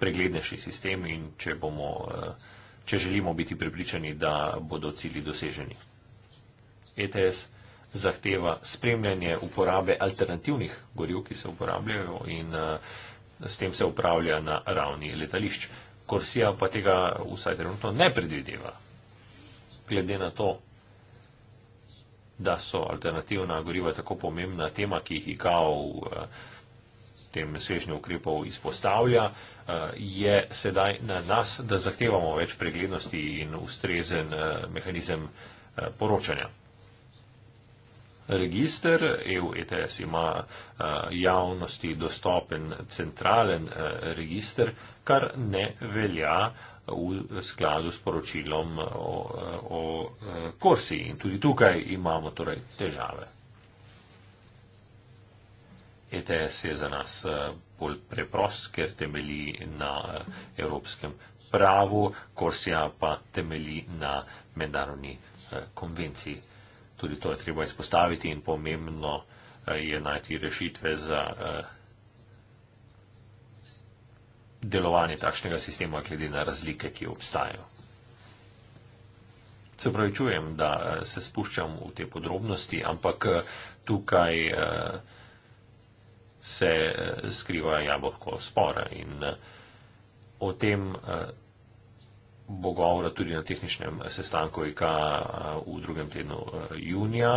B: preglednejši sistem in če, bomo, uh, če želimo biti prepričani, da bodo cili doseženi. ETS zahteva spremljanje uporabe alternativnih goriv, ki se uporabljajo in uh, s tem se upravlja na ravni letališč. Korsija pa tega vsaj trenutno ne predvideva. Glede na to, da so alternativna goriva tako pomembna tema, ki jih IKAO v eh, tem svežnju ukrepov izpostavlja, eh, je sedaj na nas, da zahtevamo več preglednosti in ustrezen eh, mehanizem poročanja. Register EU ETS ima javnosti dostopen centralen register, kar ne velja v skladu s poročilom o, o, o Korsi. In tudi tukaj imamo torej težave. ETS je za nas eh, bolj preprost, ker temelji na eh, evropskem pravu, Korsija pa temelji na mednarodni eh, konvenciji. Tudi to je treba izpostaviti in pomembno je najti rešitve za delovanje takšnega sistema, glede na razlike, ki obstajajo. Se pravi, čujem, da eh, se spuščam v te podrobnosti, ampak eh, tukaj eh, se skriva jabolko spora in o tem bo govora tudi na tehničnem sestanku IK e v drugem tednu junija.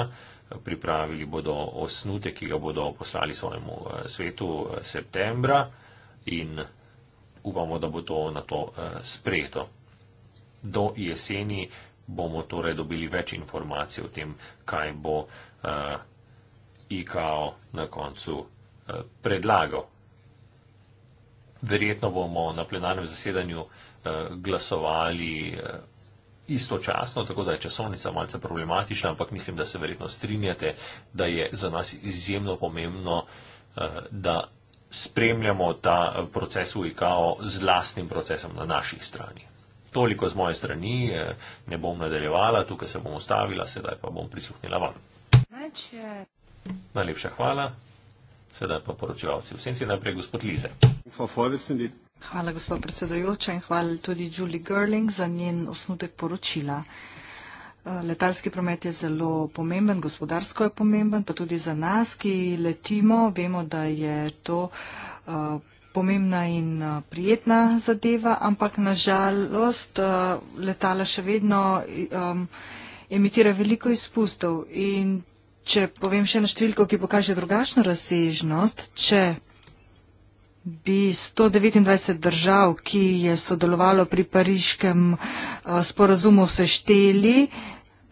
B: Pripravili bodo osnute, ki ga bodo poslali svojemu svetu septembra in upamo, da bo to na to eh, sprejeto. Do jeseni bomo torej dobili več informacij o tem, kaj bo eh, IKO na koncu eh, predlagal. Verjetno bomo na plenarnem zasedanju eh, glasovali eh, istočasno, tako da je časovnica malce problematična, ampak mislim, da se verjetno strinjate, da je za nas izjemno pomembno, eh, da spremljamo ta eh, proces v IKO z lastnim procesom na naših strani. Toliko z moje strani, eh, ne bom nadaljevala, tukaj se bom ustavila, sedaj pa bom prisluhnila vam. Najlepša hvala. Sedaj pa poročevalci v senci, najprej gospod Lize.
A: Hvala, gospod predsedojoča, in hvala tudi Julie Gerling za njen osnutek poročila. Uh, Eh, letalski promet je zelo pomemben, gospodarsko je pomemben, pa tudi za nas, ki letimo, vemo, da je to eh, pomembna in eh, prijetna zadeva, ampak nažalost letala še vedno emitira veliko izpustov. In če povem še na številko, ki pokaže drugačno razsežnost, če bi 129 držav, ki je sodelovalo pri pariškem eh, sporazumu, sešteli.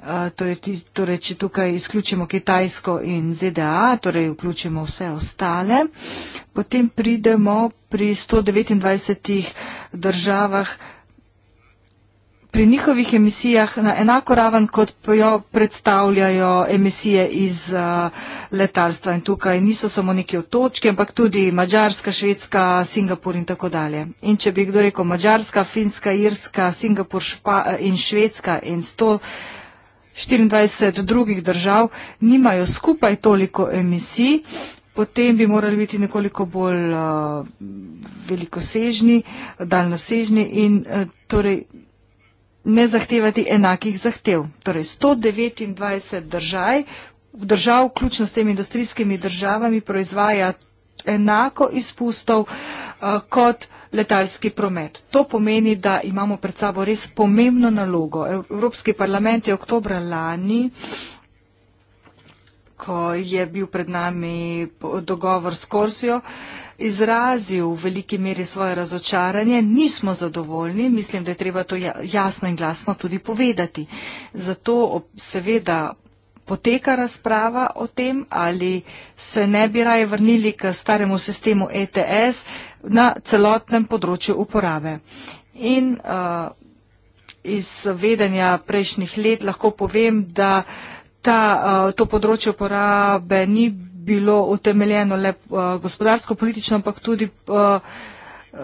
A: Eh, torej, torej, če tukaj izključimo Kitajsko in ZDA, torej vključimo vse ostale, potem pridemo pri 129 državah pri njihovih emisijah na enako raven, kot jo predstavljajo emisije iz uh, letalstva. In tukaj niso samo neki otočki, ampak tudi Mačarska, Švedska, Singapur in tako dalje. In če bi kdo rekel Mačarska, Finska, Irska, Singapur špa, eh, in Švedska in 124 drugih držav nimajo skupaj toliko emisij, potem bi morali biti nekoliko bolj uh, velikosežni, daljnosežni in uh, torej ne zahtevati enakih zahtev. Torej 129 držav, držav, vključno s temi industrijskimi državami, proizvaja enako izpustov eh, kot letalski promet. To pomeni, da imamo pred sabo res pomembno nalogo. Evropski parlament je oktober lani ko je bil pred nami dogovor s Korsijo, uh, izrazil v veliki meri svoje razočaranje, nismo zadovoljni, mislim, da je treba to ja-, jasno in glasno tudi povedati. Zato seveda poteka razprava o tem, ali se ne bi raje vrnili k staremu sistemu ETS na celotnem področju uporabe. In uh, iz vedenja prejšnjih let lahko povem, da ta, uh, to področje uporabe ni bilo utemeljeno le uh, gospodarsko, politično, ampak tudi uh, uh,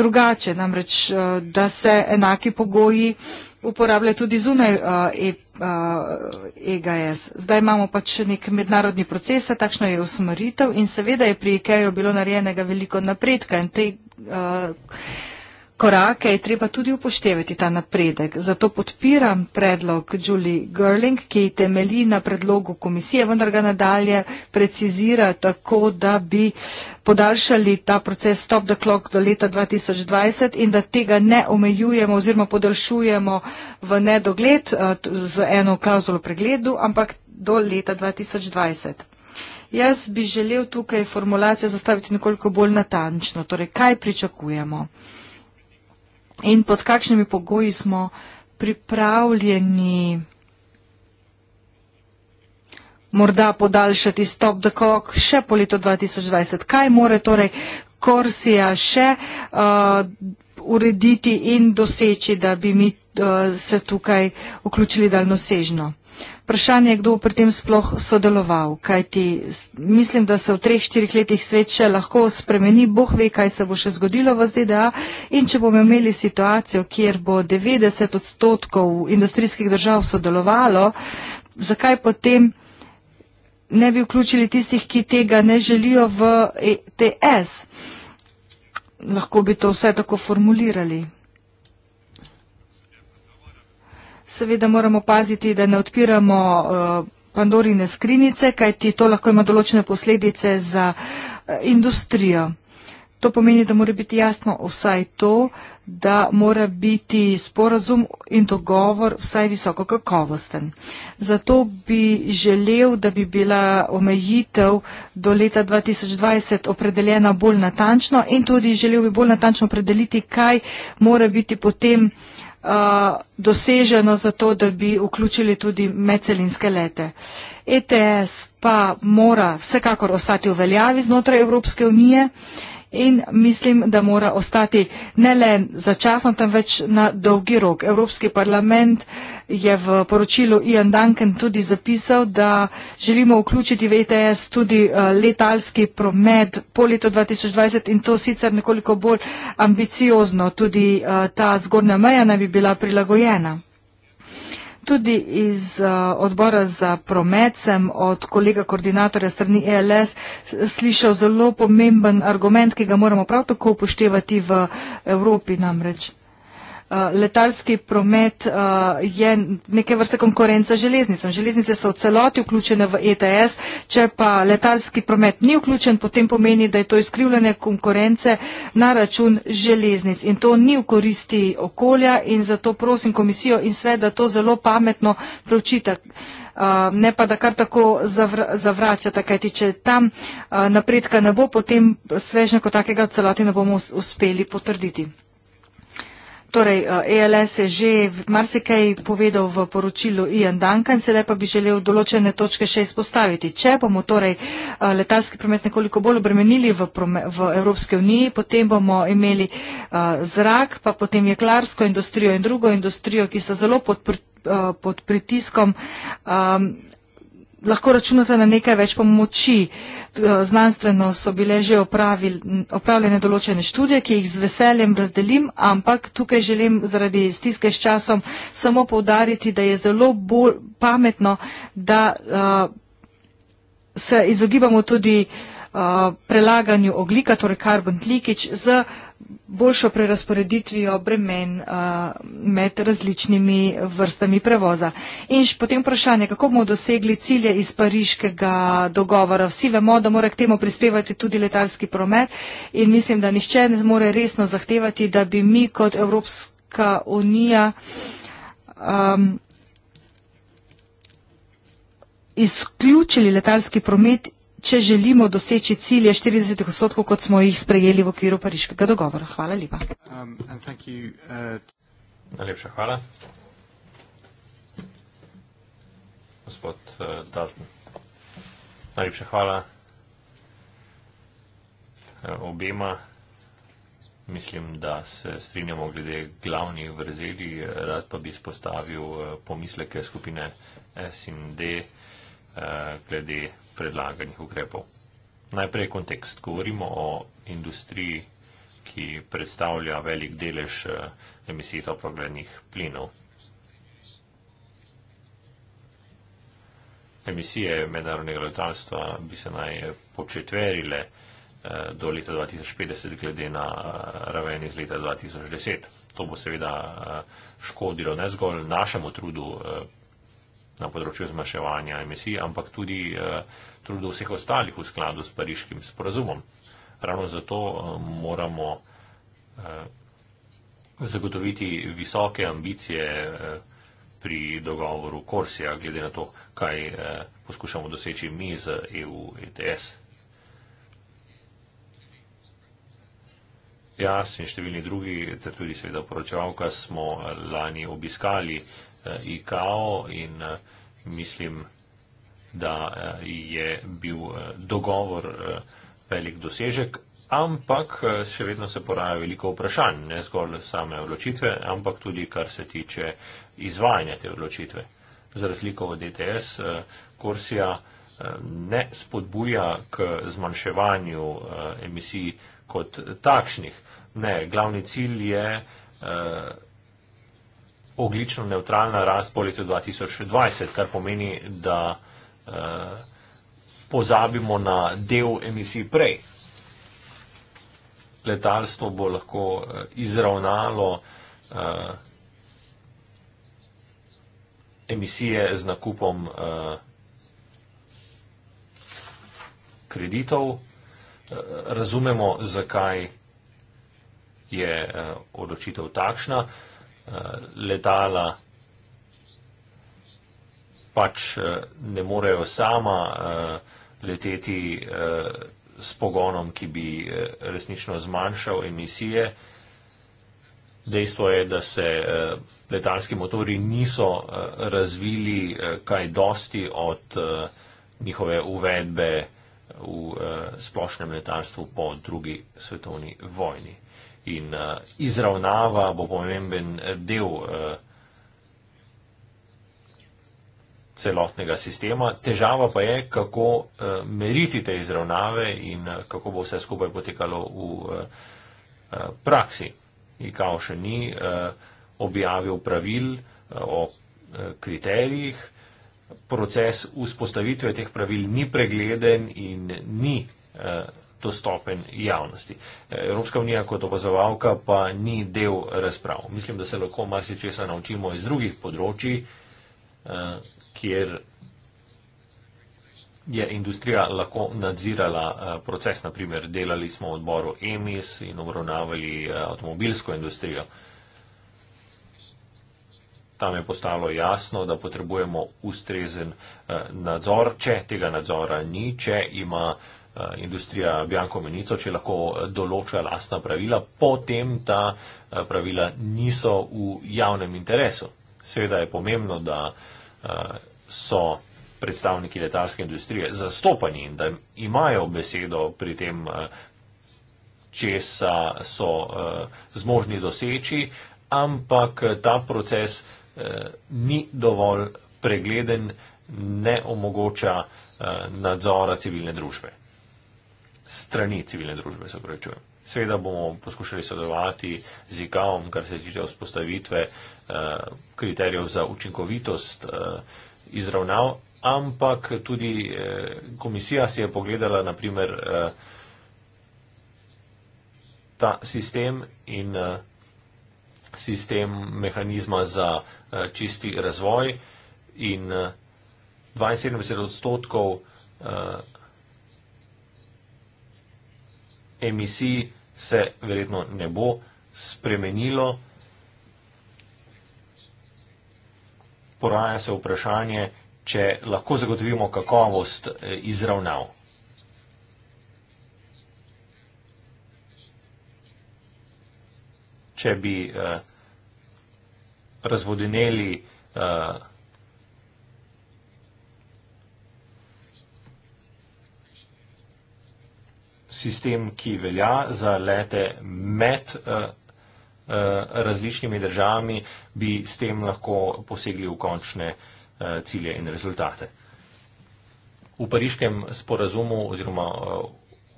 A: drugače, namreč, uh, da se enaki pogoji uporabljajo tudi zunaj uh, EP. EGS. E Zdaj imamo pač nek mednarodni proces, takšna je usmeritev in seveda je pri IKEA-ju bilo narejenega veliko napredka in te uh, korake je treba tudi upoštevati ta napredek. Zato podpiram predlog Julie Gerling, ki temelji na predlogu komisije, vendar ga nadalje precizira tako, da bi podaljšali ta proces stop the clock do leta 2020 in da tega ne omejujemo oziroma podaljšujemo v nedogled eh, z eno klauzulo pregledu, ampak do leta 2020. Jaz bi želel tukaj formulacijo zastaviti nekoliko bolj natančno. Torej, kaj pričakujemo? in pod kakšnimi pogoji smo pripravljeni morda podaljšati stop the clock še po letu 2020. Kaj more torej Korsija še uh, urediti in doseči, da bi mi uh, se tukaj vključili daljnosežno? Uh, vprašanje, kdo pri tem sploh sodeloval. Kajti mislim, da se v treh, štirih letih svet še lahko spremeni, boh ve, kaj se bo še zgodilo v ZDA. In če bomo imeli situacijo, kjer bo 90 odstotkov industrijskih držav sodelovalo, zakaj potem ne bi vključili tistih, ki tega ne želijo v ETS? Lahko bi to vse tako formulirali. seveda moramo paziti, da ne odpiramo eh, pandorine skrinice, kajti to lahko ima določene posledice za eh, industrijo. To pomeni, da mora biti jasno vsaj to, da mora biti sporazum in dogovor vsaj visoko kakovosten. Zato bi želel, da bi bila omejitev do leta 2020 opredeljena bolj natančno in tudi želel bi bolj natančno opredeliti, kaj mora biti potem. Eh, doseženo za to, da bi vključili tudi medcelinske lete. ETS pa mora vsekakor ostati v veljavi znotraj Evropske unije. Uh, in mislim, da mora ostati ne le začasno, temveč na dolgi rok. Evropski parlament je v poročilu Ian Duncan tudi zapisal, da želimo vključiti v ETS tudi eh, letalski promet po letu 2020 in to sicer nekoliko bolj ambiciozno. Tudi eh, ta zgornja meja naj bi bila prilagojena. Tudi iz uh, odbora za promet sem od kolega koordinatorja strani ELS slišal zelo pomemben argument, ki ga moramo prav tako upoštevati v Evropi namreč. Eh, letalski promet uh, je neke vrste konkurenca železnicam. Železnice so v celoti vključene v ETS, če pa letalski promet ni vključen, potem pomeni, da je to izkrivljanje konkurence na račun železnic. In to ni v koristi okolja in zato prosim komisijo in sve, da to zelo pametno preučite. Uh, ne pa, da kar tako zavr zavračate, kajti če tam uh, napredka ne bo, potem svežnja kot takega v celoti ne bomo uspeli potrditi. Torej, ELS eh, je že marsikaj povedal v poročilu Ian Duncan, sedaj pa bi želel določene točke še izpostaviti. Če bomo torej eh, letalski promet nekoliko bolj obremenili v, v Evropske uniji, potem bomo imeli eh, zrak, pa potem jeklarsko industrijo in drugo industrijo, ki sta zelo pod, pod pritiskom. Um, lahko računate na nekaj več pomoči. Eh, znanstveno so bile že opravil, opravljene določene študije, ki jih z veseljem razdelim, ampak tukaj želim zaradi stiske s časom samo povdariti, da je zelo bolj pametno, da uh, se izogibamo tudi uh, prelaganju oglika, torej carbon leakage, z uh, boljšo prerasporeditvijo bremen uh, med različnimi vrstami prevoza. In še potem vprašanje, kako bomo dosegli cilje iz pariškega dogovora. Vsi vemo, da mora k temu prispevati tudi letalski promet in mislim, da nišče ne more resno zahtevati, da bi mi kot Evropska unija um, izključili letalski promet če želimo doseči cilje 40 odstotkov, kot smo jih sprejeli v okviru pariškega dogovora. Hvala lepa.
D: Um, uh,
B: Najlepša hvala. Gospod uh, Dalton. Najlepša hvala uh, obema. Mislim, da se strinjamo glede glavnih vrzeli. Rad pa bi spostavil pomisleke skupine S in D. Eh, glede predlaganih ukrepov. Najprej kontekst. Govorimo o industriji, ki predstavlja velik delež eh, emisij toplogrednih plinov. Emisije mednarodnega letalstva bi se naj početverile eh, do leta 2050 glede na raven iz leta 2010. To bo seveda škodilo ne zgolj našemu trudu na področju zmaševanja emisij, ampak tudi eh, trud vseh ostalih v skladu s pariškim sporazumom. Ravno zato eh, moramo eh, zagotoviti visoke ambicije pri dogovoru Korsija, glede na to, kaj poskušamo doseči mi z EU ETS. Jaz in številni drugi, ter tudi seveda poročevalka, smo lani obiskali eh, Eh, IKO in eh, mislim, da eh, je bil dogovor velik dosežek, ampak še vedno se poraja veliko vprašanj, ne zgolj same odločitve, ampak tudi kar se tiče izvajanja te odločitve. Za razliko od DTS, e Korsija ne spodbuja k zmanjševanju emisij kot takšnih. Ne, glavni cilj je oglično neutralna rast po letu 2020, kar pomeni, da eh, pozabimo na del emisij prej. Letalstvo bo lahko eh, izravnalo eh, emisije z nakupom kreditov. Razumemo, zakaj je odločitev takšna. Eh, letala pač eh, ne morejo sama eh, leteti s pogonom, ki bi resnično zmanjšal emisije. Dejstvo je, da se letalski motori niso razvili kaj dosti od njihove uvedbe v splošnem letalstvu po drugi svetovni vojni in uh, izravnava bo pomemben eh, del uh, celotnega sistema. Težava pa je, kako uh, meriti te izravnave in uh, kako bo vse skupaj potekalo v uh, uh, praksi. IKO še ni uh, objavil pravil uh, o uh, kriterijih. Proces vzpostavitve teh pravil ni pregleden in ni. Uh, dostopen javnosti. Evropska unija kot opazovalka pa ni del razprav. Mislim, da se lahko marsičesa naučimo iz drugih področji, eh, kjer je industrija lahko nadzirala eh, proces. Naprimer, delali smo v odboru EMIS in obravnavali eh, avtomobilsko industrijo. Tam je postalo jasno, da potrebujemo ustrezen nadzor, če tega nadzora ni, če ima uh, Eh, industrija Bjanko Menico, če lahko eh, določa lastna pravila, potem ta eh, pravila niso v javnem interesu. Seveda je pomembno, da so predstavniki letalske industrije zastopani in da imajo besedo pri tem, če so zmožni doseči, ampak ta proces ni dovolj pregleden, ne omogoča nadzora civilne družbe strani civilne družbe, se pravi, čujem. Seveda bomo poskušali sodelovati z IKAOM, kar se tiče vzpostavitve eh, kriterijev za učinkovitost eh, izravnav, ampak tudi eh, komisija si je pogledala naprimer eh, ta sistem in eh, sistem mehanizma za eh, čisti razvoj in eh, 72 odstotkov eh, emisij se verjetno ne bo spremenilo. Poraja se vprašanje, če lahko zagotovimo kakovost eh, izravnav. Če bi eh, razvodineli eh, sistem, ki velja za lete med uh, uh, različnimi državami, bi s tem lahko posegli v končne uh, cilje in rezultate. V pariškem sporazumu oziroma uh,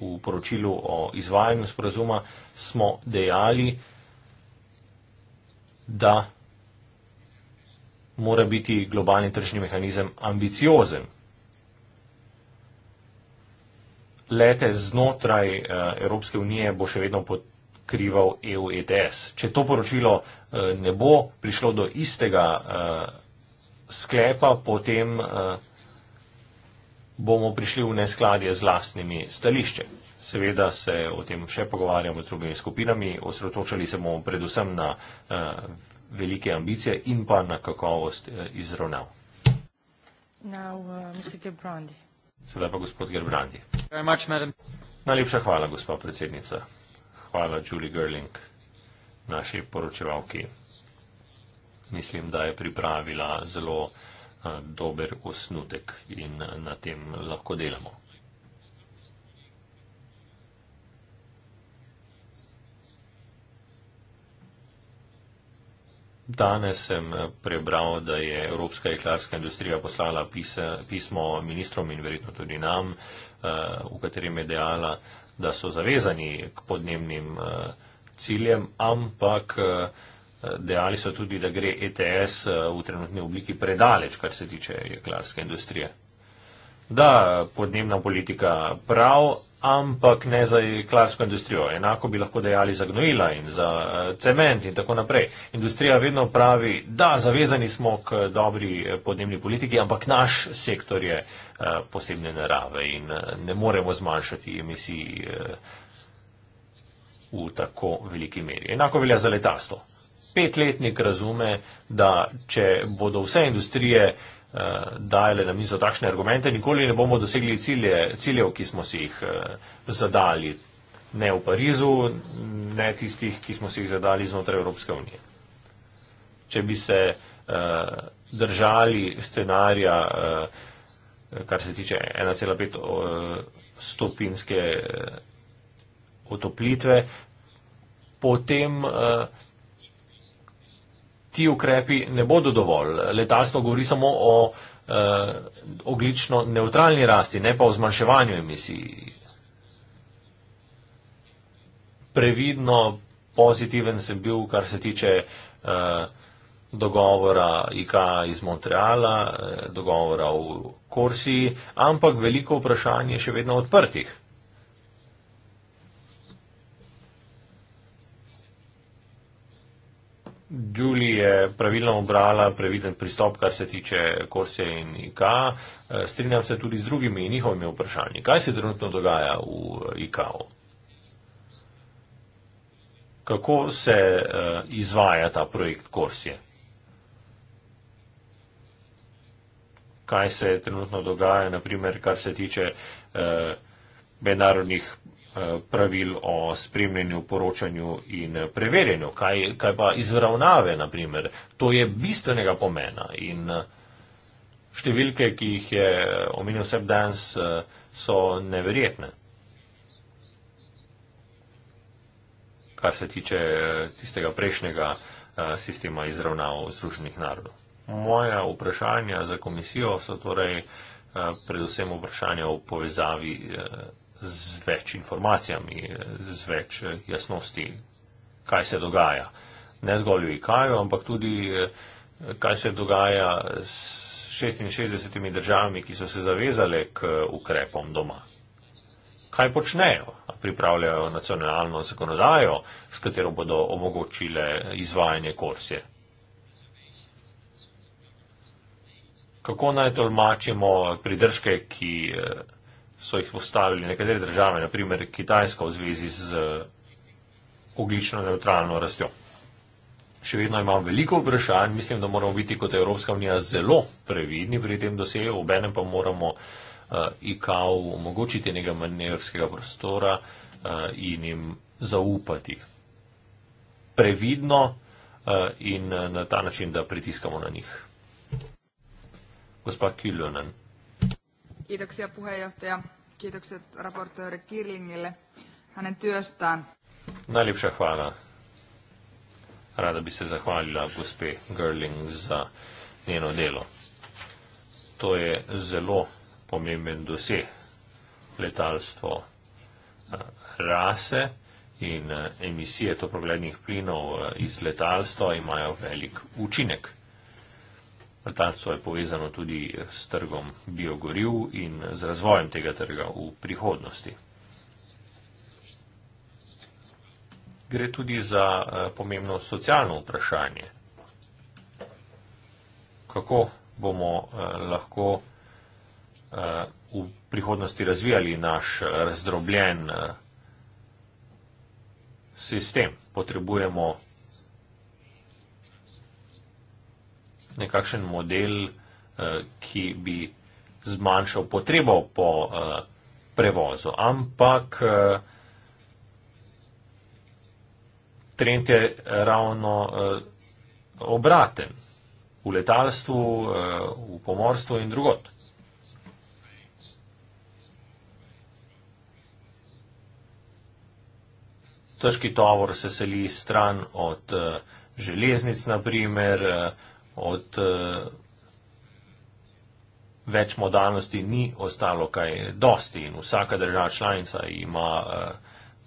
B: v poročilu o izvajanju sporazuma smo dejali, da mora biti globalni tržni mehanizem ambiciozen. lete znotraj eh, Evropske unije bo še vedno pokrival EU ETS. Če to poročilo eh, ne bo prišlo do istega eh, sklepa, potem bomo prišli v neskladje z lastnimi stališče. Seveda se o tem še pogovarjamo z drugimi skupinami, osredotočali se bomo predvsem na velike ambicije in pa na kakovost izravnav.
D: Now, uh, Mr. Gibrandi.
B: Sedaj pa gospod Gerbrandi. Much, Najlepša hvala, gospod predsednica. Hvala Julie Gerling, naši poročevalki. Mislim, da je pripravila zelo uh, dober osnutek in uh, na tem lahko delamo. Danes sem eh, prebral, da je Evropska jeklarska industrija poslala pismo ministrom in verjetno tudi nam, eh, v katerem je dejala, da so zavezani k podnebnim eh, ciljem, ampak dejali so tudi, da gre ETS v trenutni obliki predaleč, kar se tiče jeklarske industrije da podnebna politika prav, ampak ne za klasko industrijo. Enako bi lahko dejali za gnojila in za eh, cement in tako naprej. Industrija vedno pravi, da zavezani smo k dobri eh, podnebni politiki, ampak naš sektor je eh, posebne narave in ne moremo zmanjšati emisij v tako veliki meri. Enako velja za letalstvo. Petletnik razume, da če bodo vse industrije Eh, dajale na mizo takšne argumente, nikoli ne bomo dosegli cilje, ciljev, ki smo si jih eh, zadali, ne v Parizu, ne tistih, ki smo si jih zadali znotraj Evropske unije. Če bi se eh, držali scenarija, kar se tiče 1,5 stopinske otoplitve, potem ti ukrepi ne bodo dovolj. Letalstvo govori samo o uh, eh, oglično neutralni rasti, ne pa o zmanjševanju emisij. Previdno pozitiven sem bil, kar se tiče uh, dogovora IK iz Montreala, eh, dogovora v Korsiji, ampak veliko vprašanje je še vedno odprtih. Julie je pravilno obrala previden pristop, kar se tiče Korsije in IK. E, strinjam se tudi z drugimi njihovimi vprašanji. Kaj se trenutno dogaja v eh, IK-u? Kako se uh, izvaja ta projekt Korsije? Kaj se trenutno dogaja, naprimer, kar se tiče uh, mednarodnih Eh, pravil o spremljanju, poročanju in preverjanju, kaj, kaj pa izravnave, naprimer. To je bistvenega pomena in eh, številke, ki jih je eh, omenil Seb Dans, so neverjetne. Kar se tiče tistega prejšnjega sistema izravnav Združenih narodov. Moja vprašanja za komisijo so torej predvsem vprašanja o povezavi z več informacijami, z več eh, jasnosti, kaj se dogaja. Ne zgolj v IKAJU, ampak tudi, eh, kaj se dogaja s 66 državami, ki so se zavezale k eh, ukrepom doma. Kaj počnejo? Pripravljajo nacionalno zakonodajo, s katero bodo omogočile izvajanje korsije. Kako naj tolmačimo pridržke, ki so jih postavili nekatere države, naprimer Kitajska v zvezi z eh, oglično neutralno rastjo. Še vedno imam veliko vprašanj, mislim, da moramo biti kot Evropska unija zelo previdni pri tem dosegu, obenem pa moramo uh, eh, IKAV omogočiti nekaj manevrskega prostora uh, in jim zaupati previdno uh, in uh, na ta način, da pritiskamo na njih. Gospa Kiljonen.
A: Kiitoksia puheenjohtaja. Kiitokset raportööri Kirlingille hänen työstään.
B: Najlepša hvala. Rada bi se zahvalila gospe Girling za njeno delo. To je zelo pomemben dosje. Letalstvo eh, rase in eh, emisije toplogrednih plinov eh, iz letalstva imajo velik učinek. Vrtalstvo je povezano tudi s trgom biogoriv in z razvojem tega trga v prihodnosti. Gre tudi za eh, pomembno socialno vprašanje. Kako bomo eh, lahko eh, v prihodnosti razvijali naš razdrobljen sistem? Potrebujemo nekakšen model, eh, ki bi zmanjšal potrebo po eh, prevozu. Ampak eh, trend je ravno obraten v letalstvu, v pomorstvu in drugot. Težki tovor se seli stran od železnic, naprimer, od uh, več modalnosti ni ostalo kaj dosti in vsaka država članica ima uh,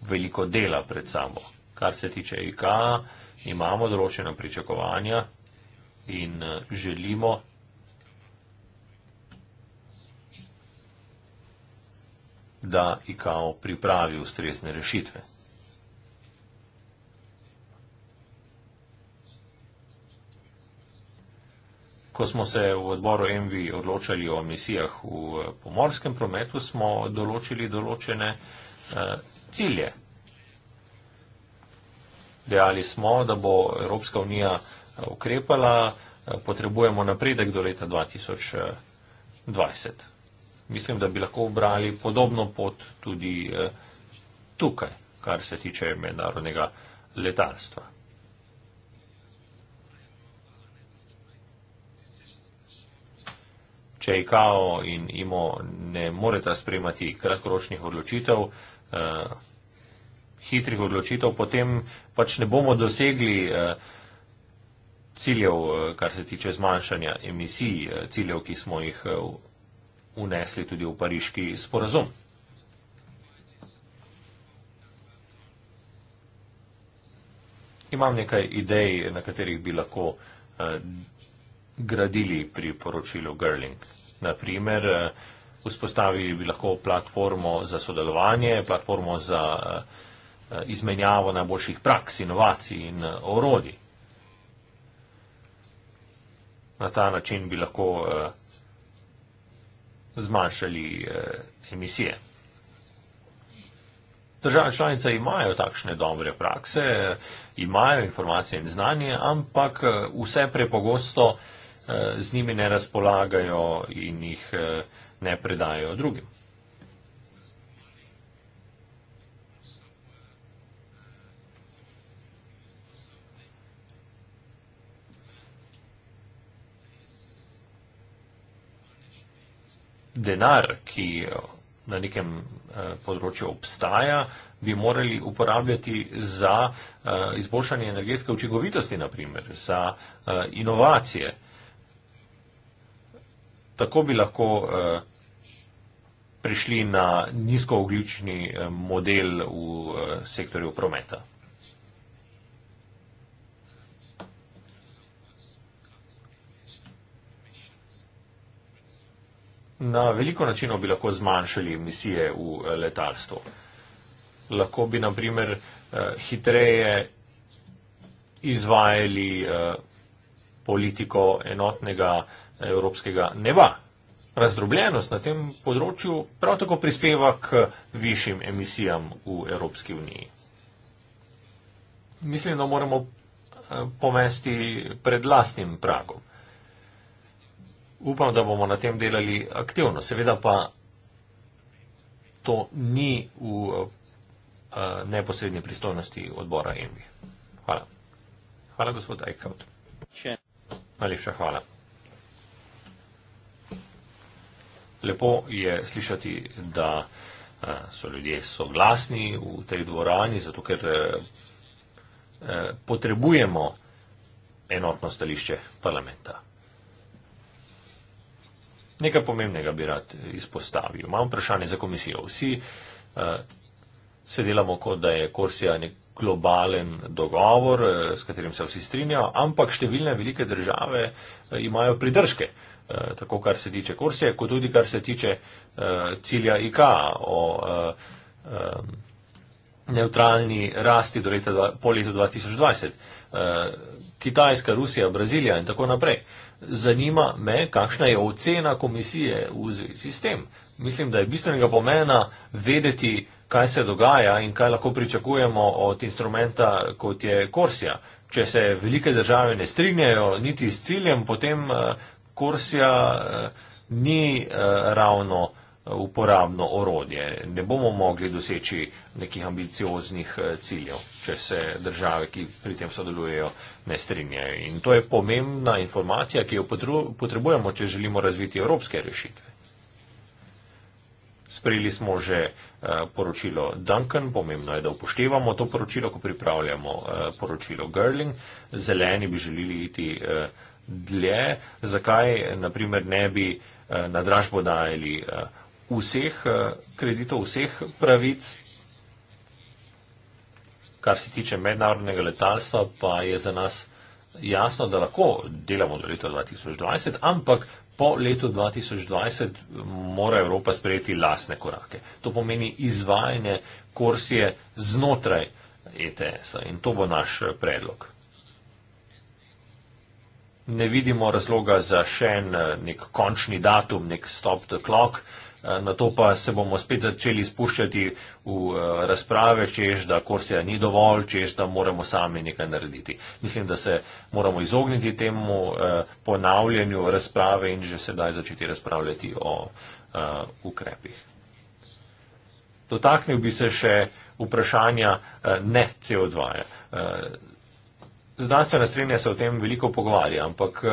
B: veliko dela pred sabo. Kar se tiče IK, imamo določena pričakovanja in uh, želimo. da ICAO pripravi ustrezne rešitve. Ko smo se v odboru MVI odločali o emisijah v eh, pomorskem prometu, smo določili določene uh, cilje. Dejali smo, da bo Evropska unija eh, ukrepala, potrebujemo napredek do leta 2020. Mislim, da bi lahko obrali podobno pot tudi tukaj, kar se tiče mednarodnega letalstva. če je kao in imo ne moreta spremati kratkoročnih odločitev, eh, hitrih odločitev, potem pač ne bomo dosegli eh, ciljev, eh, kar se tiče zmanjšanja emisij, eh, ciljev, ki smo jih eh, unesli tudi v pariški sporazum. Imam nekaj idej, na katerih bi lahko eh, gradili pri poročilu Girling. Naprimer, eh, vzpostavili bi lahko platformo za sodelovanje, platformo za eh, izmenjavo najboljših praks, inovacij in eh, orodi. Na ta način bi lahko zmanjšali emisije. Države članice imajo takšne dobre prakse, imajo informacije in znanje, ampak vse prepogosto Eh, z njimi ne razpolagajo in jih eh, ne predajo drugim. Denar, ki na nekem eh, področju obstaja, bi morali uporabljati za izboljšanje energetske učinkovitosti, naprimer, za inovacije tako bi lahko eh, prišli na nizkooglični eh, model v eh, sektorju prometa. Na veliko načinov bi lahko zmanjšali emisije v letalstvu. Lahko bi naprimer hitreje izvajali politiko enotnega, evropskega neba. Razdrobljenost na tem področju prav tako prispeva k višjim emisijam v Evropski uniji. Mislim, da moramo eh, pomesti pred lastnim pragom. Upam, da bomo na tem delali aktivno. Seveda pa to ni v eh, neposrednji pristojnosti odbora EMBI. Hvala. Hvala, gospod Eichhout. Najlepša hvala. lepo je slišati, da eh, so ljudje soglasni v tej dvorani, zato ker eh, eh, potrebujemo enotno stališče parlamenta. Nekaj pomembnega bi rad izpostavil. Imam vprašanje za komisijo. Vsi se delamo, kot da je Korsija nek globalen dogovor, s katerim se vsi strinjajo, ampak številne velike države imajo pridržke. Eh, tako kar se tiče kursije, kot tudi kar se tiče uh, cilja IKA o uh, eh, um, neutralni rasti do leta dva, po letu 2020. Uh, Kitajska, Rusija, Brazilija in tako naprej. Zanima me, kakšna je ocena komisije v zvezi s tem. Mislim, da je bistvenega pomena vedeti, kaj se dogaja in kaj lahko pričakujemo od instrumenta, kot je Korsija. Če se velike države ne strinjajo niti s ciljem, potem uh, Korsija eh, ni eh, ravno eh, uporabno orodje. Ne bomo mogli doseči nekih ambicioznih ciljev, če se države, ki pri tem sodelujejo, ne strinjajo. In to je pomembna informacija, ki jo potrebujemo, če želimo razviti evropske rešitve. Sprejeli smo že poročilo Duncan, pomembno je, da upoštevamo to poročilo, ko pripravljamo poročilo Girling. Zeleni bi želeli iti dlje, zakaj naprimer ne bi eh, na dražbo dajali eh, vseh eh, kreditov, vseh pravic. Kar se tiče mednarodnega letalstva, pa je za nas jasno, da lahko delamo do leta 2020, ampak po letu 2020 mora Evropa sprejeti lasne korake. To pomeni izvajanje korsije znotraj ETS-a in to bo naš predlog ne vidimo razloga za še en eh, nek končni datum, nek stop the clock. Eh, Na to pa se bomo spet začeli spuščati v eh, razprave, češ, da Korsija ni dovolj, češ, da moramo sami nekaj narediti. Mislim, da se moramo izogniti temu ponavljanju razprave in že sedaj začeti razpravljati o ukrepih. Dotaknil bi se še vprašanja ne CO2. -ja. Znanstvena srednja se o tem veliko pogovarja, ampak uh,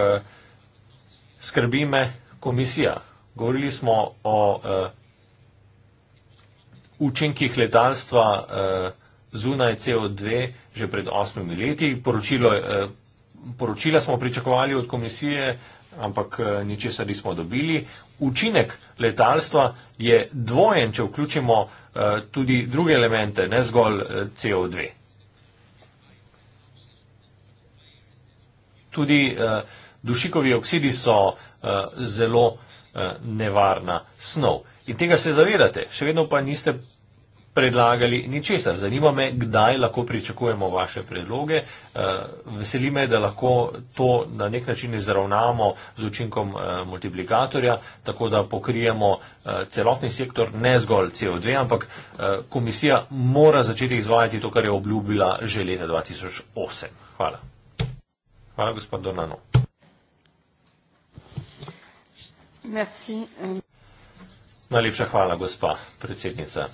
B: skrbi me komisija. Govorili smo o uh, učinkih letalstva uh, zunaj CO2 že pred osmimi leti. Poročilo, uh, poročila smo pričakovali od komisije, ampak uh, ničesar nismo dobili. Učinek letalstva je dvojen, če vključimo uh, tudi druge elemente, ne zgolj uh, CO2. tudi uh, dušikovi oksidi so uh, zelo uh, nevarna snov. In tega se zavedate, še vedno pa niste predlagali ničesar. Zanima me, kdaj lahko pričakujemo vaše predloge. Uh, veseli me, da lahko to na nek način izravnamo z učinkom uh, multiplikatorja, tako da pokrijemo uh, celotni sektor, ne zgolj CO2, ampak uh, komisija mora začeti izvajati to, kar je obljubila že leta 2008. Hvala. Hvala, gospa Donano. Merci. Najlepša hvala, gospa predsednica.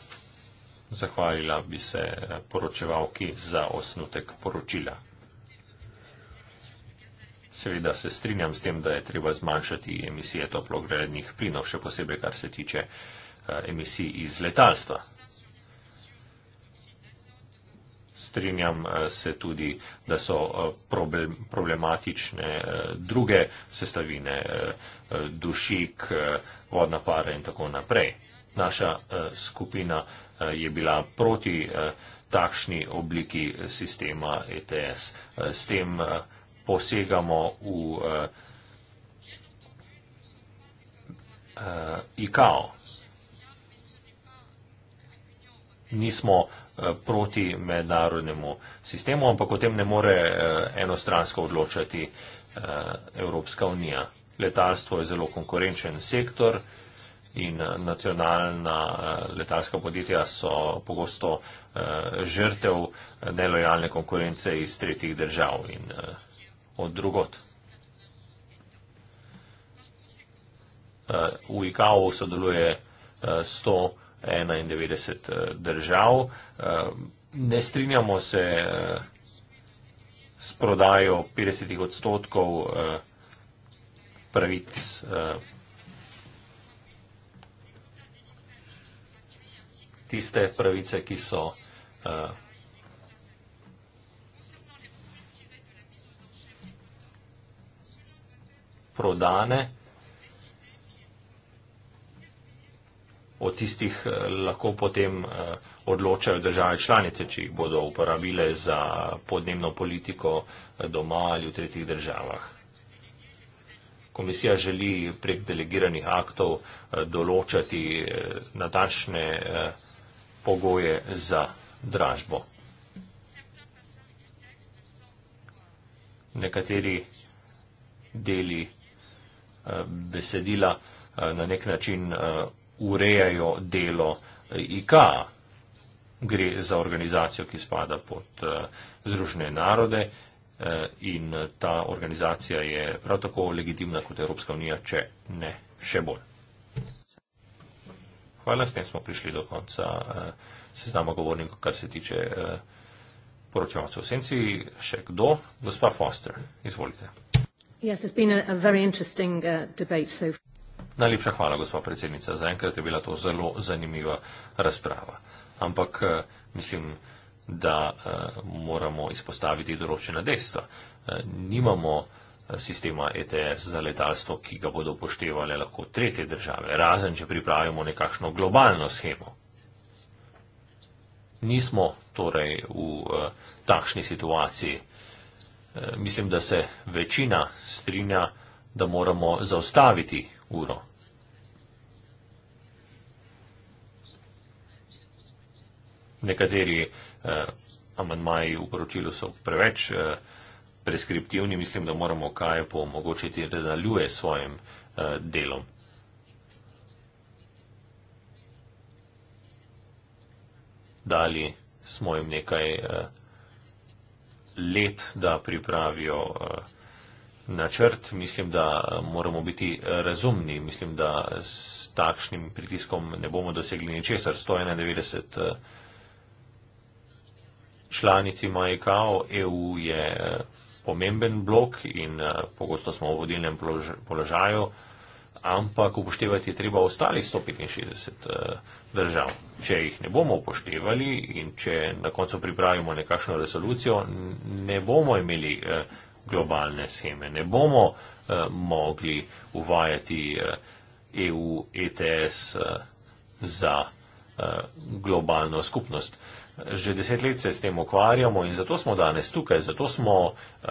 B: Zahvalila bi se poročevalki za osnutek poročila. Seveda se strinjam s tem, da je treba zmanjšati emisije toplogrednih plinov, še posebej kar se tiče eh, emisij iz letalstva. strinjam eh, se tudi, da so eh, problematične eh, druge sestavine, dušik, vodna para in tako naprej. Naša skupina je bila proti takšni obliki sistema ETS. S tem posegamo v ICAO. Nismo Eh, proti mednarodnemu sistemu, ampak o tem ne more eh, enostransko odločati eh, Evropska unija. Letalstvo je zelo konkurenčen sektor in nacionalna letalska podjetja so pogosto žrtev nelojalne konkurence iz tretjih držav in od drugot. V IKO sodeluje 100 91 eh, držav. Eh, ne strinjamo se eh, s prodajo 50 odstotkov pravic tiste pravice, ki so prodane. o tistih eh, lahko potem eh, odločajo države članice, če jih bodo uporabile za podnebno politiko eh, doma ali v tretjih državah. Komisija želi prek delegiranih aktov določati natančne pogoje za dražbo. Nekateri deli besedila na nek način urejajo delo eh, IKA. Gre za organizacijo, ki spada pod eh, Združene narode eh, in ta organizacija je prav tako legitimna kot Evropska unija, če ne še bolj. Hvala, s tem smo prišli do konca seznama govornikov, kar se tiče poročevalcev v senci. Še kdo? Gospa Foster, izvolite.
D: Yes, it's been a very interesting uh, debate so far.
B: Najlepša hvala, gospod predsednica. Zaenkrat je bila to zelo zanimiva razprava. Ampak eh, mislim, da eh, moramo izpostaviti določena dejstva. Eh, nimamo sistema ETS za letalstvo, ki ga bodo upoštevali lahko tretje države, razen če pripravimo nekakšno globalno schemo. Nismo torej v takšni situaciji. Mislim, da se večina strinja, da moramo zaustaviti uro. Nekateri eh, amadmaji v poročilu so preveč eh, preskriptivni, mislim, da moramo Kajepo omogočiti, da nadaljuje s svojim eh, delom. Dali smo jim nekaj eh, let, da pripravijo. Eh, načrt, mislim, da eh, moramo biti eh, razumni, mislim, da s takšnim pritiskom ne bomo dosegli ničesar. 191 članici Majkao, EU je eh, pomemben blok in pogosto smo v vodilnem položaju, ampak upoštevati je treba ostalih 165 držav. Če jih ne bomo upoštevali in če na koncu pripravimo nekakšno resolucijo, ne bomo imeli globalne scheme. Ne bomo uh, mogli uvajati uh, eh, EU ETS uh, eh, za uh, globalno skupnost. Že deset let se s tem ukvarjamo in zato smo danes tukaj, zato smo uh,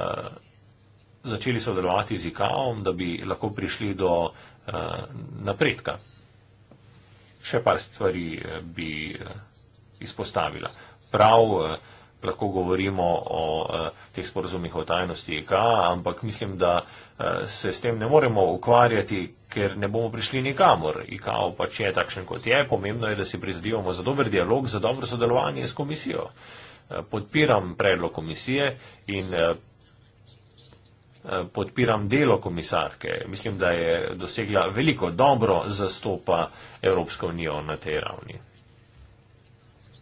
B: začeli sodelovati z IKAOM, da bi lahko prišli do uh, napredka. Še par stvari bi izpostavila. Prav uh, lahko govorimo o eh, teh sporozumih o tajnosti IKA, ampak mislim, da eh, se s tem ne moremo ukvarjati, ker ne bomo prišli nikamor. IKA pač je takšen, kot je. Pomembno je, da si prizadevamo za dober dialog, za dobro sodelovanje s komisijo. Eh, podpiram predlog komisije in podpiram delo komisarke. Mislim, da je dosegla veliko dobro zastopa Evropsko unijo na tej ravni.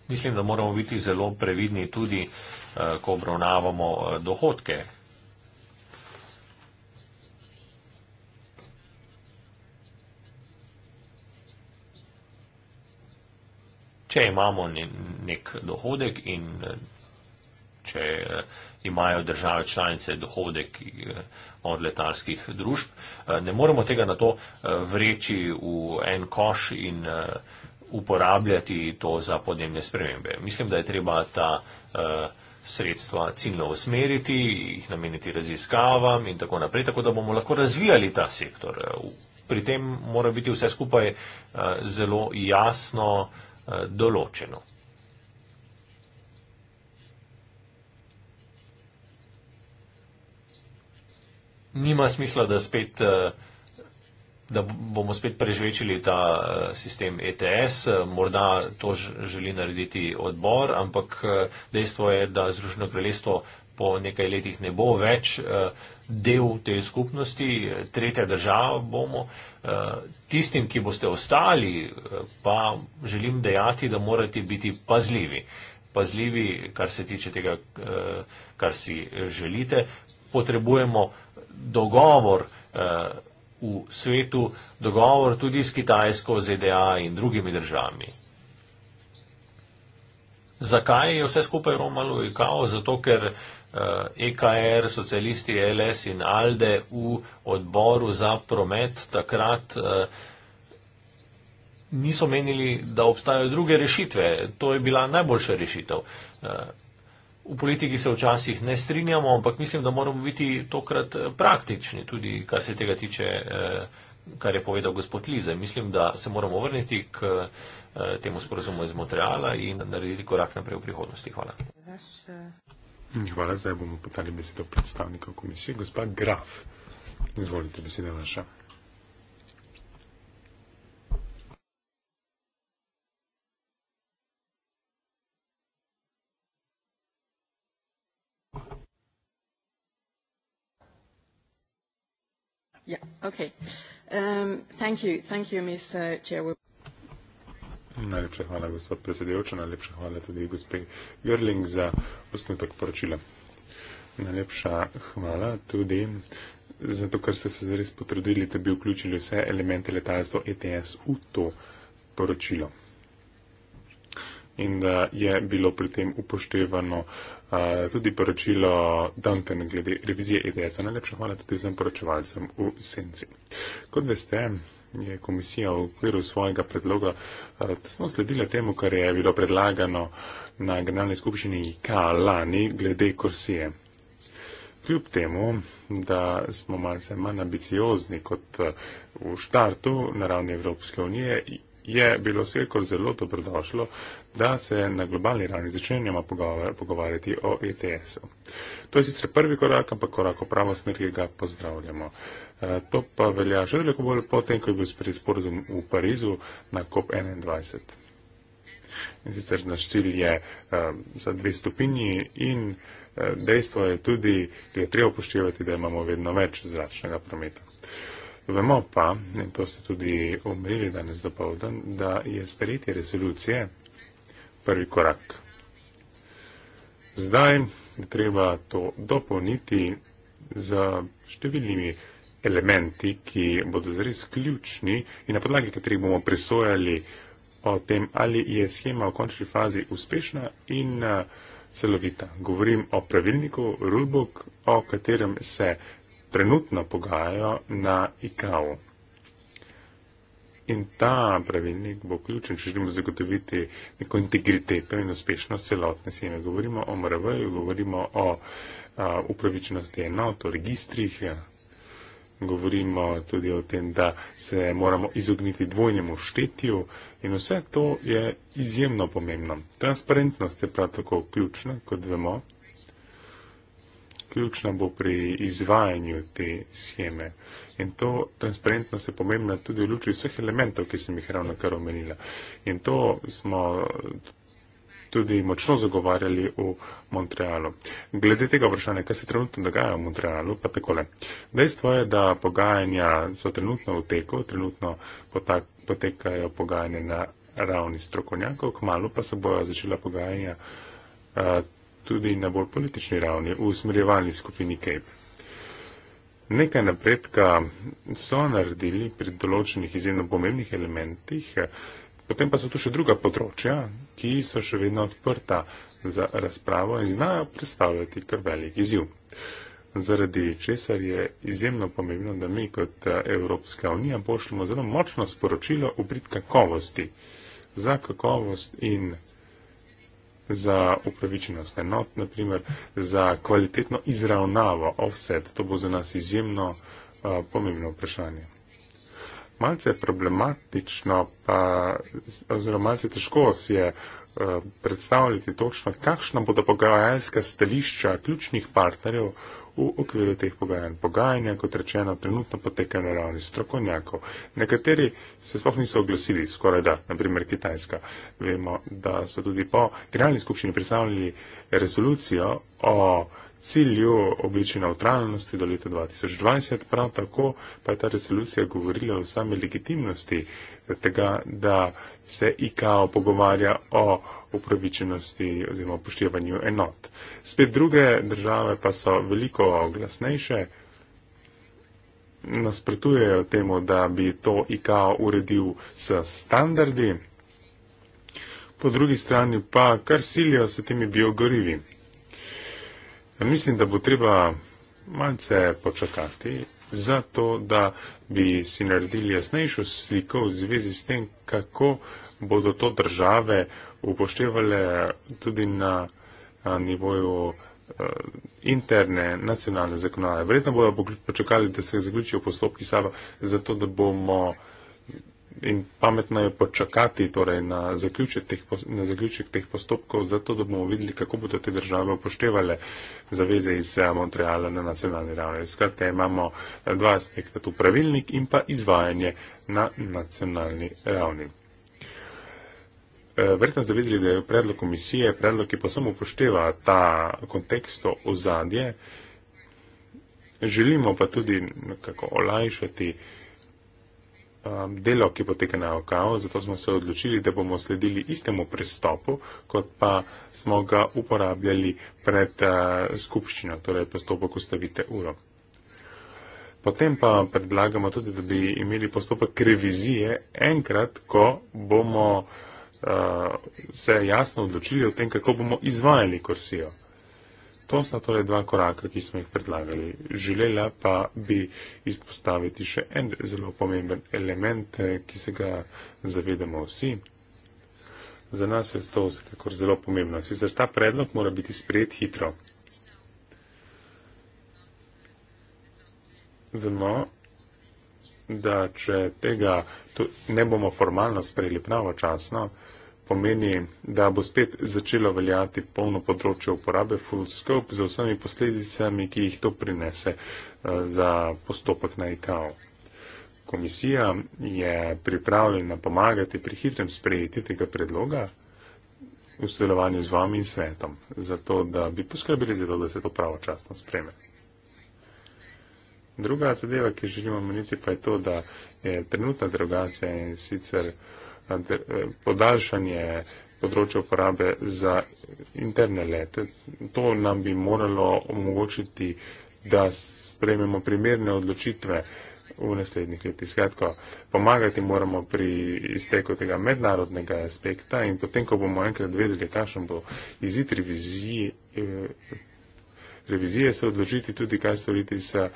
B: Mislim, da moramo biti zelo previdni tudi, eh, ko obravnavamo eh, dohodke. Če imamo nek dohodek in eh, če imajo države članice dohodek od letalskih družb, ne moremo tega na to vreči v en koš in uporabljati to za podnebne spremembe. Mislim, da je treba ta eh, sredstva ciljno usmeriti, jih nameniti raziskavam in tako naprej, tako da bomo lahko razvijali ta sektor. Eh, pri tem mora biti vse skupaj eh, zelo jasno določeno. Nima smisla, da spet uh, da bomo spet preživečili ta eh, sistem ETS. Eh, morda to želi narediti odbor, ampak eh, dejstvo je, da Združeno kraljestvo po nekaj letih ne bo več del te skupnosti, tretja država bomo. Tistim, ki boste ostali, pa želim dejati, da morate biti pazljivi. Pazljivi, kar se tiče tega, kar si želite. Potrebujemo dogovor v svetu dogovor tudi s Kitajsko, ZDA in drugimi državami. Zakaj je vse skupaj romalo v kao? Zato, ker EKR, eh, e socialisti, LS in ALDE v odboru za promet takrat eh, niso menili, da obstajajo druge rešitve. To je bila najboljša rešitev. Eh, V politiki se včasih ne strinjamo, ampak mislim, da moramo biti tokrat eh, praktični, tudi kar se tega tiče, eh, kar je povedal gospod Lize. Mislim, da se moramo vrniti k eh, temu sporozumu iz Montreala in narediti korak naprej v prihodnosti. Hvala.
C: Hvala, zdaj bomo potali besedo predstavnika komisije. Gospa Graf, izvolite, beseda vaša. Yeah, okay. Um, thank you, thank you, Ms. Uh, Chairwoman. Najlepša hvala, gospod predsedujoča, najlepša hvala tudi gospe Görling za osnutek poročila. Najlepša hvala tudi zato, ker ste se zares potrudili, da bi vključili vse elemente letalstva ETS v to poročilo. In da je bilo pri tem upoštevano uh, tudi poročilo Duncan glede revizije EDS-a. Najlepša hvala tudi vsem poročevalcem v Senci. Kot veste, je komisija v okviru svojega predloga tesno sledila temu, kar je bilo predlagano na generalni skupščini IK lani glede Korsije. Kljub temu, da smo malce manj ambiciozni kot v štartu na ravni Evropske unije, je bilo vsekakor zelo dobrodošlo, da se na globalni ravni začenjamo pogovarjati o ETS-u. To je sicer prvi korak, ampak korak v pravo smer, ki ga pozdravljamo. Eh, to pa velja še veliko bolj potem, ko je bil sprejet sporozum v Parizu na COP21. In sicer naš cilj je eh, za dve stopinji in eh, dejstvo je tudi, da je treba upoštevati, da imamo vedno več zračnega prometa. Vemo pa, in to ste tudi omrili danes dopovdan, da je sprejetje resolucije prvi korak. Zdaj je treba to dopolniti z številnimi elementi, ki bodo zres ključni in na podlagi katerih bomo presojali o tem, ali je schema v končni fazi uspešna in eh, celovita. Govorim o pravilniku rulebook, o katerem se trenutno pogajajo na IKAU. In ta pravilnik bo ključen, če želimo zagotoviti neko integriteto in uspešnost celotne sceme. Govorimo o MRV, govorimo o a, upravičenosti enot, o registrih, ja. govorimo tudi o tem, da se moramo izogniti dvojnemu štetju in vse to je izjemno pomembno. Transparentnost je prav tako ključna, kot vemo ključna bo pri izvajanju te scheme. In to transparentnost je pomembna tudi v luči vseh elementov, ki sem jih ravno kar omenila. In to smo tudi močno zagovarjali v Montrealu. Glede tega vprašanja, kaj se trenutno dogaja v Montrealu, pa takole. Dejstvo je, da pogajanja so trenutno v teku, trenutno potekajo pogajanja na ravni strokovnjakov, kmalo pa se bojo začela pogajanja. Uh, tudi na bolj politični ravni v usmerjevalni skupini CAPE. Nekaj napredka so naredili pri določenih izjemno pomembnih elementih, potem pa so tu še druga področja, ki so še vedno odprta za razpravo in znajo predstavljati kar velik izjiv. Zaradi česar je izjemno pomembno, da mi kot eh, Evropska unija pošljemo zelo močno sporočilo v prid kakovosti. Za kakovost in za upravičenost enot, naprimer za kvalitetno izravnavo offset. To bo za nas izjemno uh, pomembno vprašanje. Malce problematično, pa, oziroma malce težko si je uh, predstavljati točno, kakšna bodo pogajalska stališča ključnih partnerjev v okviru teh pogajanj. Pogajanja, kot rečeno, trenutno poteka na ravni strokovnjakov. Nekateri se sploh niso oglasili, skoraj da, naprimer Kitajska. Vemo, da so tudi po generalni skupščini predstavljali resolucijo o cilju obliči neutralnosti do leta 2020, prav tako pa je ta resolucija govorila o sami legitimnosti tega, da se IKO pogovarja o upravičenosti oziroma upoštevanju enot. Spet druge države pa so veliko glasnejše, nasprotujejo temu, da bi to IKO uredil s standardi, po drugi strani pa kar silijo s temi biogorivi. Ja mislim, da bo treba malce počakati za to, da bi si naredili jasnejšo sliko v zvezi s tem, kako bodo to države upoštevale tudi na nivoju eh, interne nacionalne zakonodaje. Verjetno bojo počakali, da se zaključijo postopki sama, zato da bomo uh, in pametno je počakati torej, na, zaključek teh, na zaključek teh postopkov, zato da bomo videli, kako bodo te države upoštevale zaveze iz eh, Montreala na nacionalni ravni. Skratka, imamo eh, dva aspekta, tu pravilnik in pa izvajanje na nacionalni ravni. Eh, verjetno ste videli, da je predlog komisije, predlog, ki posebno upošteva ta kontekst ozadje, želimo pa tudi olajšati uh, um, delo, ki poteka na OKO, zato smo se odločili, da bomo sledili istemu pristopu, kot pa smo ga uporabljali pred uh, skupščino, torej postopek ustavite uro. Potem pa predlagamo tudi, da bi imeli postopek revizije enkrat, ko bomo uh, se jasno odločili o tem, kako bomo izvajali kursijo. To sta torej dva koraka, ki smo jih predlagali. Želela pa bi izpostaviti še en zelo pomemben element, eh, ki se ga zavedamo vsi. Za nas je to vsekakor zelo pomembno. Sicer ta predlog mora biti sprejet hitro. Vemo, da če tega ne bomo formalno sprejeli pravočasno, no, pomeni, da bo spet začelo veljati polno področje uporabe full scope z vsemi posledicami, ki jih to prinese eh, za postopek na ICAO. Komisija je pripravljena pomagati pri hitrem sprejeti tega predloga v sodelovanju z vami in svetom, zato da bi poskrbeli za to, da se to pravočasno spreme. Druga zadeva, ki želimo omeniti, pa je to, da je trenutna drugacija in sicer uh, podaljšanje področja uporabe za interne lete. To nam bi moralo omogočiti, da sprejmemo primerne odločitve v naslednjih letih. Skratko, pomagati moramo pri izteku tega mednarodnega aspekta in potem, ko bomo enkrat vedeli, kakšen bo izid revizije, eh, revizije, se odločiti tudi, kaj storiti s uh,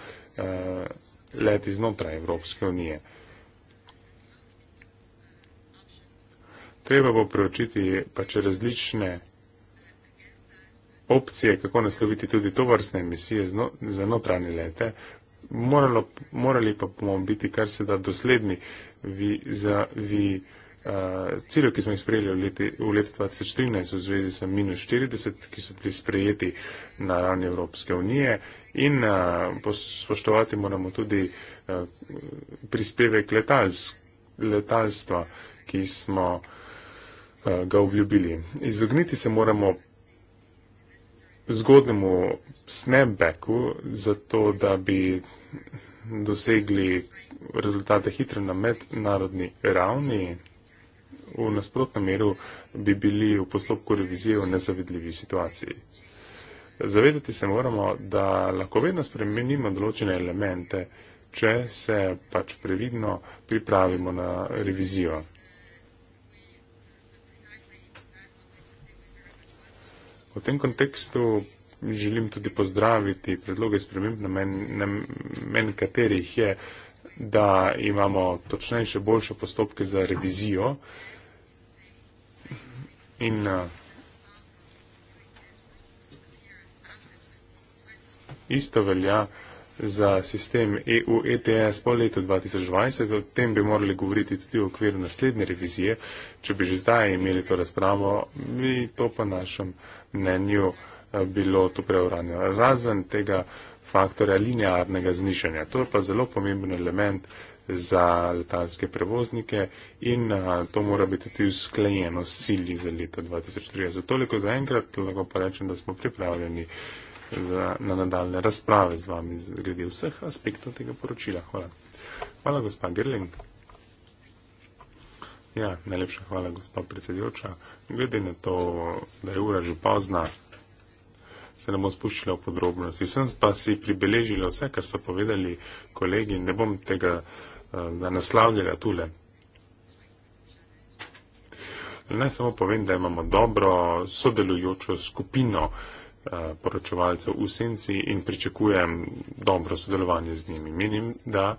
C: leti znotraj Evropske unije. Uh, treba bo preučiti pač različne opcije, kako nasloviti tudi to vrstne emisije za notranje lete. Moralo, morali pa bomo biti kar se da dosledni vi, za vi uh, cilju, ki smo jih sprejeli v, leti, v letu 2013 v zvezi sa minus 40, ki so bili sprejeti na ravni Evropske unije in uh, poštovati moramo tudi uh, prispevek letalstva, ki smo uh, Eh, ga obljubili. Izogniti se moramo zgodnemu snapbacku, zato da bi dosegli rezultate hitro na mednarodni ravni. V nasprotnem meru bi bili v postopku revizije v nezavidljivi situaciji. Zavedati se moramo, da lahko vedno spremenimo določene elemente, če se pač previdno pripravimo na revizijo. V tem kontekstu želim tudi pozdraviti predloge sprememb, namen, namen katerih je, da imamo točnejše, boljše postopke za revizijo in uh, isto velja za sistem EU ETS po letu 2020. O tem bi morali govoriti tudi v okviru naslednje revizije. Če bi že zdaj imeli to razpravo, bi to po našem mnenju eh, bilo to preuranjeno. Razen tega faktorja linearnega znišanja. To je pa zelo pomemben element za letalske prevoznike in eh, to mora biti tudi usklajeno s cilji za leto 2030. Toliko za enkrat, lahko pa rečem, da smo pripravljeni za, na nadaljne razprave z vami glede vseh aspektov tega poročila. Hvala. Hvala, gospod Gerling. Ja, najlepša hvala, gospod predsedujoča. Glede na to, da je ura že pozna, se ne bom spuščala v podrobnosti. Sem pa si pribeležila vse, kar so povedali kolegi in ne bom tega uh, naslavljala tule. Naj samo povem, da imamo dobro sodelujočo skupino eh, poročevalcev v senci in pričakujem dobro sodelovanje z njimi. Menim, da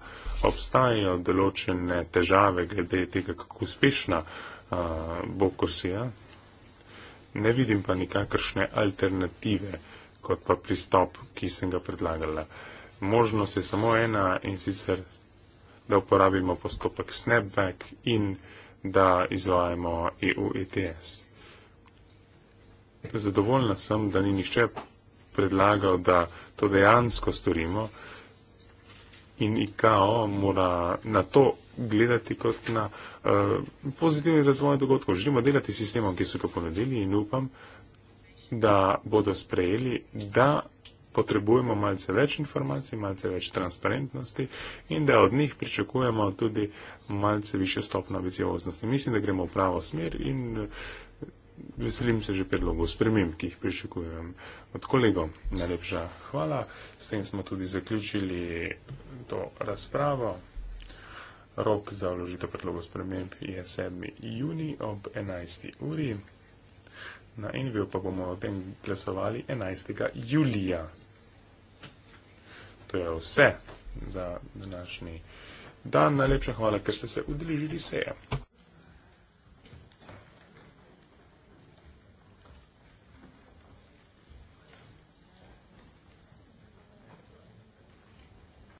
C: obstajajo določene težave glede tega, kako uspešna uh, uh, Bokosija. Ne vidim pa nikakršne alternative kot pa pristop, ki sem ga predlagala. Možnost je samo ena in sicer, da uporabimo postopek snapback in da izvajamo EU ETS. Zadovoljna sem, da ni nišče predlagal, da to dejansko storimo in IKO mora na to gledati kot na uh, pozitivni razvoj dogodkov. Želimo delati s sistemom, ki so ga ponudili in upam, da bodo sprejeli, da potrebujemo malce več informacij, malce več transparentnosti in da od njih pričakujemo tudi malce više stopno ambicioznosti. Mislim, da gremo v pravo smer in eh, veselim se že predlogov sprememb, ki jih pričakujem od kolegov. Najlepša hvala. S tem smo tudi zaključili to razpravo. Rok za vložitev predlogov sprememb je 7. juni ob 11. uri. Na Envijo pa bomo o tem glasovali 11. julija. To je vse za današnji dan. Najlepša hvala, ker ste se udeležili seje.